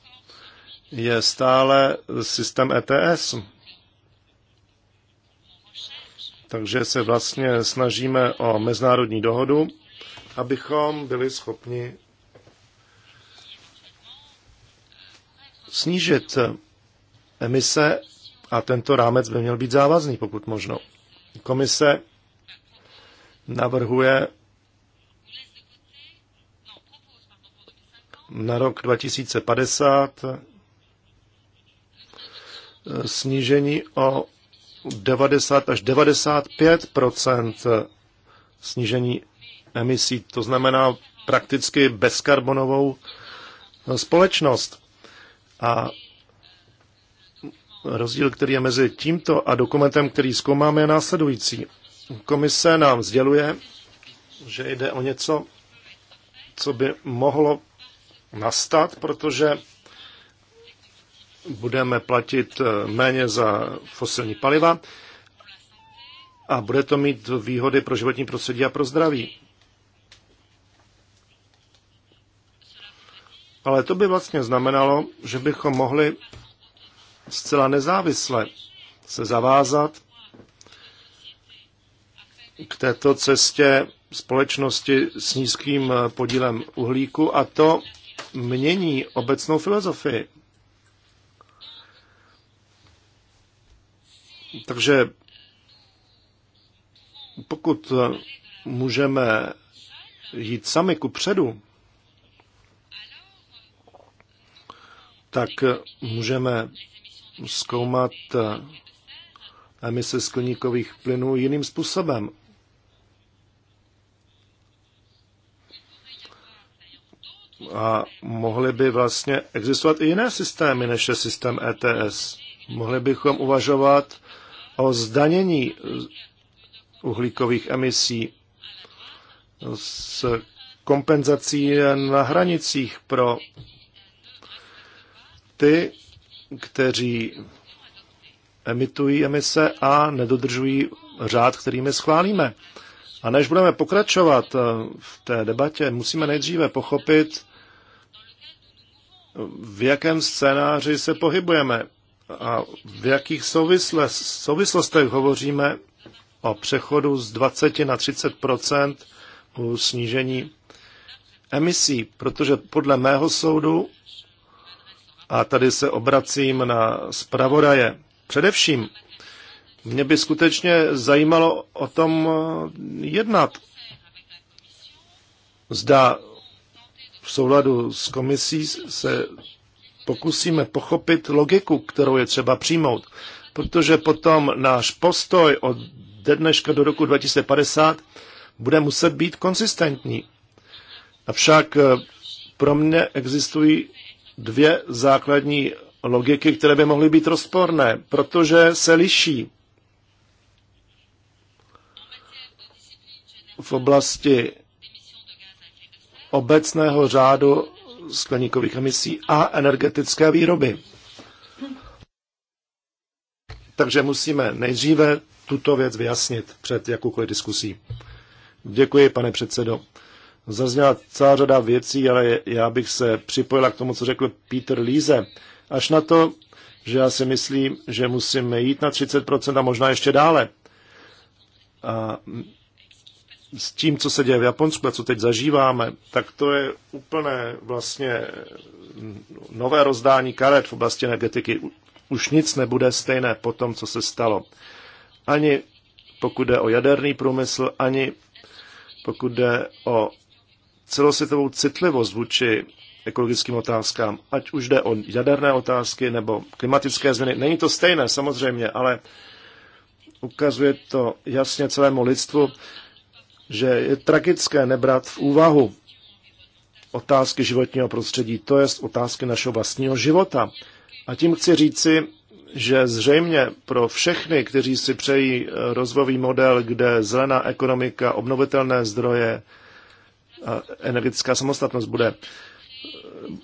je stále systém ETS, takže se vlastně snažíme o mezinárodní dohodu, abychom byli schopni snížit emise a tento rámec by měl být závazný, pokud možno. Komise navrhuje na rok 2050 snížení o 90 až 95 snížení emisí. To znamená prakticky bezkarbonovou eh, společnost. A rozdíl, který je mezi tímto a dokumentem, který zkoumáme, je následující. Komise nám sděluje, že jde o něco, co by mohlo nastat, protože budeme platit eh, méně za fosilní paliva a bude to mít výhody pro životní prostředí a pro zdraví. Ale to by vlastně znamenalo, že bychom mohli zcela nezávisle se zavázat k této cestě společnosti s nízkým podílem uhlíku a to mění obecnou filozofii Takže pokud můžeme jít sami ku předu, tak můžeme zkoumat emise skleníkových plynů jiným způsobem. A mohly by vlastně existovat i jiné systémy, než je systém ETS. Mohli bychom uvažovat o zdanění uhlíkových emisí s kompenzací na hranicích pro ty, kteří emitují emise a nedodržují řád, který my schválíme. A než budeme pokračovat eh, v té debatě, musíme nejdříve pochopit, v jakém scénáři se pohybujeme a v jakých souvislostech hovoříme o přechodu z 20 na 30 u snížení emisí, protože podle mého soudu, a tady se obracím na zpravodaje, především mě by skutečně zajímalo o tom jednat. Zda v souladu s komisí se pokusíme pochopit logiku, kterou je třeba přijmout. Protože potom náš postoj od dneška do roku 2050 bude muset být konzistentní. Avšak eh, pro mě existují dvě základní logiky, které by mohly být rozporné, protože se liší. V oblasti obecného řádu skleníkových emisí a energetické výroby. Takže musíme nejdříve tuto věc vyjasnit před jakoukoliv diskusí. Děkuji, pane předsedo. Zazněla celá řada věcí, ale já bych se připojila k tomu, co řekl Peter Líze. Až na to, že já si myslím, že musíme jít na 30% a možná ještě dále. A s tím, co se děje v Japonsku a co teď zažíváme, tak to je úplné vlastně nové rozdání karet v oblasti energetiky. Už nic nebude stejné po tom, co se stalo. Ani pokud jde o jaderný průmysl, ani pokud jde o celosvětovou citlivost vůči ekologickým otázkám, ať už jde o jaderné otázky nebo klimatické změny. Není to stejné samozřejmě, ale ukazuje to jasně celému lidstvu, že je tragické nebrat v úvahu otázky životního prostředí, to je otázky našeho vlastního života. A tím chci říci, že zřejmě pro všechny, kteří si přejí eh, rozvojový model, kde zelená ekonomika, obnovitelné zdroje a energetická samostatnost bude eh,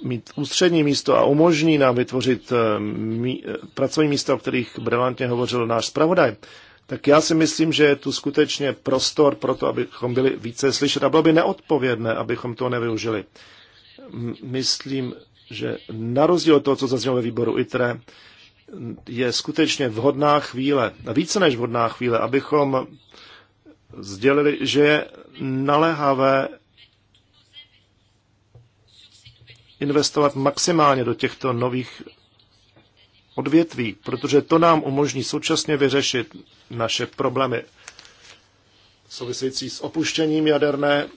mít ústřední místo a umožní nám vytvořit eh, pracovní místa, o kterých brilantně hovořil náš zpravodaj, tak já si myslím, že je tu skutečně prostor pro to, abychom byli více slyšet a bylo by neodpovědné, abychom to nevyužili. Myslím, že na rozdíl od toho, co zaznělo ve výboru ITRE, je skutečně vhodná chvíle, více než vhodná chvíle, abychom sdělili, že je naléhavé investovat maximálně do těchto nových odvětví, protože to nám umožní současně vyřešit naše problémy související s opuštěním jaderného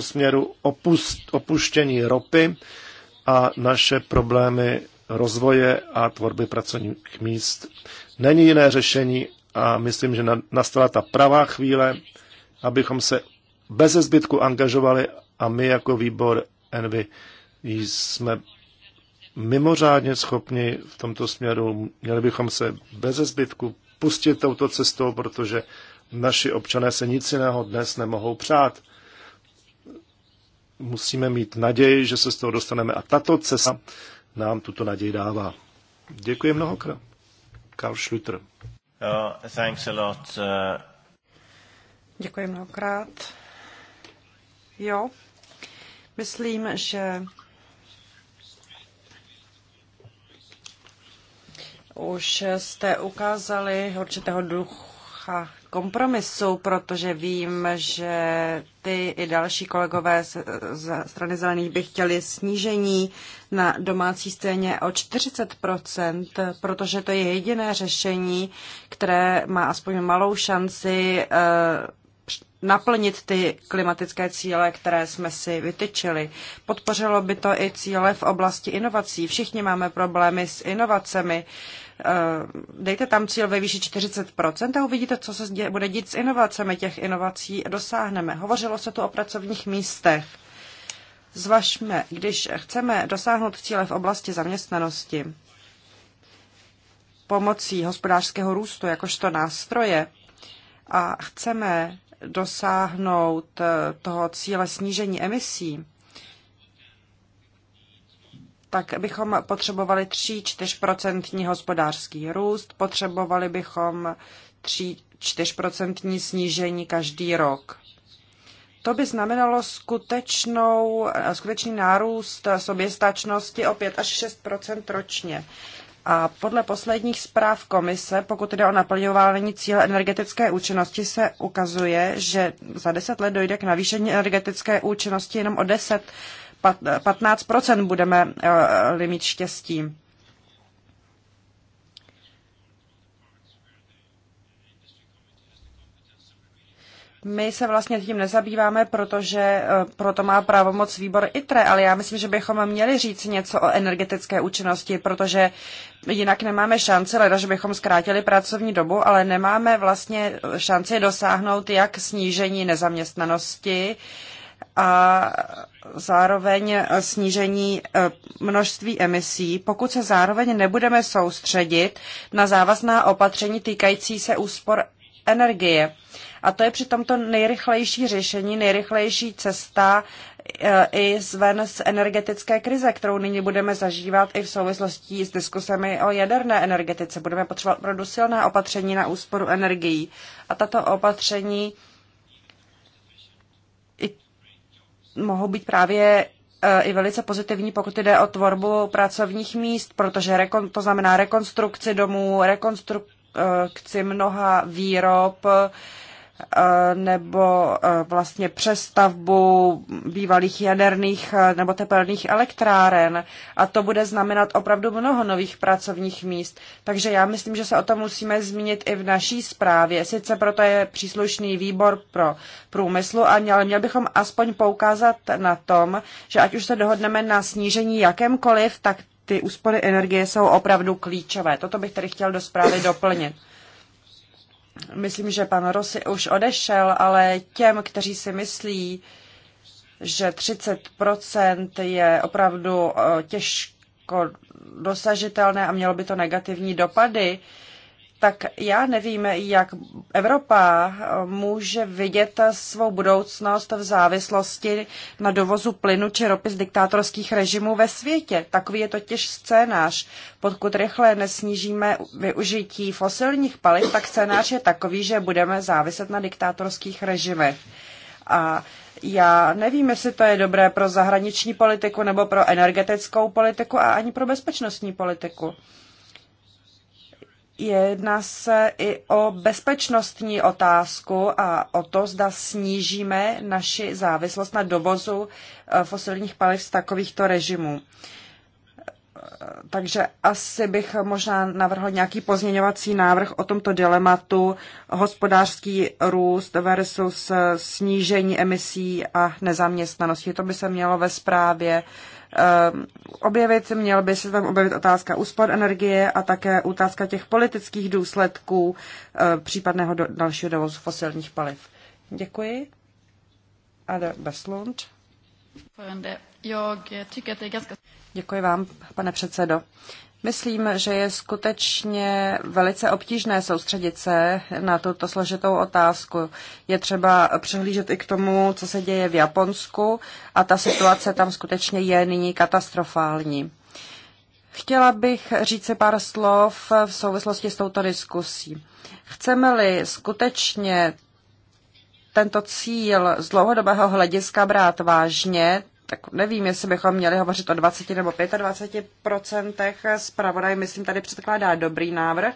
směru, opust, opuštění ropy a naše problémy rozvoje a tvorby pracovních míst. Není jiné řešení a myslím, že nastala ta pravá chvíle, abychom se bez zbytku angažovali a my jako výbor Envy jsme mimořádně schopni v tomto směru. Měli bychom se bez zbytku pustit touto cestou, protože naši občané se nic jiného dnes nemohou přát. Musíme mít naději, že se z toho dostaneme a tato cesta nám tuto naději dává. Děkuji mnohokrát. Karl Schlüter. Uh, thanks a lot. Uh... Děkuji mnohokrát. Jo, myslím, že už jste ukázali určitého ducha kompromisu, protože vím, že ty i další kolegové z strany zelených by chtěli snížení na domácí scéně o 40%, protože to je jediné řešení, které má aspoň malou šanci eh, naplnit ty klimatické cíle, které jsme si vytyčili. Podpořilo by to i cíle v oblasti inovací. Všichni máme problémy s inovacemi. Uh, Eh, dejte tam cíl ve výši 40% a uvidíte, co se dě, bude dít s inovacemi. Těch inovací dosáhneme. Hovořilo se tu o pracovních místech. Zvažme, když chceme dosáhnout cíle v oblasti zaměstnanosti pomocí hospodářského růstu jakožto nástroje a chceme dosáhnout eh, toho cíle snížení emisí, tak bychom potřebovali 3-4% hospodářský růst, potřebovali bychom 3-4% snížení každý rok. To by znamenalo skutečnou, skutečný nárůst soběstačnosti o 5 až 6 ročně. A podle posledních zpráv komise, pokud jde o naplňování cíle energetické účinnosti, se ukazuje, že za 10 let dojde k navýšení energetické účinnosti jenom o 10 15% budeme eh, limit štěstí. My se vlastně tím nezabýváme, protože eh, proto má právomoc výbor ITRE, ale já myslím, že bychom měli říct něco o energetické účinnosti, protože jinak nemáme šanci, leda, že bychom zkrátili pracovní dobu, ale nemáme vlastně šanci dosáhnout jak snížení nezaměstnanosti, a zároveň snížení e, množství emisí, pokud se zároveň nebudeme soustředit na závazná opatření týkající se úspor energie. A to je přitom to nejrychlejší řešení, nejrychlejší cesta e, i zven z energetické krize, kterou nyní budeme zažívat i v souvislosti s diskusemi o jaderné energetice. Budeme potřebovat opravdu silná opatření na úsporu energií. A tato opatření mohou být právě eh, i velice pozitivní, pokud jde o tvorbu pracovních míst, protože rekon, to znamená rekonstrukci domů, rekonstrukci mnoha výrob, Eh, nebo eh, vlastně přestavbu bývalých jaderných eh, nebo tepelných elektráren. A to bude znamenat opravdu mnoho nových pracovních míst. Takže já myslím, že se o tom musíme zmínit i v naší zprávě. Sice proto je příslušný výbor pro průmyslu, ale měl bychom aspoň poukázat na tom, že ať už se dohodneme na snížení jakémkoliv, tak ty úspory energie jsou opravdu klíčové. Toto bych tady chtěl do zprávy doplnit. Myslím, že pan Rossi už odešel, ale těm, kteří si myslí, že 30% je opravdu eh, těžko dosažitelné a mělo by to negativní dopady, tak já nevím, jak Evropa může vidět svou budoucnost v závislosti na dovozu plynu či ropy z diktátorských režimů ve světě. Takový je totiž scénář. Pokud rychle nesnížíme využití fosilních paliv, tak scénář je takový, že budeme záviset na diktátorských režimech. A já nevím, jestli to je dobré pro zahraniční politiku nebo pro energetickou politiku a ani pro bezpečnostní politiku. Jedná se i o bezpečnostní otázku a o to, zda snížíme naši závislost na dovozu eh, fosilních paliv z takovýchto režimů. Takže asi bych možná navrhl nějaký pozměňovací návrh o tomto dilematu hospodářský růst versus snížení emisí a nezaměstnanosti. To by se mělo ve zprávě uh, Eh, objevit, měl by se tam objevit otázka úspor energie a také otázka těch politických důsledků eh, případného do, dalšího dovozu fosilních paliv. Děkuji. Ada Beslund. Děkuji vám, pane předsedo. Myslím, že je skutečně velice obtížné soustředit se na tuto složitou otázku. Je třeba přehlížet i k tomu, co se děje v Japonsku a ta situace tam skutečně je nyní katastrofální. Chtěla bych říci pár slov v souvislosti s touto diskusí. Chceme-li skutečně tento cíl z dlouhodobého hlediska brát vážně, tak nevím, jestli bychom měli hovořit o 20 nebo 25 procentech. Spravodaj, myslím, tady předkládá dobrý návrh,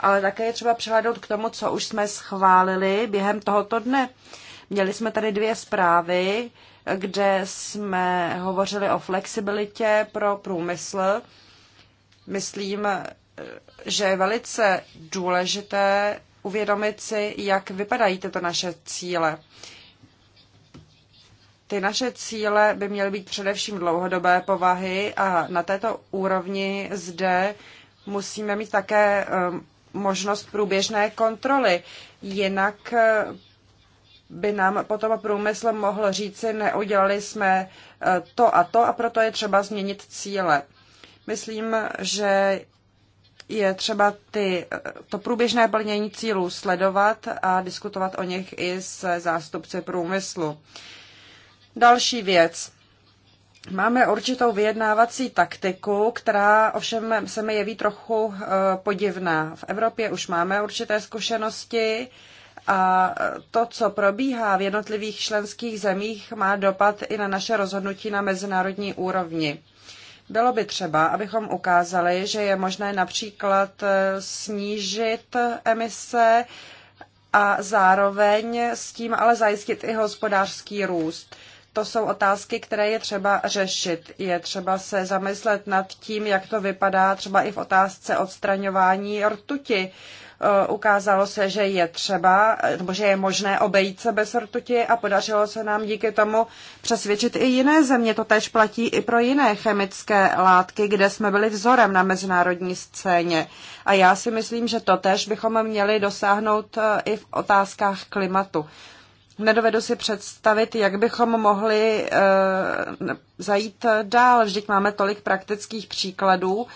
ale také je třeba přihlédnout k tomu, co už jsme schválili během tohoto dne. Měli jsme tady dvě zprávy, kde jsme hovořili o flexibilitě pro průmysl. Myslím, že je velice důležité uvědomit si, jak vypadají tyto naše cíle. Ty naše cíle by měly být především dlouhodobé povahy a na této úrovni zde musíme mít také um, možnost průběžné kontroly. Jinak uh, by nám potom průmysl mohl říci, neudělali jsme uh, to a to a proto je třeba změnit cíle. Myslím, že je třeba ty, uh, to průběžné plnění cílů sledovat a diskutovat o nich i s zástupci průmyslu. Další věc. Máme určitou vyjednávací taktiku, která ovšem se mi jeví trochu eh, podivná. V Evropě už máme určité zkušenosti a eh, to, co probíhá v jednotlivých členských zemích, má dopad i na naše rozhodnutí na mezinárodní úrovni. Bylo by třeba, abychom ukázali, že je možné například eh, snížit emise a zároveň s tím ale zajistit i hospodářský růst to jsou otázky, které je třeba řešit. Je třeba se zamyslet nad tím, jak to vypadá třeba i v otázce odstraňování rtuti. E, ukázalo se, že je třeba, nebo že je možné obejít se bez rtuti a podařilo se nám díky tomu přesvědčit i jiné země. To tež platí i pro jiné chemické látky, kde jsme byli vzorem na mezinárodní scéně. A já si myslím, že to tež bychom měli dosáhnout e, i v otázkách klimatu nedovedu si představit, jak bychom mohli uh, zajít dál. Vždyť máme tolik praktických příkladů,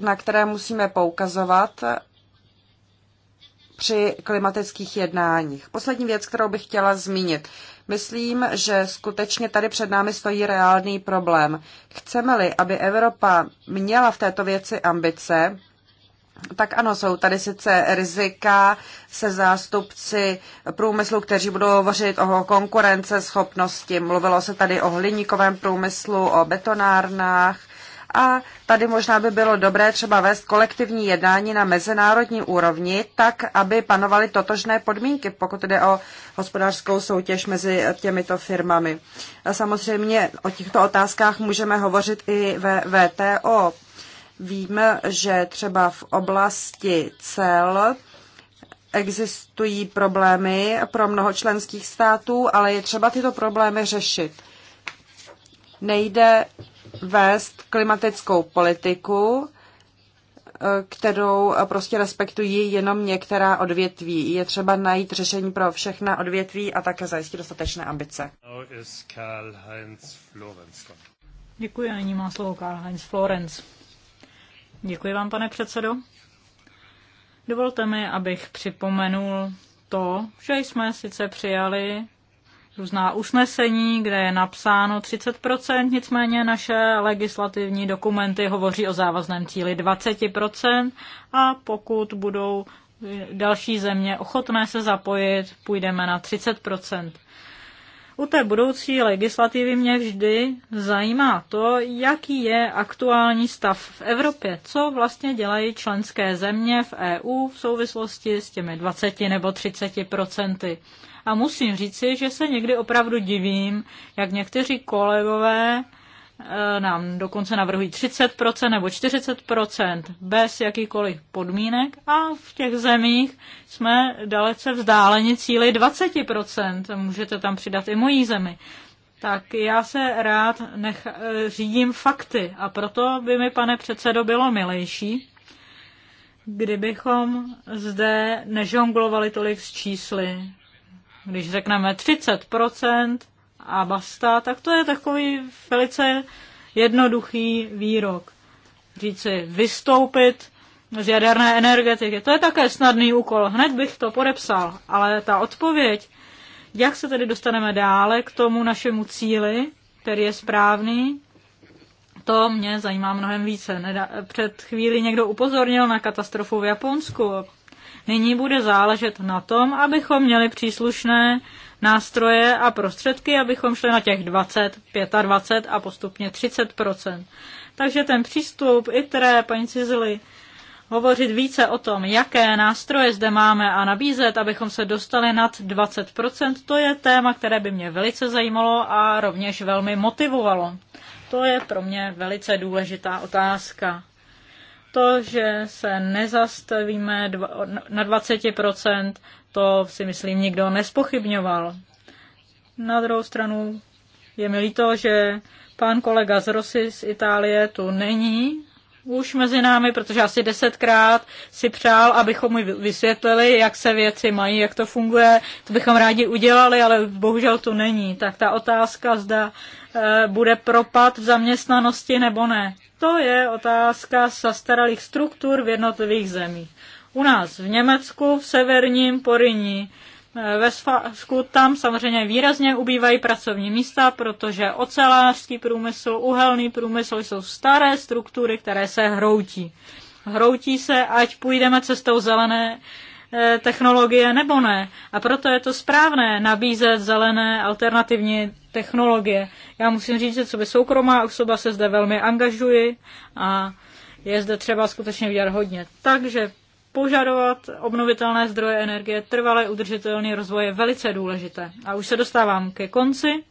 na které musíme poukazovat při klimatických jednáních. Poslední věc, kterou bych chtěla zmínit. Myslím, že skutečně tady před námi stojí reálný problém. Chceme-li, aby Evropa měla v této věci ambice, tak ano, jsou tady sice rizika se zástupci průmyslu, kteří budou hovořit o konkurenceschopnosti. Mluvilo se tady o hliníkovém průmyslu, o betonárnách. A tady možná by bylo dobré třeba vést kolektivní jednání na mezinárodní úrovni, tak aby panovaly totožné podmínky, pokud jde o hospodářskou soutěž mezi těmito firmami. A samozřejmě o těchto otázkách můžeme hovořit i ve VTO. Víme, že třeba v oblasti cel existují problémy pro mnoho členských států, ale je třeba tyto problémy řešit. Nejde vést klimatickou politiku, kterou prostě respektují jenom některá odvětví. Je třeba najít řešení pro všechna odvětví a také zajistit dostatečné ambice. Děkuji, a nyní má slovo Karl-Heinz Florenz. Děkuji vám, pane předsedo. Dovolte mi, abych připomenul to, že jsme sice přijali různá usnesení, kde je napsáno 30%, nicméně naše legislativní dokumenty hovoří o závazném cíli 20% a pokud budou další země ochotné se zapojit, půjdeme na 30%. U té budoucí legislativy mě vždy zajímá to, jaký je aktuální stav v Evropě, co vlastně dělají členské země v EU v souvislosti s těmi 20 nebo 30 procenty. A musím říci, že se někdy opravdu divím, jak někteří kolegové Eh, nám dokonce navrhují 30% nebo 40% bez jakýkoliv podmínek a v těch zemích jsme dalece vzdáleni cíli 20%. Můžete tam přidat i mojí zemi. Tak já se rád nech, eh, řídím fakty a proto by mi, pane předsedo, bylo milejší, kdybychom zde nežonglovali tolik s čísly. Když řekneme 30%, a basta, tak to je takový velice jednoduchý výrok. Říci vystoupit z jaderné energetiky. To je také snadný úkol. Hned bych to podepsal, ale ta odpověď, jak se tedy dostaneme dále k tomu našemu cíli, který je správný, to mě zajímá mnohem více. před chvíli někdo upozornil na katastrofu v Japonsku. Nyní bude záležet na tom, abychom měli příslušné nástroje a prostředky, abychom šli na těch 20, 25 a postupně 30 Takže ten přístup i které paní Cizily hovořit více o tom, jaké nástroje zde máme a nabízet, abychom se dostali nad 20%, to je téma, které by mě velice zajímalo a rovněž velmi motivovalo. To je pro mě velice důležitá otázka. To, že se nezastavíme na 20%, to si myslím nikdo nespochybňoval. Na druhou stranu je mi líto, že pán kolega z Rosy z Itálie tu není už mezi námi, protože asi desetkrát si přál, abychom mu vysvětlili, jak se věci mají, jak to funguje. To bychom rádi udělali, ale bohužel tu není. Tak ta otázka, zda eh, bude propad v zaměstnanosti nebo ne. To je otázka zastaralých struktur v jednotlivých zemích u nás v Německu, v severním Poryní, eh, ve Svazku, tam samozřejmě výrazně ubývají pracovní místa, protože ocelářský průmysl, uhelný průmysl jsou staré struktury, které se hroutí. Hroutí se, ať půjdeme cestou zelené eh, technologie nebo ne. A proto je to správné nabízet zelené alternativní technologie. Já musím říct, že co by soukromá osoba se zde velmi angažuji a je zde třeba skutečně udělat hodně. Takže požadovat obnovitelné zdroje energie, trvalé udržitelný rozvoj je velice důležité. A už se dostávám ke konci.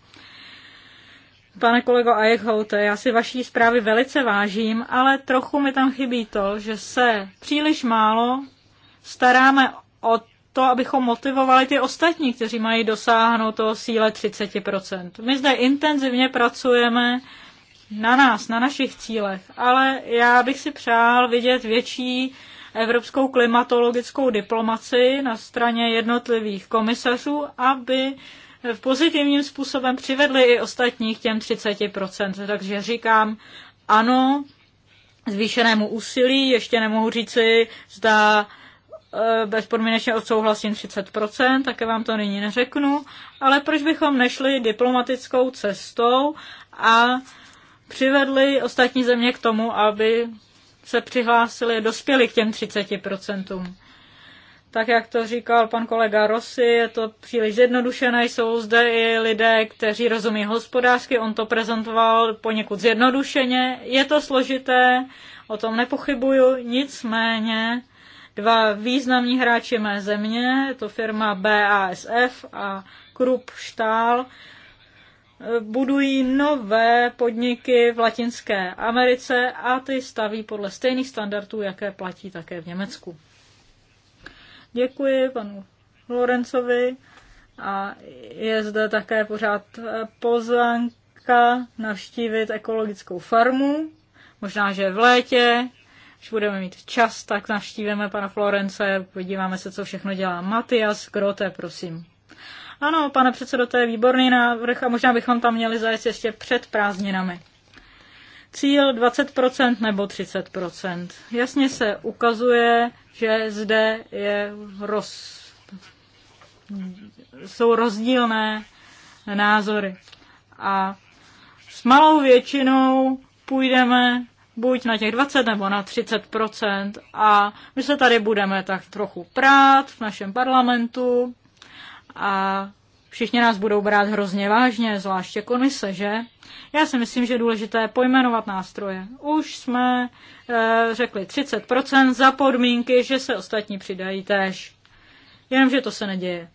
Pane kolego Eichhoute, já si vaší zprávy velice vážím, ale trochu mi tam chybí to, že se příliš málo staráme o to, abychom motivovali ty ostatní, kteří mají dosáhnout toho síle 30%. My zde intenzivně pracujeme na nás, na našich cílech, ale já bych si přál vidět větší evropskou klimatologickou diplomaci na straně jednotlivých komisařů, aby v pozitivním způsobem přivedli i ostatních těm 30%. Takže říkám ano, zvýšenému úsilí, ještě nemohu říci, zda eh, bezpodmínečně odsouhlasím 30%, také vám to nyní neřeknu, ale proč bychom nešli diplomatickou cestou a přivedli ostatní země k tomu, aby se přihlásili, dospěli k těm 30%. Tak jak to říkal pan kolega Rossi, je to příliš zjednodušené, jsou zde i lidé, kteří rozumí hospodářsky, on to prezentoval poněkud zjednodušeně, je to složité, o tom nepochybuju, nicméně dva významní hráči mé země, je to firma BASF a Krupp Stahl, budují nové podniky v Latinské Americe a ty staví podle stejných standardů, jaké platí také v Německu. Děkuji panu Lorencovi a je zde také pořád pozvánka navštívit ekologickou farmu. Možná, že v létě, když budeme mít čas, tak navštívíme pana Florence, podíváme se, co všechno dělá Matias Grote, prosím. Ano, pane předsedo, to je výborný návrh a možná bychom tam měli zajet ještě před prázdninami. Cíl 20% nebo 30%. Jasně se ukazuje, že zde je roz... jsou rozdílné názory. A s malou většinou půjdeme buď na těch 20 nebo na 30 a my se tady budeme tak trochu prát v našem parlamentu a všichni nás budou brát hrozně vážně, zvláště komise, že? Já si myslím, že je důležité pojmenovat nástroje. Už jsme e, řekli 30% za podmínky, že se ostatní přidají též. Jenomže to se neděje.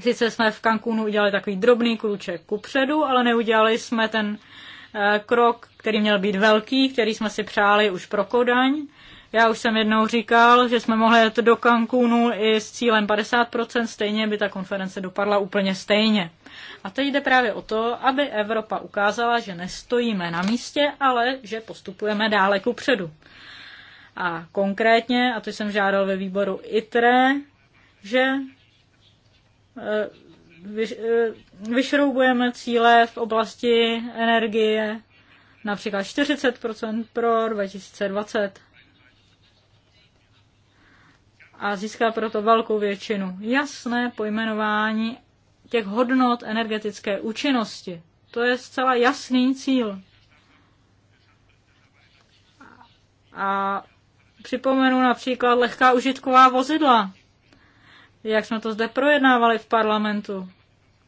Sice jsme v Cancúnu udělali takový drobný kluček ku předu, ale neudělali jsme ten e, krok, který měl být velký, který jsme si přáli už pro Kodaň. Já už jsem jednou říkal, že jsme mohli jet do Cancúnu i s cílem 50%, stejně by ta konference dopadla úplně stejně. A teď jde právě o to, aby Evropa ukázala, že nestojíme na místě, ale že postupujeme dále ku předu. A konkrétně, a to jsem žádal ve výboru ITRE, že eh, eh, vyšroubujeme cíle v oblasti energie, například 40% pro 2020 a získal proto velkou většinu. Jasné pojmenování těch hodnot energetické účinnosti. To je zcela jasný cíl. A připomenu například lehká užitková vozidla, jak jsme to zde projednávali v parlamentu.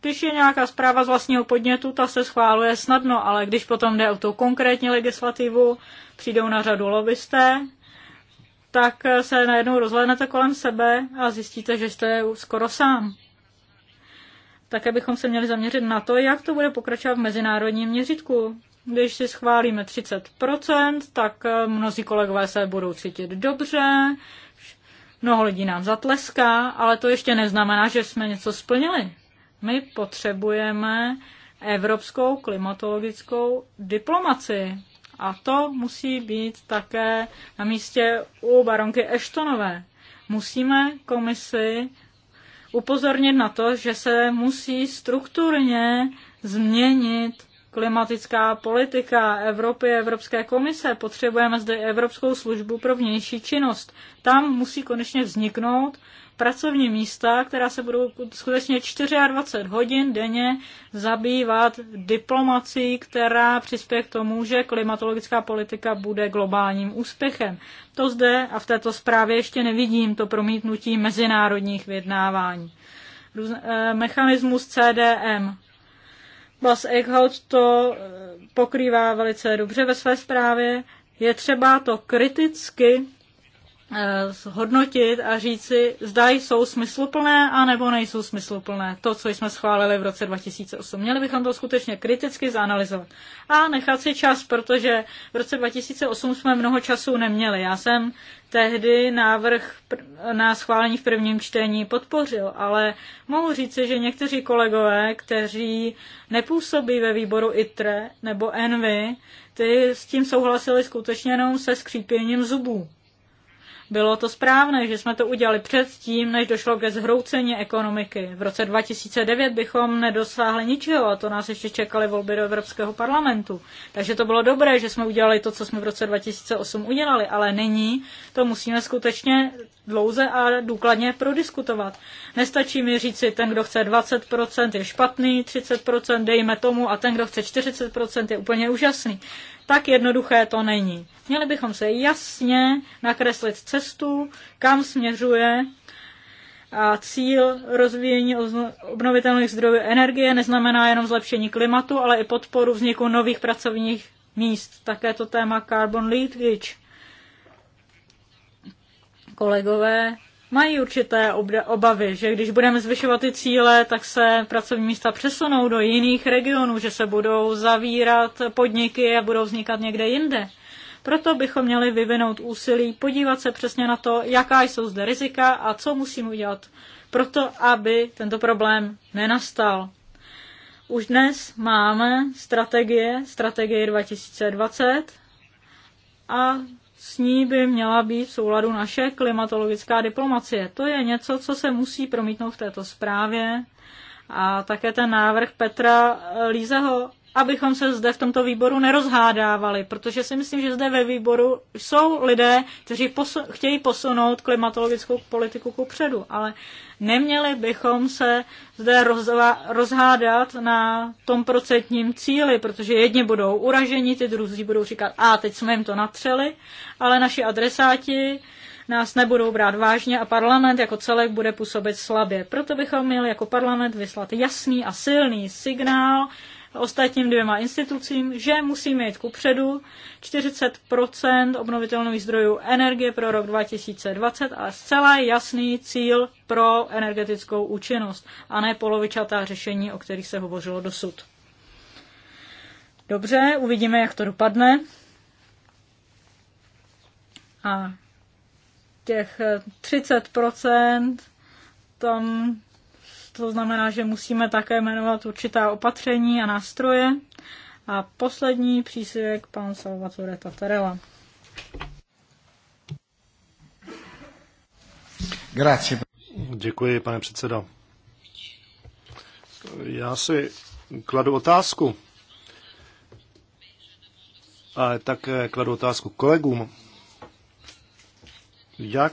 Když je nějaká zpráva z vlastního podnětu, ta se schváluje snadno, ale když potom jde o tu konkrétní legislativu, přijdou na řadu lobbysté, tak se najednou rozhlédnete kolem sebe a zjistíte, že jste skoro sám. Také bychom se měli zaměřit na to, jak to bude pokračovat v mezinárodním měřitku. Když si schválíme 30%, tak eh, mnozí kolegové se budou cítit dobře, mnoho lidí nám zatleská, ale to ještě neznamená, že jsme něco splnili. My potřebujeme evropskou klimatologickou diplomaci. A to musí být také na místě u baronky Eštonové. Musíme komisi upozornit na to, že se musí strukturně změnit klimatická politika Evropy, Evropské komise. Potřebujeme zde Evropskou službu pro vnější činnost. Tam musí konečně vzniknout pracovní místa, která se budou skutečně 24 hodin denně zabývat diplomací, která přispěje k tomu, že klimatologická politika bude globálním úspěchem. To zde a v této zprávě ještě nevidím to promítnutí mezinárodních vyjednávání. Eh, mechanismus CDM, Bas Eichhout to eh, pokrývá velice dobře ve své zprávě. Je třeba to kriticky Eh, zhodnotit a říci, zda jsou smysluplné a nebo nejsou smysluplné. To, co jsme schválili v roce 2008. Měli bychom to skutečně kriticky zanalizovat a nechat si čas, protože v roce 2008 jsme mnoho času neměli. Já jsem tehdy návrh na schválení v prvním čtení podpořil, ale mohu říci, že někteří kolegové, kteří nepůsobí ve výboru ITRE nebo ENVY, ty s tím souhlasili skutečně jenom se skřípěním zubů bylo to správné, že jsme to udělali předtím, než došlo ke zhroucení ekonomiky. V roce 2009 bychom nedosáhli ničeho a to nás ještě čekaly volby do Evropského parlamentu. Takže to bylo dobré, že jsme udělali to, co jsme v roce 2008 udělali, ale nyní to musíme skutečně dlouze a důkladně prodiskutovat. Nestačí mi říct si, ten, kdo chce 20%, je špatný, 30% dejme tomu a ten, kdo chce 40%, je úplně úžasný. Tak jednoduché to není. Měli bychom se jasně nakreslit cestu, kam směřuje a cíl rozvíjení obnovitelných zdrojů energie neznamená jenom zlepšení klimatu, ale i podporu vzniku nových pracovních míst. Také to téma carbon leakage kolegové mají určité obavy, že když budeme zvyšovat ty cíle, tak se pracovní místa přesunou do jiných regionů, že se budou zavírat podniky a budou vznikat někde jinde. Proto bychom měli vyvinout úsilí, podívat se přesně na to, jaká jsou zde rizika a co musíme udělat proto, aby tento problém nenastal. Už dnes máme strategie, strategie 2020 a s ní by měla být v souladu naše klimatologická diplomacie. To je něco, co se musí promítnout v této zprávě. A také ten návrh Petra Lízeho, abychom se zde v tomto výboru nerozhádávali, protože si myslím, že zde ve výboru jsou lidé, kteří posu- chtějí posunout klimatologickou politiku ku předu, ale Neměli bychom se zde rozhádat na tom procentním cíli, protože jedni budou uraženi, ty druzí budou říkat, a teď jsme jim to natřeli, ale naši adresáti nás nebudou brát vážně a parlament jako celek bude působit slabě. Proto bychom měli jako parlament vyslat jasný a silný signál, ostatním dvěma institucím, že musí mít kupředu 40 obnovitelných zdrojů energie pro rok 2020 a zcela jasný cíl pro energetickou účinnost a ne polovičatá řešení, o kterých se hovořilo dosud. Dobře, uvidíme, jak to dopadne. A těch 30 tam to znamená, že musíme také jmenovat určitá opatření a nástroje. A poslední přísivek pan Salvatore Tatarella. Grazie. Děkuji, pane předsedo. Já si kladu otázku, a také kladu otázku kolegům, jak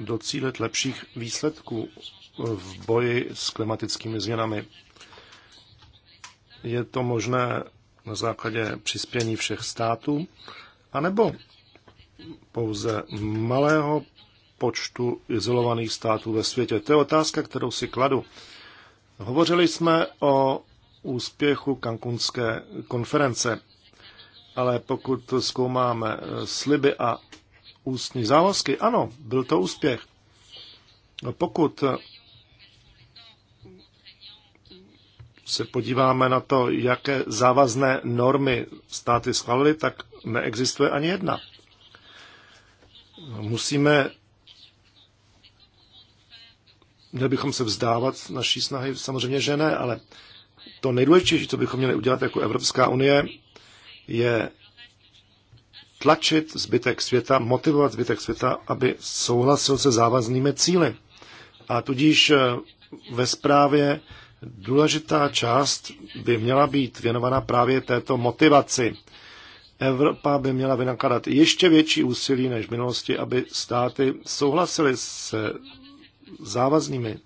docílit lepších výsledků v boji s klimatickými změnami. Je to možné na základě přispění všech států, anebo pouze malého počtu izolovaných států ve světě? To je otázka, kterou si kladu. Hovořili jsme o úspěchu kankunské konference, ale pokud zkoumáme eh, sliby a ústní závazky, ano, byl to úspěch. No pokud eh, se podíváme na to, jaké závazné normy státy schválily, tak neexistuje ani jedna. Musíme, měli bychom se vzdávat naší snahy, samozřejmě, že ne, ale to nejdůležitější, co bychom měli udělat jako Evropská unie, je tlačit zbytek světa, motivovat zbytek světa, aby souhlasil se závaznými cíly. A tudíž eh, ve zprávě Důležitá část by měla být věnovaná právě této motivaci. Evropa by měla vynakladat ještě větší úsilí než v minulosti, aby státy souhlasily se závaznými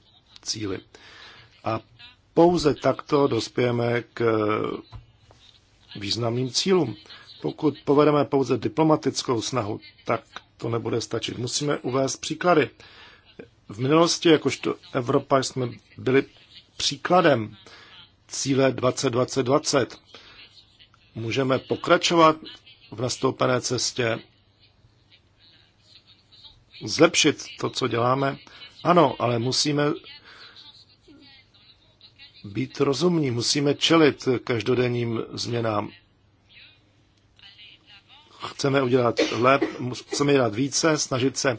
cíly. A pouze takto dospějeme k významným cílům. Pokud povedeme pouze diplomatickou snahu, tak to nebude stačit. Musíme uvést příklady. V minulosti, jakožto Evropa, jsme byli příkladem cíle 2020. Můžeme pokračovat v nastoupené cestě, zlepšit to, co děláme. Ano, ale musíme být rozumní, musíme čelit každodenním změnám. Chceme udělat lep, chceme dělat více, snažit se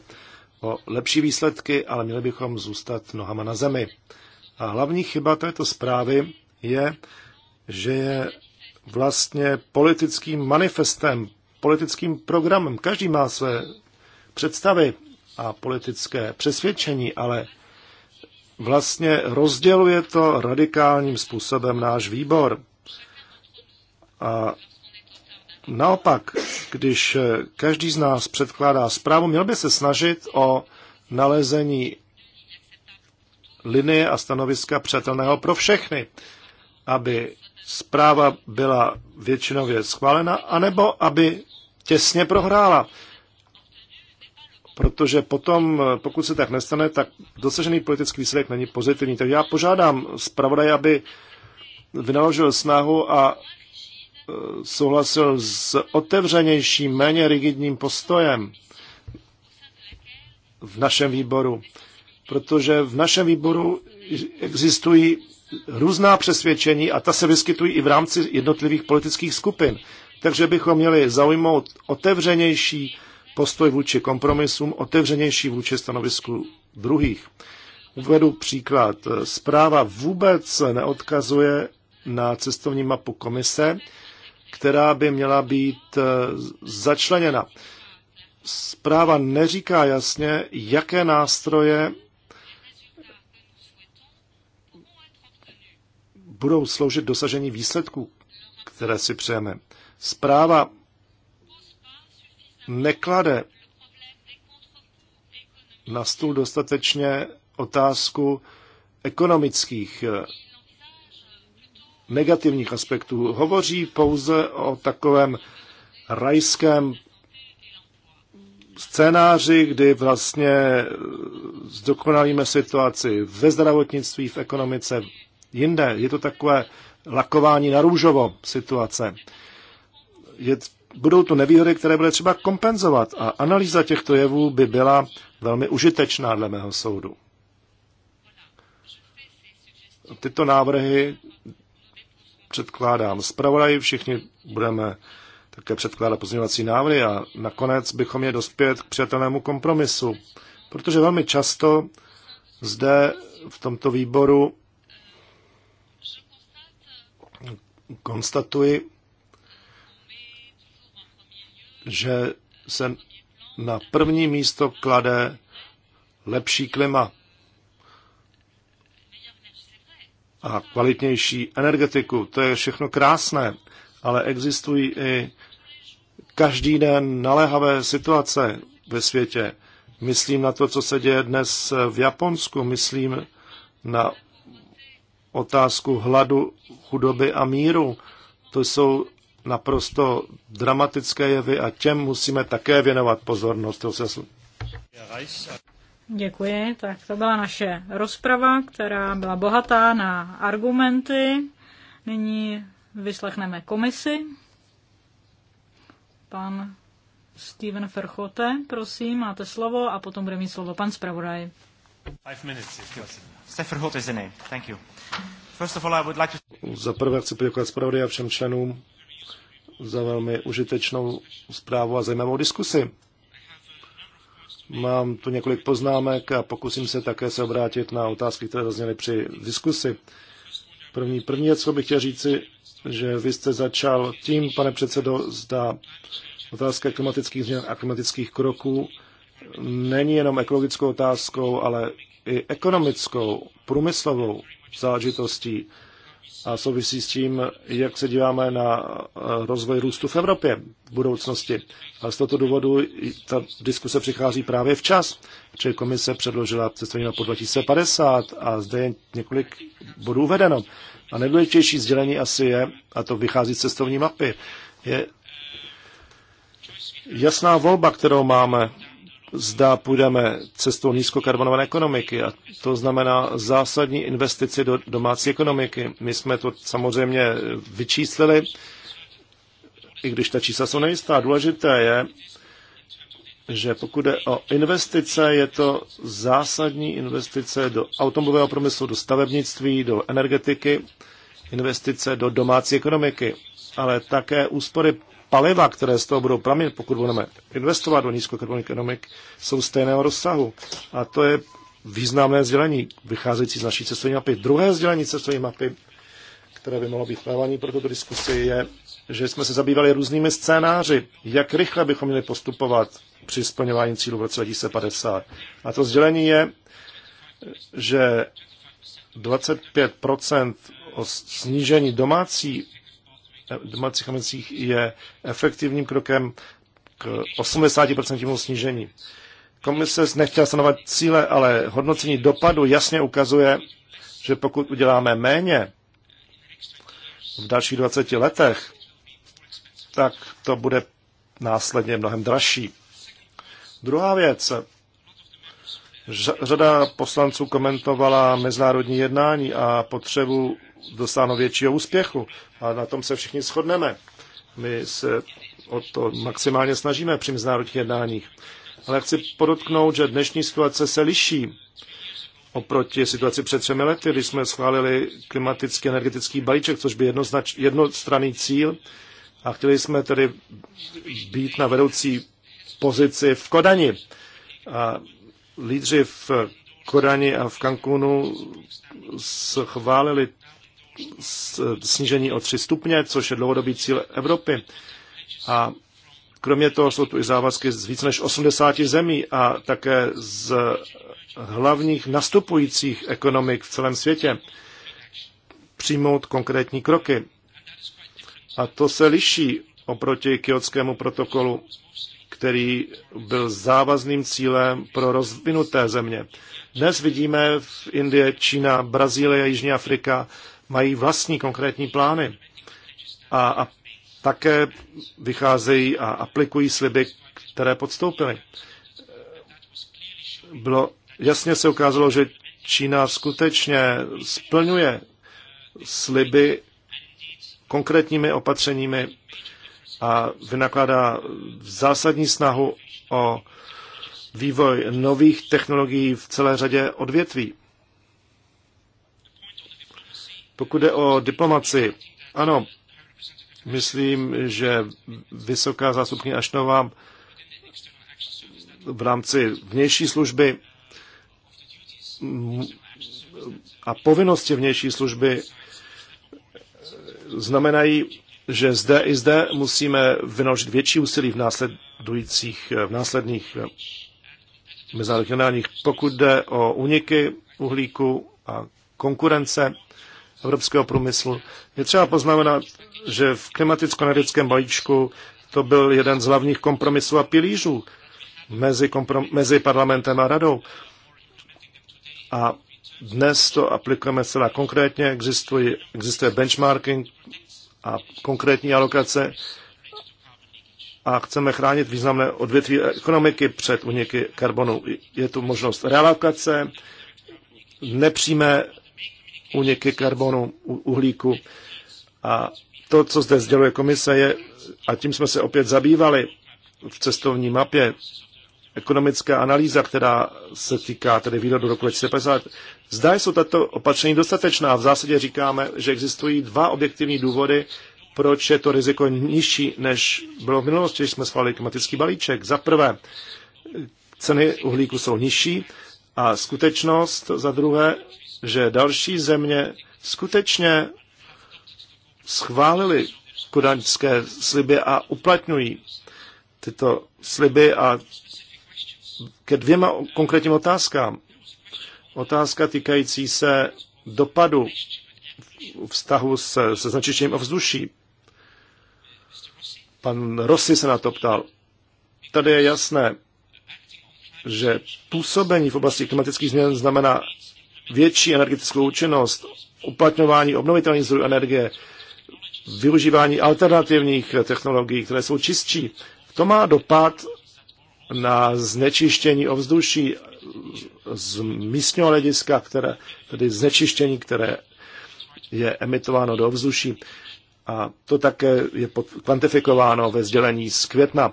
o lepší výsledky, ale měli bychom zůstat nohama na zemi. A hlavní chyba této zprávy je, že je vlastně politickým manifestem, politickým programem. Každý má své představy a politické přesvědčení, ale vlastně rozděluje to radikálním způsobem náš výbor. A naopak, když každý z nás předkládá zprávu, měl by se snažit o nalezení linie a stanoviska přátelného pro všechny, aby zpráva byla většinově schválena, anebo aby těsně prohrála. Protože potom, pokud se tak nestane, tak dosažený politický výsledek není pozitivní. Takže já požádám zpravodaj, aby vynaložil snahu a e, souhlasil s otevřenějším, méně rigidním postojem v našem výboru protože v našem výboru existují různá přesvědčení a ta se vyskytují i v rámci jednotlivých politických skupin. Takže bychom měli zaujmout otevřenější postoj vůči kompromisům, otevřenější vůči stanovisku druhých. Uvedu příklad. Zpráva vůbec neodkazuje na cestovní mapu komise, která by měla být eh, začleněna. Zpráva neříká jasně, jaké nástroje budou sloužit dosažení výsledků, které si přejeme. Zpráva neklade na stůl dostatečně otázku ekonomických negativních aspektů. Hovoří pouze o takovém rajském scénáři, kdy vlastně zdokonalíme situaci ve zdravotnictví, v ekonomice, jinde. Je to takové lakování na růžovo situace. Je, budou to nevýhody, které bude třeba kompenzovat a analýza těchto jevů by byla velmi užitečná dle mého soudu. Tyto návrhy předkládám zpravodaji, všichni budeme také předkládat pozměňovací návrhy a nakonec bychom je dospět k přijatelnému kompromisu, protože velmi často zde v tomto výboru konstatuji, že se na první místo klade lepší klima a kvalitnější energetiku. To je všechno krásné, ale existují i každý den naléhavé situace ve světě. Myslím na to, co se děje dnes v Japonsku, myslím na otázku hladu chudoby a míru. To jsou naprosto dramatické jevy a těm musíme také věnovat pozornost. Děkuji, tak to byla naše rozprava, která byla bohatá na argumenty. Nyní vyslechneme komisi. Pan Steven Ferchote, prosím, máte slovo a potom bude mít slovo pan zpravodaj. Five minutes, if Ferchote is the name. Thank you. Za prvé chci poděkovat zpravodaji a všem členům za velmi užitečnou zprávu a zajímavou diskusi. Mám tu několik poznámek a pokusím se také se obrátit na otázky, které zazněly při diskusi. První, první věc, co bych chtěl říci, že vy jste začal tím, pane předsedo, zda otázka klimatických změn a klimatických kroků není jenom ekologickou otázkou, ale i ekonomickou, průmyslovou záležitostí a souvisí s tím, jak se díváme na eh, rozvoj růstu v Evropě v budoucnosti. A z tohoto důvodu ta diskuse přichází právě včas, že komise předložila cestovní na po 2050 a zde je několik bodů uvedeno. A nejdůležitější sdělení asi je, a to vychází z cestovní mapy, je jasná volba, kterou máme zda půjdeme cestou nízkokarbonové ekonomiky. A to znamená zásadní investici do domácí ekonomiky. My jsme to samozřejmě vyčíslili, i když ta čísla jsou nejistá. Důležité je, že pokud je o investice, je to zásadní investice do automobilového průmyslu, do stavebnictví, do energetiky, investice do domácí ekonomiky ale také úspory paliva, které z toho budou pramit, pokud budeme investovat do nízkokarbonných ekonomik, jsou stejného rozsahu. A to je významné sdělení, vycházející z naší cestovní mapy. Druhé sdělení cestovní mapy, které by mohlo být relevantní pro tuto diskusi, je, že jsme se zabývali různými scénáři, jak rychle bychom měli postupovat při splňování cílu v roce 2050. A to sdělení je, že 25 o snížení domácí domácích emisích je efektivním krokem k 80% snížení. Komise nechtěla stanovat cíle, ale hodnocení dopadu jasně ukazuje, že pokud uděláme méně v dalších 20 letech, tak to bude následně mnohem dražší. Druhá věc. Řada poslanců komentovala mezinárodní jednání a potřebu dosáhnout většího úspěchu. A na tom se všichni shodneme. My se o to maximálně snažíme při mezinárodních jednáních. Ale chci podotknout, že dnešní situace se liší oproti situaci před třemi lety, kdy jsme schválili klimatický energetický balíček, což by jednoznač, jednostranný cíl a chtěli jsme tedy být na vedoucí pozici v Kodani. A lídři v Kodani a v Cancunu schválili snížení o 3 stupně, což je dlouhodobý cíl Evropy. A kromě toho jsou tu i závazky z více než 80 zemí a také z hlavních nastupujících ekonomik v celém světě přijmout konkrétní kroky. A to se liší oproti kiotskému protokolu, který byl závazným cílem pro rozvinuté země. Dnes vidíme v Indie, Čína, Brazílie, Jižní Afrika mají vlastní konkrétní plány a, a také vycházejí a aplikují sliby, které podstoupily. Bylo, jasně se ukázalo, že Čína skutečně splňuje sliby konkrétními opatřeními a vynakládá zásadní snahu o vývoj nových technologií v celé řadě odvětví. Pokud jde o diplomaci, ano, myslím, že vysoká zástupkyně Ašnová v rámci vnější služby a povinnosti vnější služby znamenají, že zde i zde musíme vynaložit větší úsilí v následujících, v následných mezinárodních Pokud jde o uniky uhlíku a konkurence, evropského průmyslu. Je třeba poznamenat, že v klimaticko-energetickém balíčku to byl jeden z hlavních kompromisů a pilířů mezi, komprom- mezi parlamentem a radou. A dnes to aplikujeme celá konkrétně, existuje, existuje benchmarking a konkrétní alokace a chceme chránit významné odvětví ekonomiky před uniky karbonu. Je tu možnost realokace, nepřímé úniky karbonu, uhlíku. A to, co zde sděluje komise, je, a tím jsme se opět zabývali v cestovní mapě, ekonomická analýza, která se týká tedy výhledu roku 2050. Zdá jsou tato opatření dostatečná. V zásadě říkáme, že existují dva objektivní důvody, proč je to riziko nižší, než bylo v minulosti, když jsme schválili klimatický balíček. Za prvé, ceny uhlíku jsou nižší a skutečnost, za druhé, že další země skutečně schválili kodaňské sliby a uplatňují tyto sliby a ke dvěma konkrétním otázkám. Otázka týkající se dopadu vztahu se, se znečištěním ovzduší. Pan Rossi se na to ptal. Tady je jasné, že působení v oblasti klimatických změn znamená větší energetickou účinnost, uplatňování obnovitelných zdrojů energie, využívání alternativních technologií, které jsou čistší. To má dopad na znečištění ovzduší z místního hlediska, které, tedy znečištění, které je emitováno do ovzduší. A to také je pod, kvantifikováno ve sdělení z května.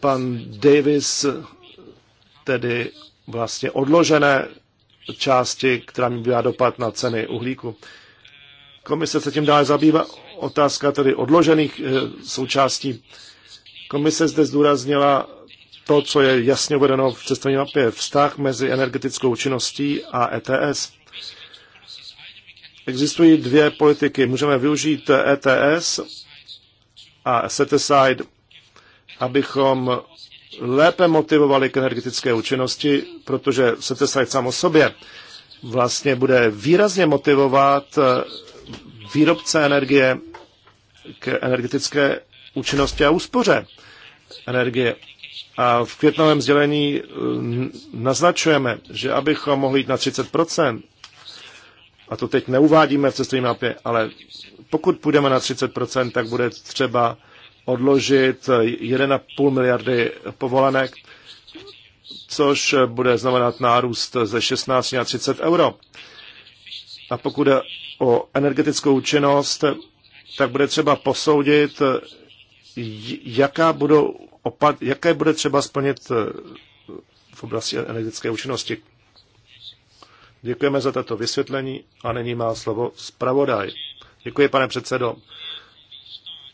Pan Davis tedy vlastně odložené části, která měla dopad na ceny uhlíku. Komise se tím dále zabývá otázka tedy odložených eh, součástí. Komise zde zdůraznila to, co je jasně uvedeno v cestovní mapě, vztah mezi energetickou činností a ETS. Existují dvě politiky. Můžeme využít ETS a set aside, abychom lépe motivovali k energetické účinnosti, protože Satisfact sám o sobě vlastně bude výrazně motivovat eh, výrobce energie k energetické účinnosti a úspoře energie. A v květnovém sdělení eh, naznačujeme, že abychom mohli jít na 30%, a to teď neuvádíme v cestovní mapě, ale pokud půjdeme na 30%, tak bude třeba odložit 1,5 miliardy povolenek, což bude znamenat nárůst ze 16 na 30 euro. A pokud je o energetickou účinnost, tak bude třeba posoudit, jaká budou opad, jaké bude třeba splnit eh, v oblasti energetické účinnosti. Děkujeme za tato vysvětlení a nyní má slovo zpravodaj. Děkuji, pane předsedo.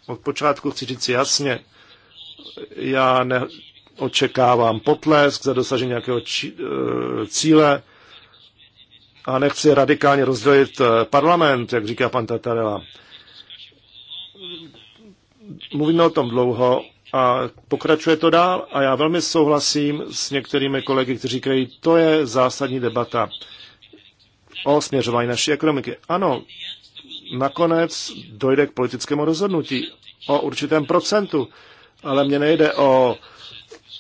Od počátku chci říct jasně, já ne, očekávám potlesk za dosažení nějakého či, eh, cíle a nechci radikálně rozdělit eh, parlament, jak říká pan Tatarela. Mluvíme o tom dlouho a pokračuje to dál a já velmi souhlasím s některými kolegy, kteří říkají, to je zásadní debata o směřování naší ekonomiky. Ano, nakonec dojde k politickému rozhodnutí o určitém procentu. Ale mně nejde o,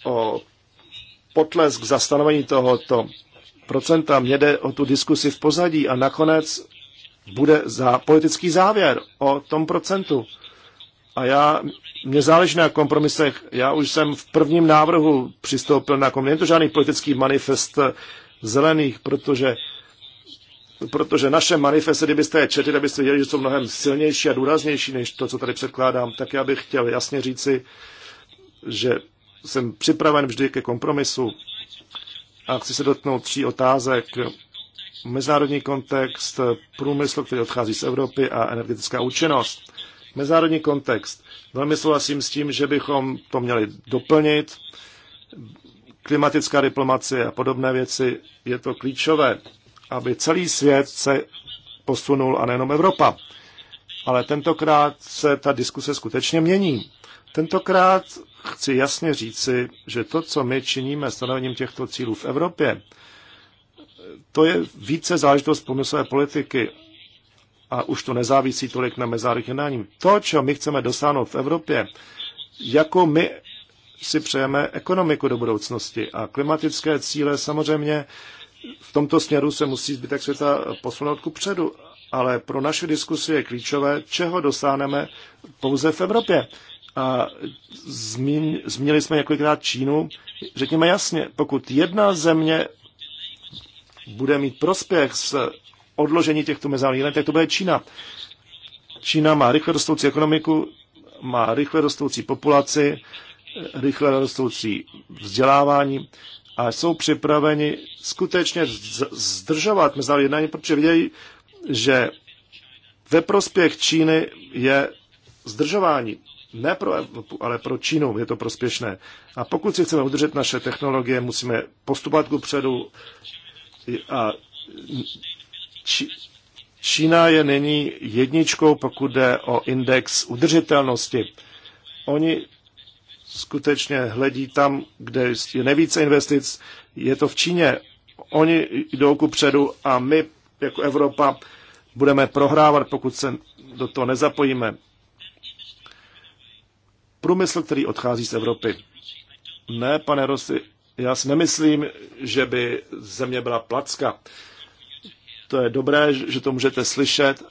o potlesk za stanovení tohoto procenta, mně jde o tu diskusi v pozadí a nakonec bude za politický závěr o tom procentu. A já, mě záleží na kompromisech. Já už jsem v prvním návrhu přistoupil na kompromis. to žádný politický manifest zelených, protože protože naše manifesty, kdybyste je četli, abyste viděli, že jsou mnohem silnější a důraznější než to, co tady předkládám, tak já bych chtěl jasně říci, že jsem připraven vždy ke kompromisu a chci se dotknout tří otázek. Mezinárodní kontext, průmysl, který odchází z Evropy a energetická účinnost. Mezinárodní kontext. Velmi souhlasím s tím, že bychom to měli doplnit. Klimatická diplomacie a podobné věci je to klíčové aby celý svět se posunul a nejenom Evropa. Ale tentokrát se ta diskuse skutečně mění. Tentokrát chci jasně říci, že to, co my činíme stanovením těchto cílů v Evropě, to je více záležitost pomyslové politiky a už to nezávisí tolik na mezárych jednáním. To, co my chceme dosáhnout v Evropě, jako my si přejeme ekonomiku do budoucnosti a klimatické cíle samozřejmě v tomto směru se musí zbytek světa posunout ku předu, ale pro naše diskusy je klíčové, čeho dosáhneme pouze v Evropě. A zmín, zmínili jsme několikrát Čínu. Řekněme jasně, pokud jedna země bude mít prospěch s odložení těchto mezinárodních tak to bude Čína. Čína má rychle rostoucí ekonomiku, má rychle rostoucí populaci, rychle rostoucí vzdělávání a jsou připraveni skutečně zdržovat mezinárodní jednání, protože vidějí, že ve prospěch Číny je zdržování. Ne pro Evropu, ale pro Čínu je to prospěšné. A pokud si chceme udržet naše technologie, musíme postupovat ku předu. A či, Čína je nyní jedničkou, pokud jde o index udržitelnosti. Oni skutečně hledí tam, kde je nejvíce investic, je to v Číně. Oni jdou ku předu a my jako Evropa budeme prohrávat, pokud se do toho nezapojíme. Průmysl, který odchází z Evropy. Ne, pane Rosy, já si nemyslím, že by země byla placka. To je dobré, že to můžete slyšet.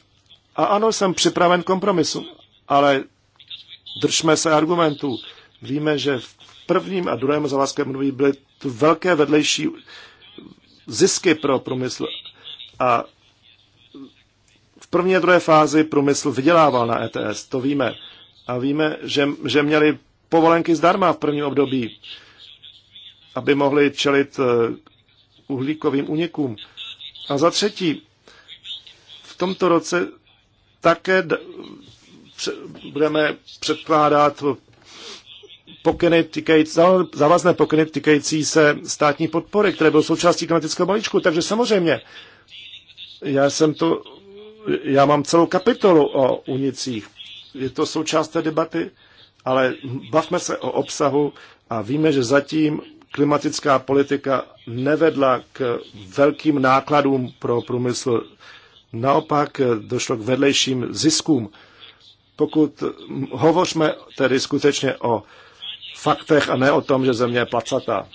A ano, jsem připraven kompromisu, ale držme se argumentů. Víme, že v prvním a druhém zavazkem mluví byly tu velké vedlejší zisky pro průmysl a v první a druhé fázi průmysl vydělával na ETS, to víme. A víme, že, že měli povolenky zdarma v prvním období, aby mohli čelit eh, uhlíkovým unikům. A za třetí, v tomto roce také budeme předkládat pokyny týkající, závazné pokyny týkající se státní podpory, které bylo součástí klimatického balíčku. Takže samozřejmě, já jsem to, já mám celou kapitolu o unicích. Je to součást té debaty, ale bavme se o obsahu a víme, že zatím klimatická politika nevedla k velkým nákladům pro průmysl. Naopak došlo k vedlejším ziskům. Pokud hovořme tedy skutečně o faktech a ne o tom, že země je placatá.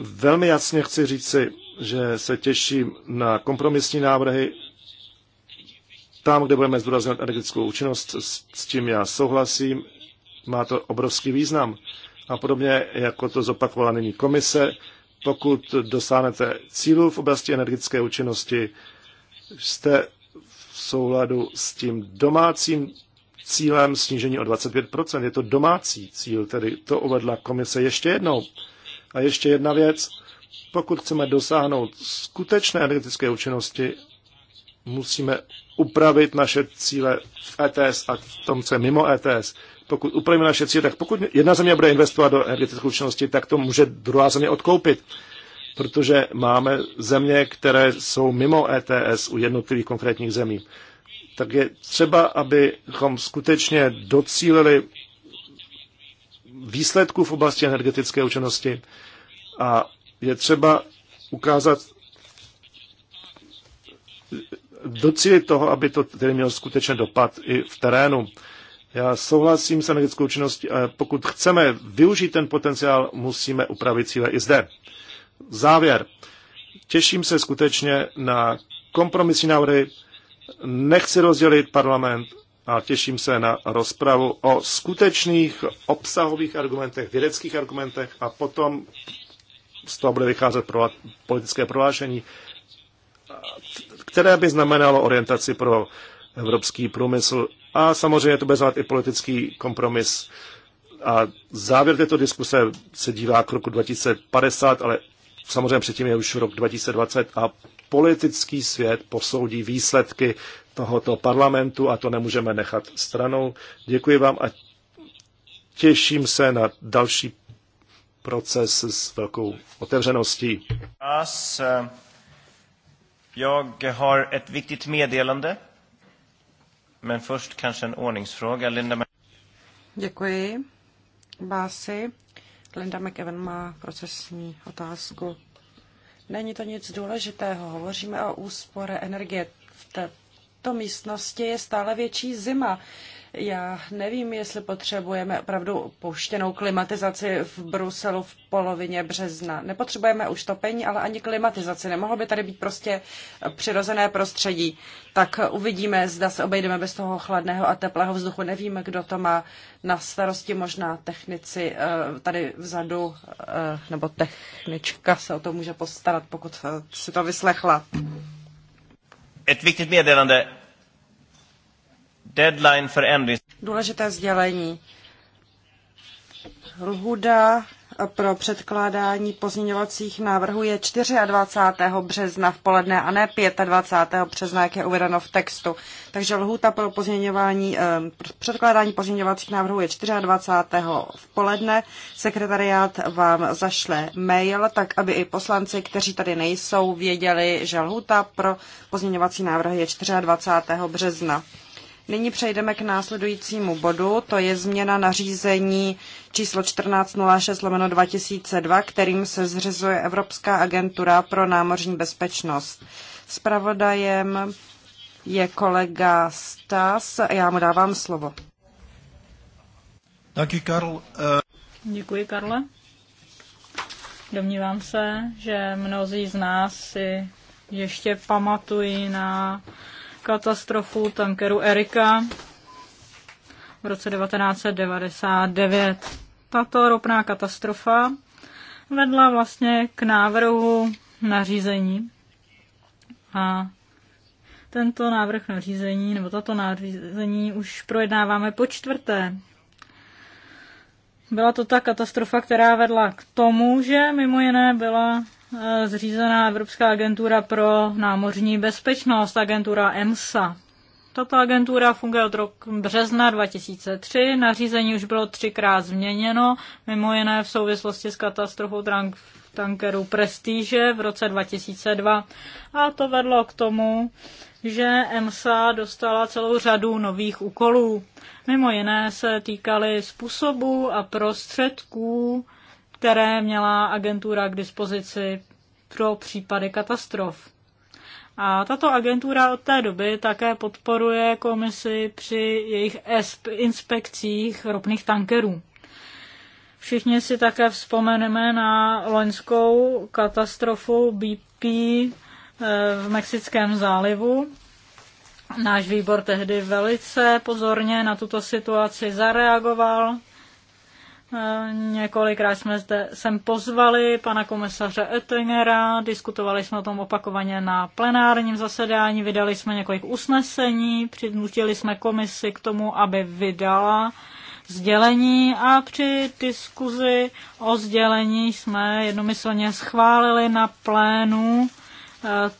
Velmi jasně chci říci, že se těším na kompromisní návrhy tam, kde budeme zdůrazňovat energetickou účinnost, s, tím já souhlasím, má to obrovský význam. A podobně, jako to zopakovala nyní komise, pokud dosáhnete cílů v oblasti energetické účinnosti, jste v souladu s tím domácím cílem snížení o 25%. Je to domácí cíl, tedy to uvedla komise ještě jednou. A ještě jedna věc. Pokud chceme dosáhnout skutečné energetické účinnosti, musíme upravit naše cíle v ETS a v tom, co je mimo ETS. Pokud upravíme naše cíle, tak pokud jedna země bude investovat do energetické účinnosti, tak to může druhá země odkoupit protože máme země, které jsou mimo ETS u jednotlivých konkrétních zemí tak je třeba, abychom skutečně docílili výsledků v oblasti energetické účinnosti a je třeba ukázat, docílit toho, aby to tedy mělo skutečně dopad i v terénu. Já souhlasím s energetickou činností, ale pokud chceme využít ten potenciál, musíme upravit cíle i zde. Závěr. Těším se skutečně na kompromisní návrhy nechci rozdělit parlament a těším se na rozpravu o skutečných obsahových argumentech, vědeckých argumentech a potom z toho bude vycházet pro, politické prohlášení, které by znamenalo orientaci pro evropský průmysl a samozřejmě to bude znamenat i politický kompromis. A závěr této diskuse se dívá k roku 2050, ale samozřejmě předtím je už rok 2020 a politický svět posoudí výsledky tohoto parlamentu a to nemůžeme nechat stranou. Děkuji vám a těším se na další proces s velkou otevřeností. As, eh, jag har ett viktigt meddelande, men först kanske en ordningsfråga. Linda Děkuji, Bási. Linda McEwen má procesní otázku. Není to nic důležitého. Hovoříme o úspore energie. V této místnosti je stále větší zima. Já nevím, jestli potřebujeme opravdu pouštěnou klimatizaci v Bruselu v polovině března. Nepotřebujeme už topení, ale ani klimatizaci. Nemohlo by tady být prostě přirozené prostředí. Tak uvidíme, zda se obejdeme bez toho chladného a teplého vzduchu. Nevím, kdo to má na starosti, možná technici eh, tady vzadu, eh, nebo technička se o to může postarat, pokud eh, si to vyslechla. Ett Deadline for ending. Důležité sdělení. Lhuda pro předkládání pozměňovacích návrhů je 24. března v poledne a ne 25. března, jak je uvedeno v textu. Takže lhůta pro pozměňování, eh, předkládání pozměňovacích návrhů je 24. v poledne. Sekretariát vám zašle mail, tak aby i poslanci, kteří tady nejsou, věděli, že lhůta pro pozměňovací návrhy je 24. března. Nyní přejdeme k následujícímu bodu, to je změna nařízení číslo 1406 lomeno 2002, kterým se zřizuje Evropská agentura pro námořní bezpečnost. Spravodajem je kolega Stas a já mu dávám slovo. Taky Karl. Uh, Děkuji, Karle. Domnívám se, že mnozí z nás si ještě pamatují na katastrofu tankeru Erika v roce 1999. Tato ropná katastrofa vedla vlastně k návrhu nařízení a tento návrh nařízení, nebo tato nařízení už projednáváme po čtvrté. Byla to ta katastrofa, která vedla k tomu, že mimo jiné byla Eh, zřízená Evropská agentura pro námořní bezpečnost, agentura EMSA. Tato agentura funguje od roku března 2003. Nařízení už bylo třikrát změněno, mimo jiné v souvislosti s katastrofou tank, tankeru Prestige v roce 2002. A to vedlo k tomu, že EMSA dostala celou řadu nových úkolů. Mimo jiné se týkaly způsobů a prostředků které měla agentura k dispozici pro případy katastrof. A tato agentura od té doby také podporuje komisi při jejich inspekcích ropných tankerů. Všichni si také vzpomeneme na loňskou katastrofu BP eh, v Mexickém zálivu. Náš výbor tehdy velice pozorně na tuto situaci zareagoval, Několikrát jsme zde sem pozvali pana komisaře Oettingera, diskutovali jsme o tom opakovaně na plenárním zasedání, vydali jsme několik usnesení, přinutili jsme komisi k tomu, aby vydala sdělení a při diskuzi o sdělení jsme jednomyslně schválili na plénu eh,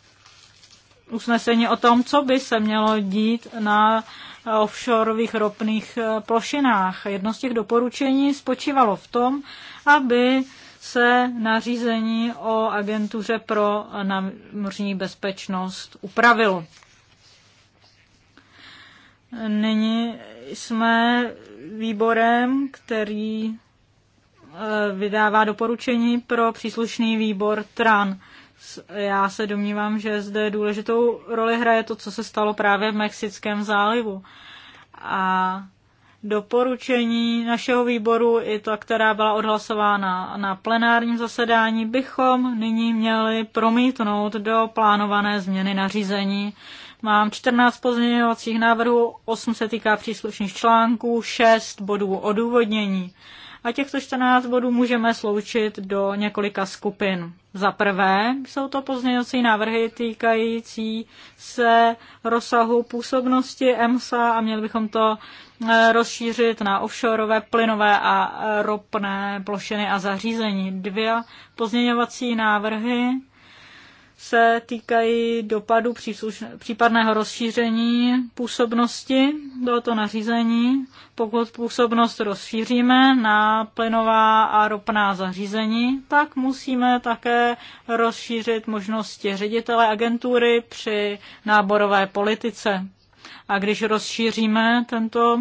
usnesení o tom, co by se mělo dít na offshoreových ropných eh, plošinách. Jedno z těch doporučení spočívalo v tom, aby se nařízení o agentuře pro námořní bezpečnost upravilo. Nyní jsme výborem, který eh, vydává doporučení pro příslušný výbor TRAN já se domnívám, že zde důležitou roli hraje to, co se stalo právě v Mexickém zálivu. A doporučení našeho výboru i ta, která byla odhlasována na plenárním zasedání, bychom nyní měli promítnout do plánované změny nařízení. Mám 14 pozměňovacích návrhů, 8 se týká příslušných článků, 6 bodů odůvodnění a těchto 14 bodů můžeme sloučit do několika skupin. Za prvé jsou to pozměňovací návrhy týkající se rozsahu působnosti EMSA a měli bychom to eh, rozšířit na offshoreové, plynové a ropné plošiny a zařízení. Dvě pozměňovací návrhy se týkají dopadu případného rozšíření působnosti tohoto nařízení. Pokud působnost rozšíříme na plynová a ropná zařízení, tak musíme také rozšířit možnosti ředitele agentury při náborové politice. A když rozšíříme tento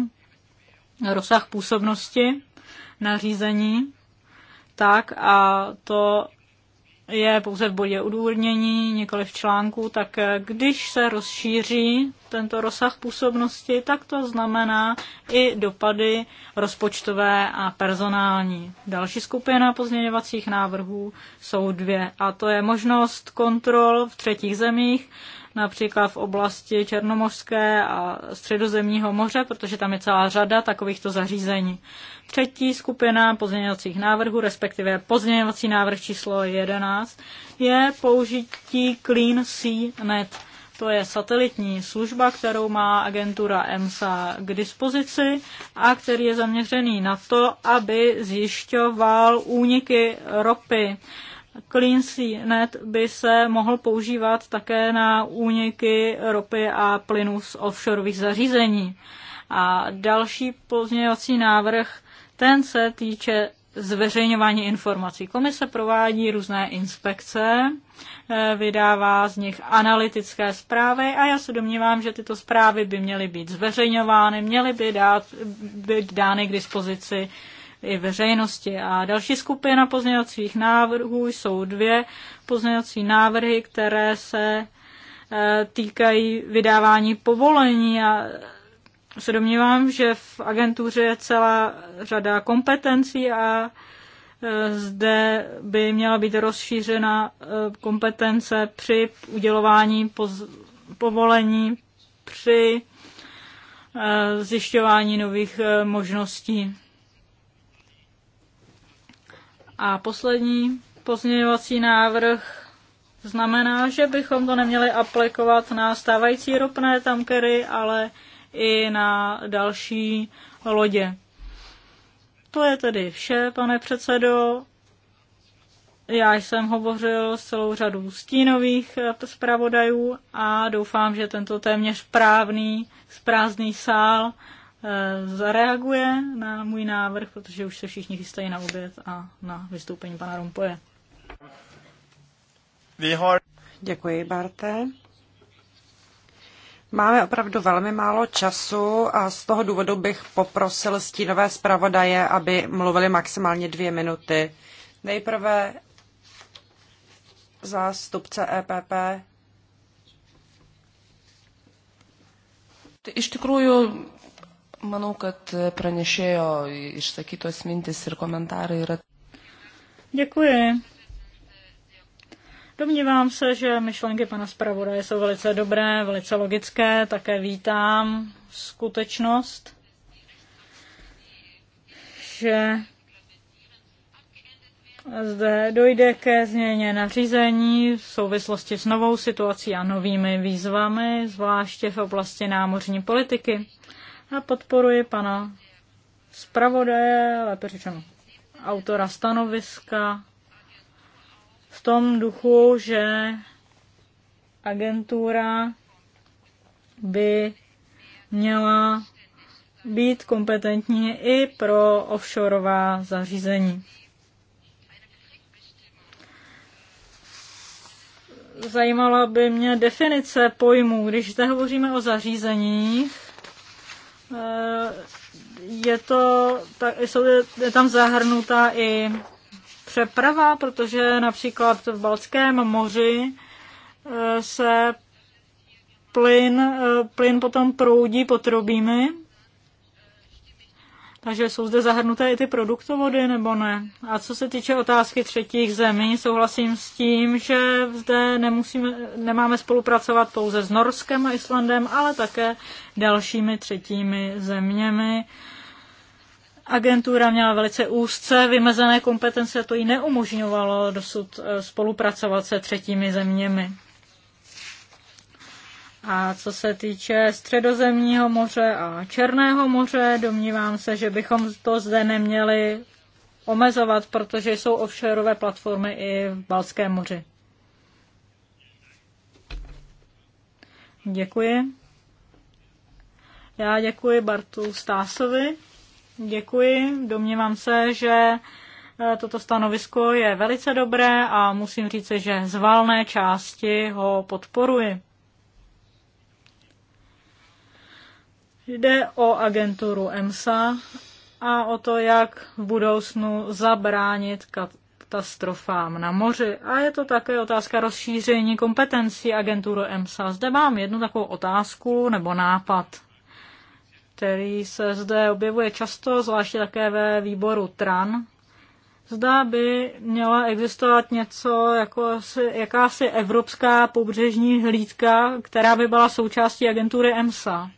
rozsah působnosti nařízení, tak a to je pouze v bodě odůvodnění, nikoli v článku, tak eh, když se rozšíří tento rozsah působnosti, tak to znamená i dopady rozpočtové a personální. Další skupina pozměňovacích návrhů jsou dvě a to je možnost kontrol v třetích zemích například v oblasti Černomořské a Středozemního moře, protože tam je celá řada takovýchto zařízení. Třetí skupina pozměňovacích návrhů, respektive pozměňovací návrh číslo 11, je použití Clean Sea Net. To je satelitní služba, kterou má agentura EMSA k dispozici a který je zaměřený na to, aby zjišťoval úniky ropy Clean Sea Net by se mohl používat také na úniky ropy a plynu z offshoreových zařízení. A další pozměňovací návrh, ten se týče zveřejňování informací. Komise provádí různé inspekce, eh, vydává z nich analytické zprávy a já se domnívám, že tyto zprávy by měly být zveřejňovány, měly by dát, být dány k dispozici i veřejnosti. A další skupina pozměňovacích návrhů jsou dvě pozměňovací návrhy, které se eh, týkají vydávání povolení a se domnívám, že v agentuře je celá řada kompetencí a eh, zde by měla být rozšířena eh, kompetence při udělování povolení, při zjišťování nových možností. A poslední pozměňovací návrh znamená, že bychom to neměli aplikovat na stávající ropné tankery, ale i na další lodě. To je tedy vše, pane předsedo. Já jsem hovořil s celou řadou stínových zpravodajů a doufám, že tento téměř právný, prázdný sál zareaguje eh, na můj návrh, protože už se všichni chystají na oběd a na vystoupení pana Rompoje. Děkuji, Barte. Máme opravdu velmi málo času a z toho důvodu bych poprosil stínové zpravodaje, aby mluvili maximálně dvě minuty. Nejprve zástupce EPP. Iš tikrųjų, Manau, kad pranešėjo išsakytos mintis ir komentarai yra. Děkuji. Domnívám se, že myšlenky pana zpravodaje jsou velice dobré, velice logické, také vítám skutečnost, že zde dojde ke změně nařízení v souvislosti s novou situací a novými výzvami, zvláště v oblasti námořní politiky a podporuji pana zpravodaje, lépe řečeno autora stanoviska, v tom duchu, že agentura by měla být kompetentní i pro offshoreová zařízení. Zajímala by mě definice pojmů. Když zde hovoříme o zařízeních, Eh, je to, tak, jsou, je tam zahrnutá i přeprava, protože například v Balckém moři eh, se plyn, eh, plyn potom proudí potrubími takže jsou zde zahrnuté i ty produktovody nebo ne? A co se týče otázky třetích zemí, souhlasím s tím, že zde nemusíme, nemáme spolupracovat pouze s Norskem a Islandem, ale také dalšími třetími zeměmi. Agentura měla velice úzce vymezené kompetence, to jí neumožňovalo dosud eh, spolupracovat se třetími zeměmi. A co se týče Středozemního moře a Černého moře, domnívám se, že bychom to zde neměli omezovat, protože jsou offshoreové platformy i v Balském moři. Děkuji. Já děkuji Bartu Stásovi. Děkuji. Domnívám se, že e, toto stanovisko je velice dobré a musím říct, že z valné části ho podporuji. Jde o agenturu EMSA a o to, jak v budoucnu zabránit katastrofám na moři. A je to také otázka rozšíření kompetencí agentury EMSA. Zde mám jednu takovou otázku nebo nápad, který se zde objevuje často, zvláště také ve výboru TRAN. Zda by měla existovat něco, jako si, jakási evropská pobřežní hlídka, která by byla součástí agentury EMSA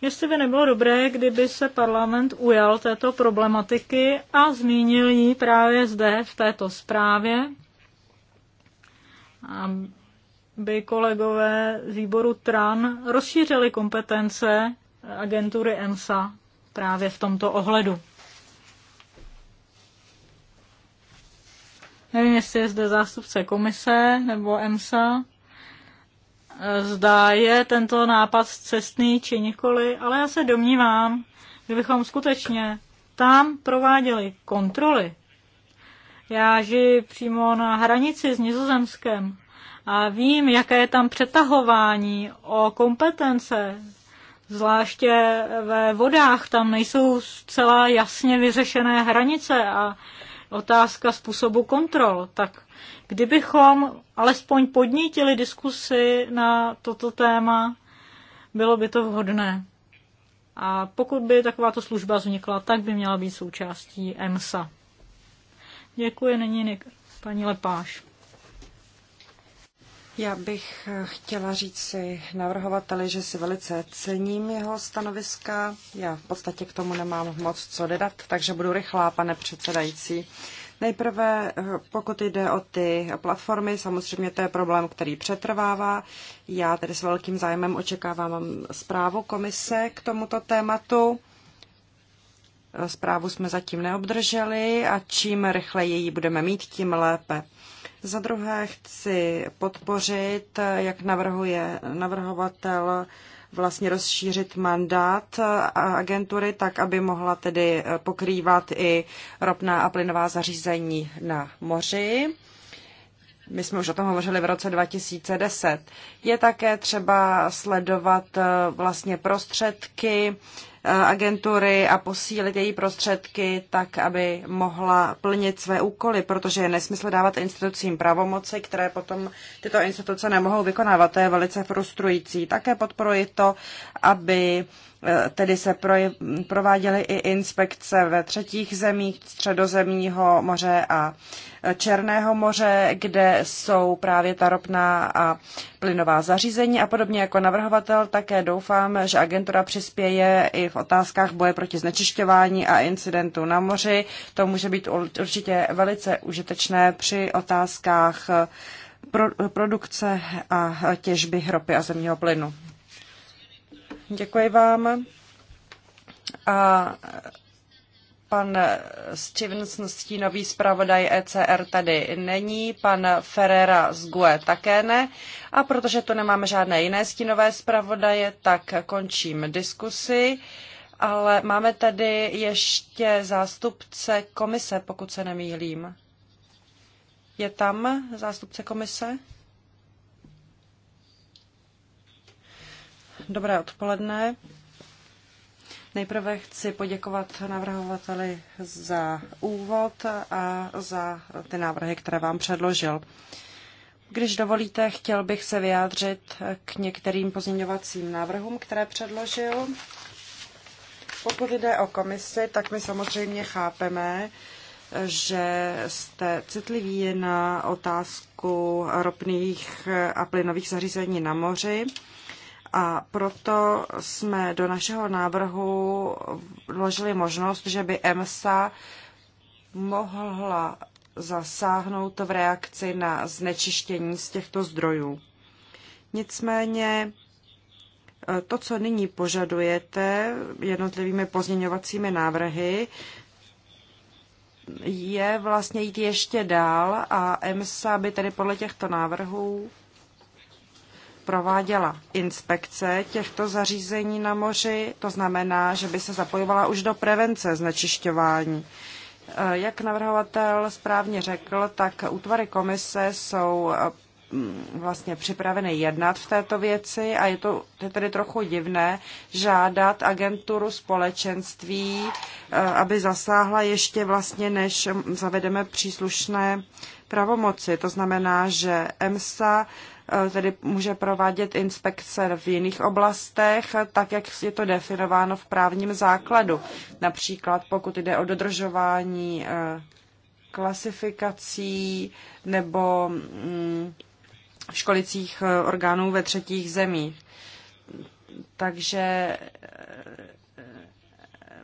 jestli by nebylo dobré, kdyby se parlament ujal této problematiky a zmínil ji právě zde v této zprávě, aby kolegové z výboru TRAN rozšířili kompetence agentury EMSA právě v tomto ohledu. Nevím, jestli je zde zástupce komise nebo EMSA zda je tento nápad cestný či nikoli, ale já se domnívám, že bychom skutečně tam prováděli kontroly. Já žiji přímo na hranici s Nizozemskem a vím, jaké je tam přetahování o kompetence. Zvláště ve vodách tam nejsou zcela jasně vyřešené hranice a otázka způsobu kontrol. Tak Kdybychom alespoň podnítili diskusy na toto téma, bylo by to vhodné. A pokud by takováto služba vznikla, tak by měla být součástí EMSA. Děkuji, není paní Lepáš. Já bych chtěla říct si navrhovateli, že si velice cením jeho stanoviska. Já v podstatě k tomu nemám moc co dodat, takže budu rychlá, pane předsedající. Nejprve, eh, pokud jde o ty platformy, samozřejmě to je problém, který přetrvává. Já tedy s velkým zájmem očekávám zprávu komise k tomuto tématu. Eh, zprávu jsme zatím neobdrželi a čím rychleji ji budeme mít, tím lépe. Za druhé chci podpořit, eh, jak navrhuje navrhovatel, vlastně rozšířit mandát agentury tak, aby mohla tedy pokrývat i ropná a plynová zařízení na moři. My jsme už o tom hovořili v roce 2010. Je také třeba sledovat eh, vlastně prostředky, Eh, agentury a posílit její prostředky tak, aby mohla plnit své úkoly, protože je nesmysl dávat institucím pravomoci, které potom tyto instituce nemohou vykonávat. To je velice frustrující. Také podporuji to, aby Eh, tedy se prováděly i inspekce ve třetích zemích Středozemního moře a eh, Černého moře, kde jsou právě ta ropná a plynová zařízení a podobně jako navrhovatel také doufám, že agentura přispěje i v otázkách boje proti znečišťování a incidentů na moři. To může být určitě velice užitečné při otázkách eh, produkce a těžby hropy a zemního plynu. Děkuji vám. A pan Stevens, stínový zpravodaj ECR, tady není, pan Ferrera z GUE také ne. A protože tu nemáme žádné jiné stínové zpravodaje, tak končím diskusi. Ale máme tady ještě zástupce komise, pokud se nemýlím. Je tam zástupce komise? Dobré odpoledne. Nejprve chci poděkovat navrhovateli za úvod a za ty návrhy, které vám předložil. Když dovolíte, chtěl bych se vyjádřit k některým pozměňovacím návrhům, které předložil. Pokud jde o komisi, tak my samozřejmě chápeme, že jste citliví na otázku ropných a plynových zařízení na moři a proto jsme do našeho návrhu vložili možnost, že by EMSA mohla zasáhnout v reakci na znečištění z těchto zdrojů. Nicméně eh, to, co nyní požadujete jednotlivými pozměňovacími návrhy, je vlastně jít ještě dál a EMSA by tedy podle těchto návrhů prováděla inspekce těchto zařízení na moři, to znamená, že by se zapojovala už do prevence znečišťování. Eh, jak navrhovatel správně řekl, tak útvary komise jsou eh, mm, vlastně připraveny jednat v této věci a je to je tedy trochu divné žádat agenturu společenství, eh, aby zasáhla ještě vlastně, než zavedeme příslušné pravomoci. To znamená, že EMSA Eh, tedy může provádět inspekce v jiných oblastech, tak jak je to definováno v právním základu. Například pokud jde o dodržování eh, klasifikací nebo mm, školicích eh, orgánů ve třetích zemích. Takže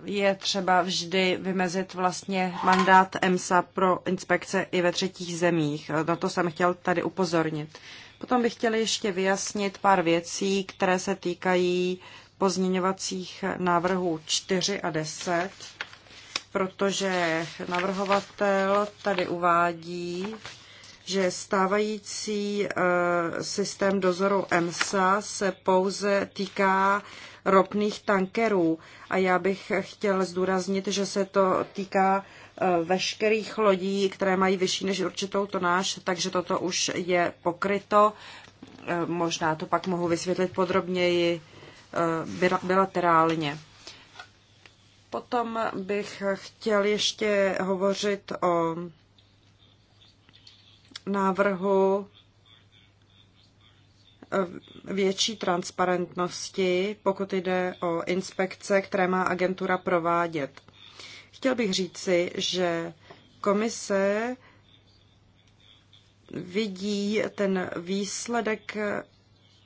je třeba vždy vymezit vlastně mandát EMSA pro inspekce i ve třetích zemích. Na to jsem chtěl tady upozornit. Potom bych chtěla ještě vyjasnit pár věcí, které se týkají pozměňovacích návrhů 4 a 10, protože navrhovatel tady uvádí, že stávající eh, systém dozoru EMSA se pouze týká ropných tankerů. A já bych chtěl zdůraznit, že se to týká Eh, veškerých lodí, které mají vyšší než určitou tonáž, takže toto už je pokryto. Eh, možná to pak mohu vysvětlit podrobněji eh, bilaterálně. Potom bych chtěl ještě hovořit o návrhu větší transparentnosti, pokud jde o inspekce, které má agentura provádět. Chtěl bych říci, že komise vidí ten výsledek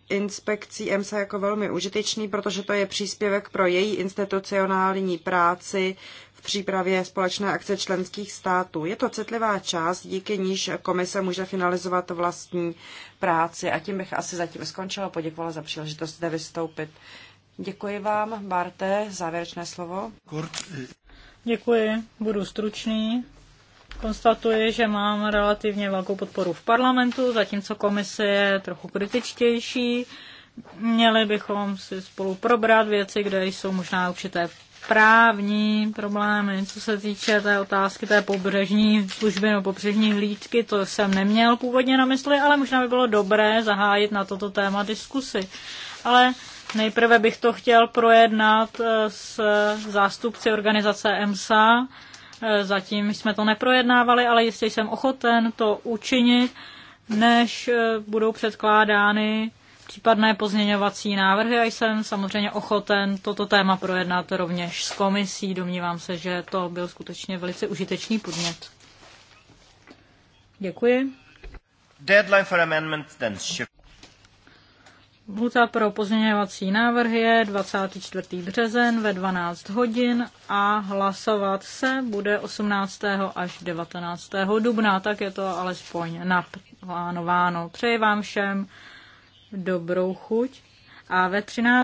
inspekcí EMSA jako velmi užitečný, protože to je příspěvek pro její institucionální práci v přípravě společné akce členských států. Je to citlivá část, díky níž komise může finalizovat vlastní práci. A tím bych asi zatím skončila. Poděkovala za příležitost zde vystoupit. Děkuji vám, Barte, závěrečné slovo. Kurt. Eh, Děkuji, budu stručný. Konstatuji, že mám relativně velkou podporu v parlamentu, zatímco komise je trochu kritičtější. Měli bychom si spolu probrat věci, kde jsou možná určité právní problémy, co se týče té otázky té pobřežní služby nebo pobřežní hlídky, to jsem neměl původně na mysli, ale možná by bylo dobré zahájit na toto téma diskusy. Ale Nejprve bych to chtěl projednat eh, s zástupci organizace EMSA. Eh, zatím jsme to neprojednávali, ale jistě jsem ochoten to učinit, než eh, budou předkládány případné pozměňovací návrhy a jsem samozřejmě ochoten toto téma projednat rovněž s komisí. Domnívám se, že to byl skutečně velice užitečný podnět. Děkuji. Deadline for amendment then Lhuta pro pozměňovací návrh je 24. březen ve 12 hodin a hlasovat se bude 18. až 19. dubna, tak je to alespoň naplánováno. Přeji vám všem dobrou chuť a ve 13.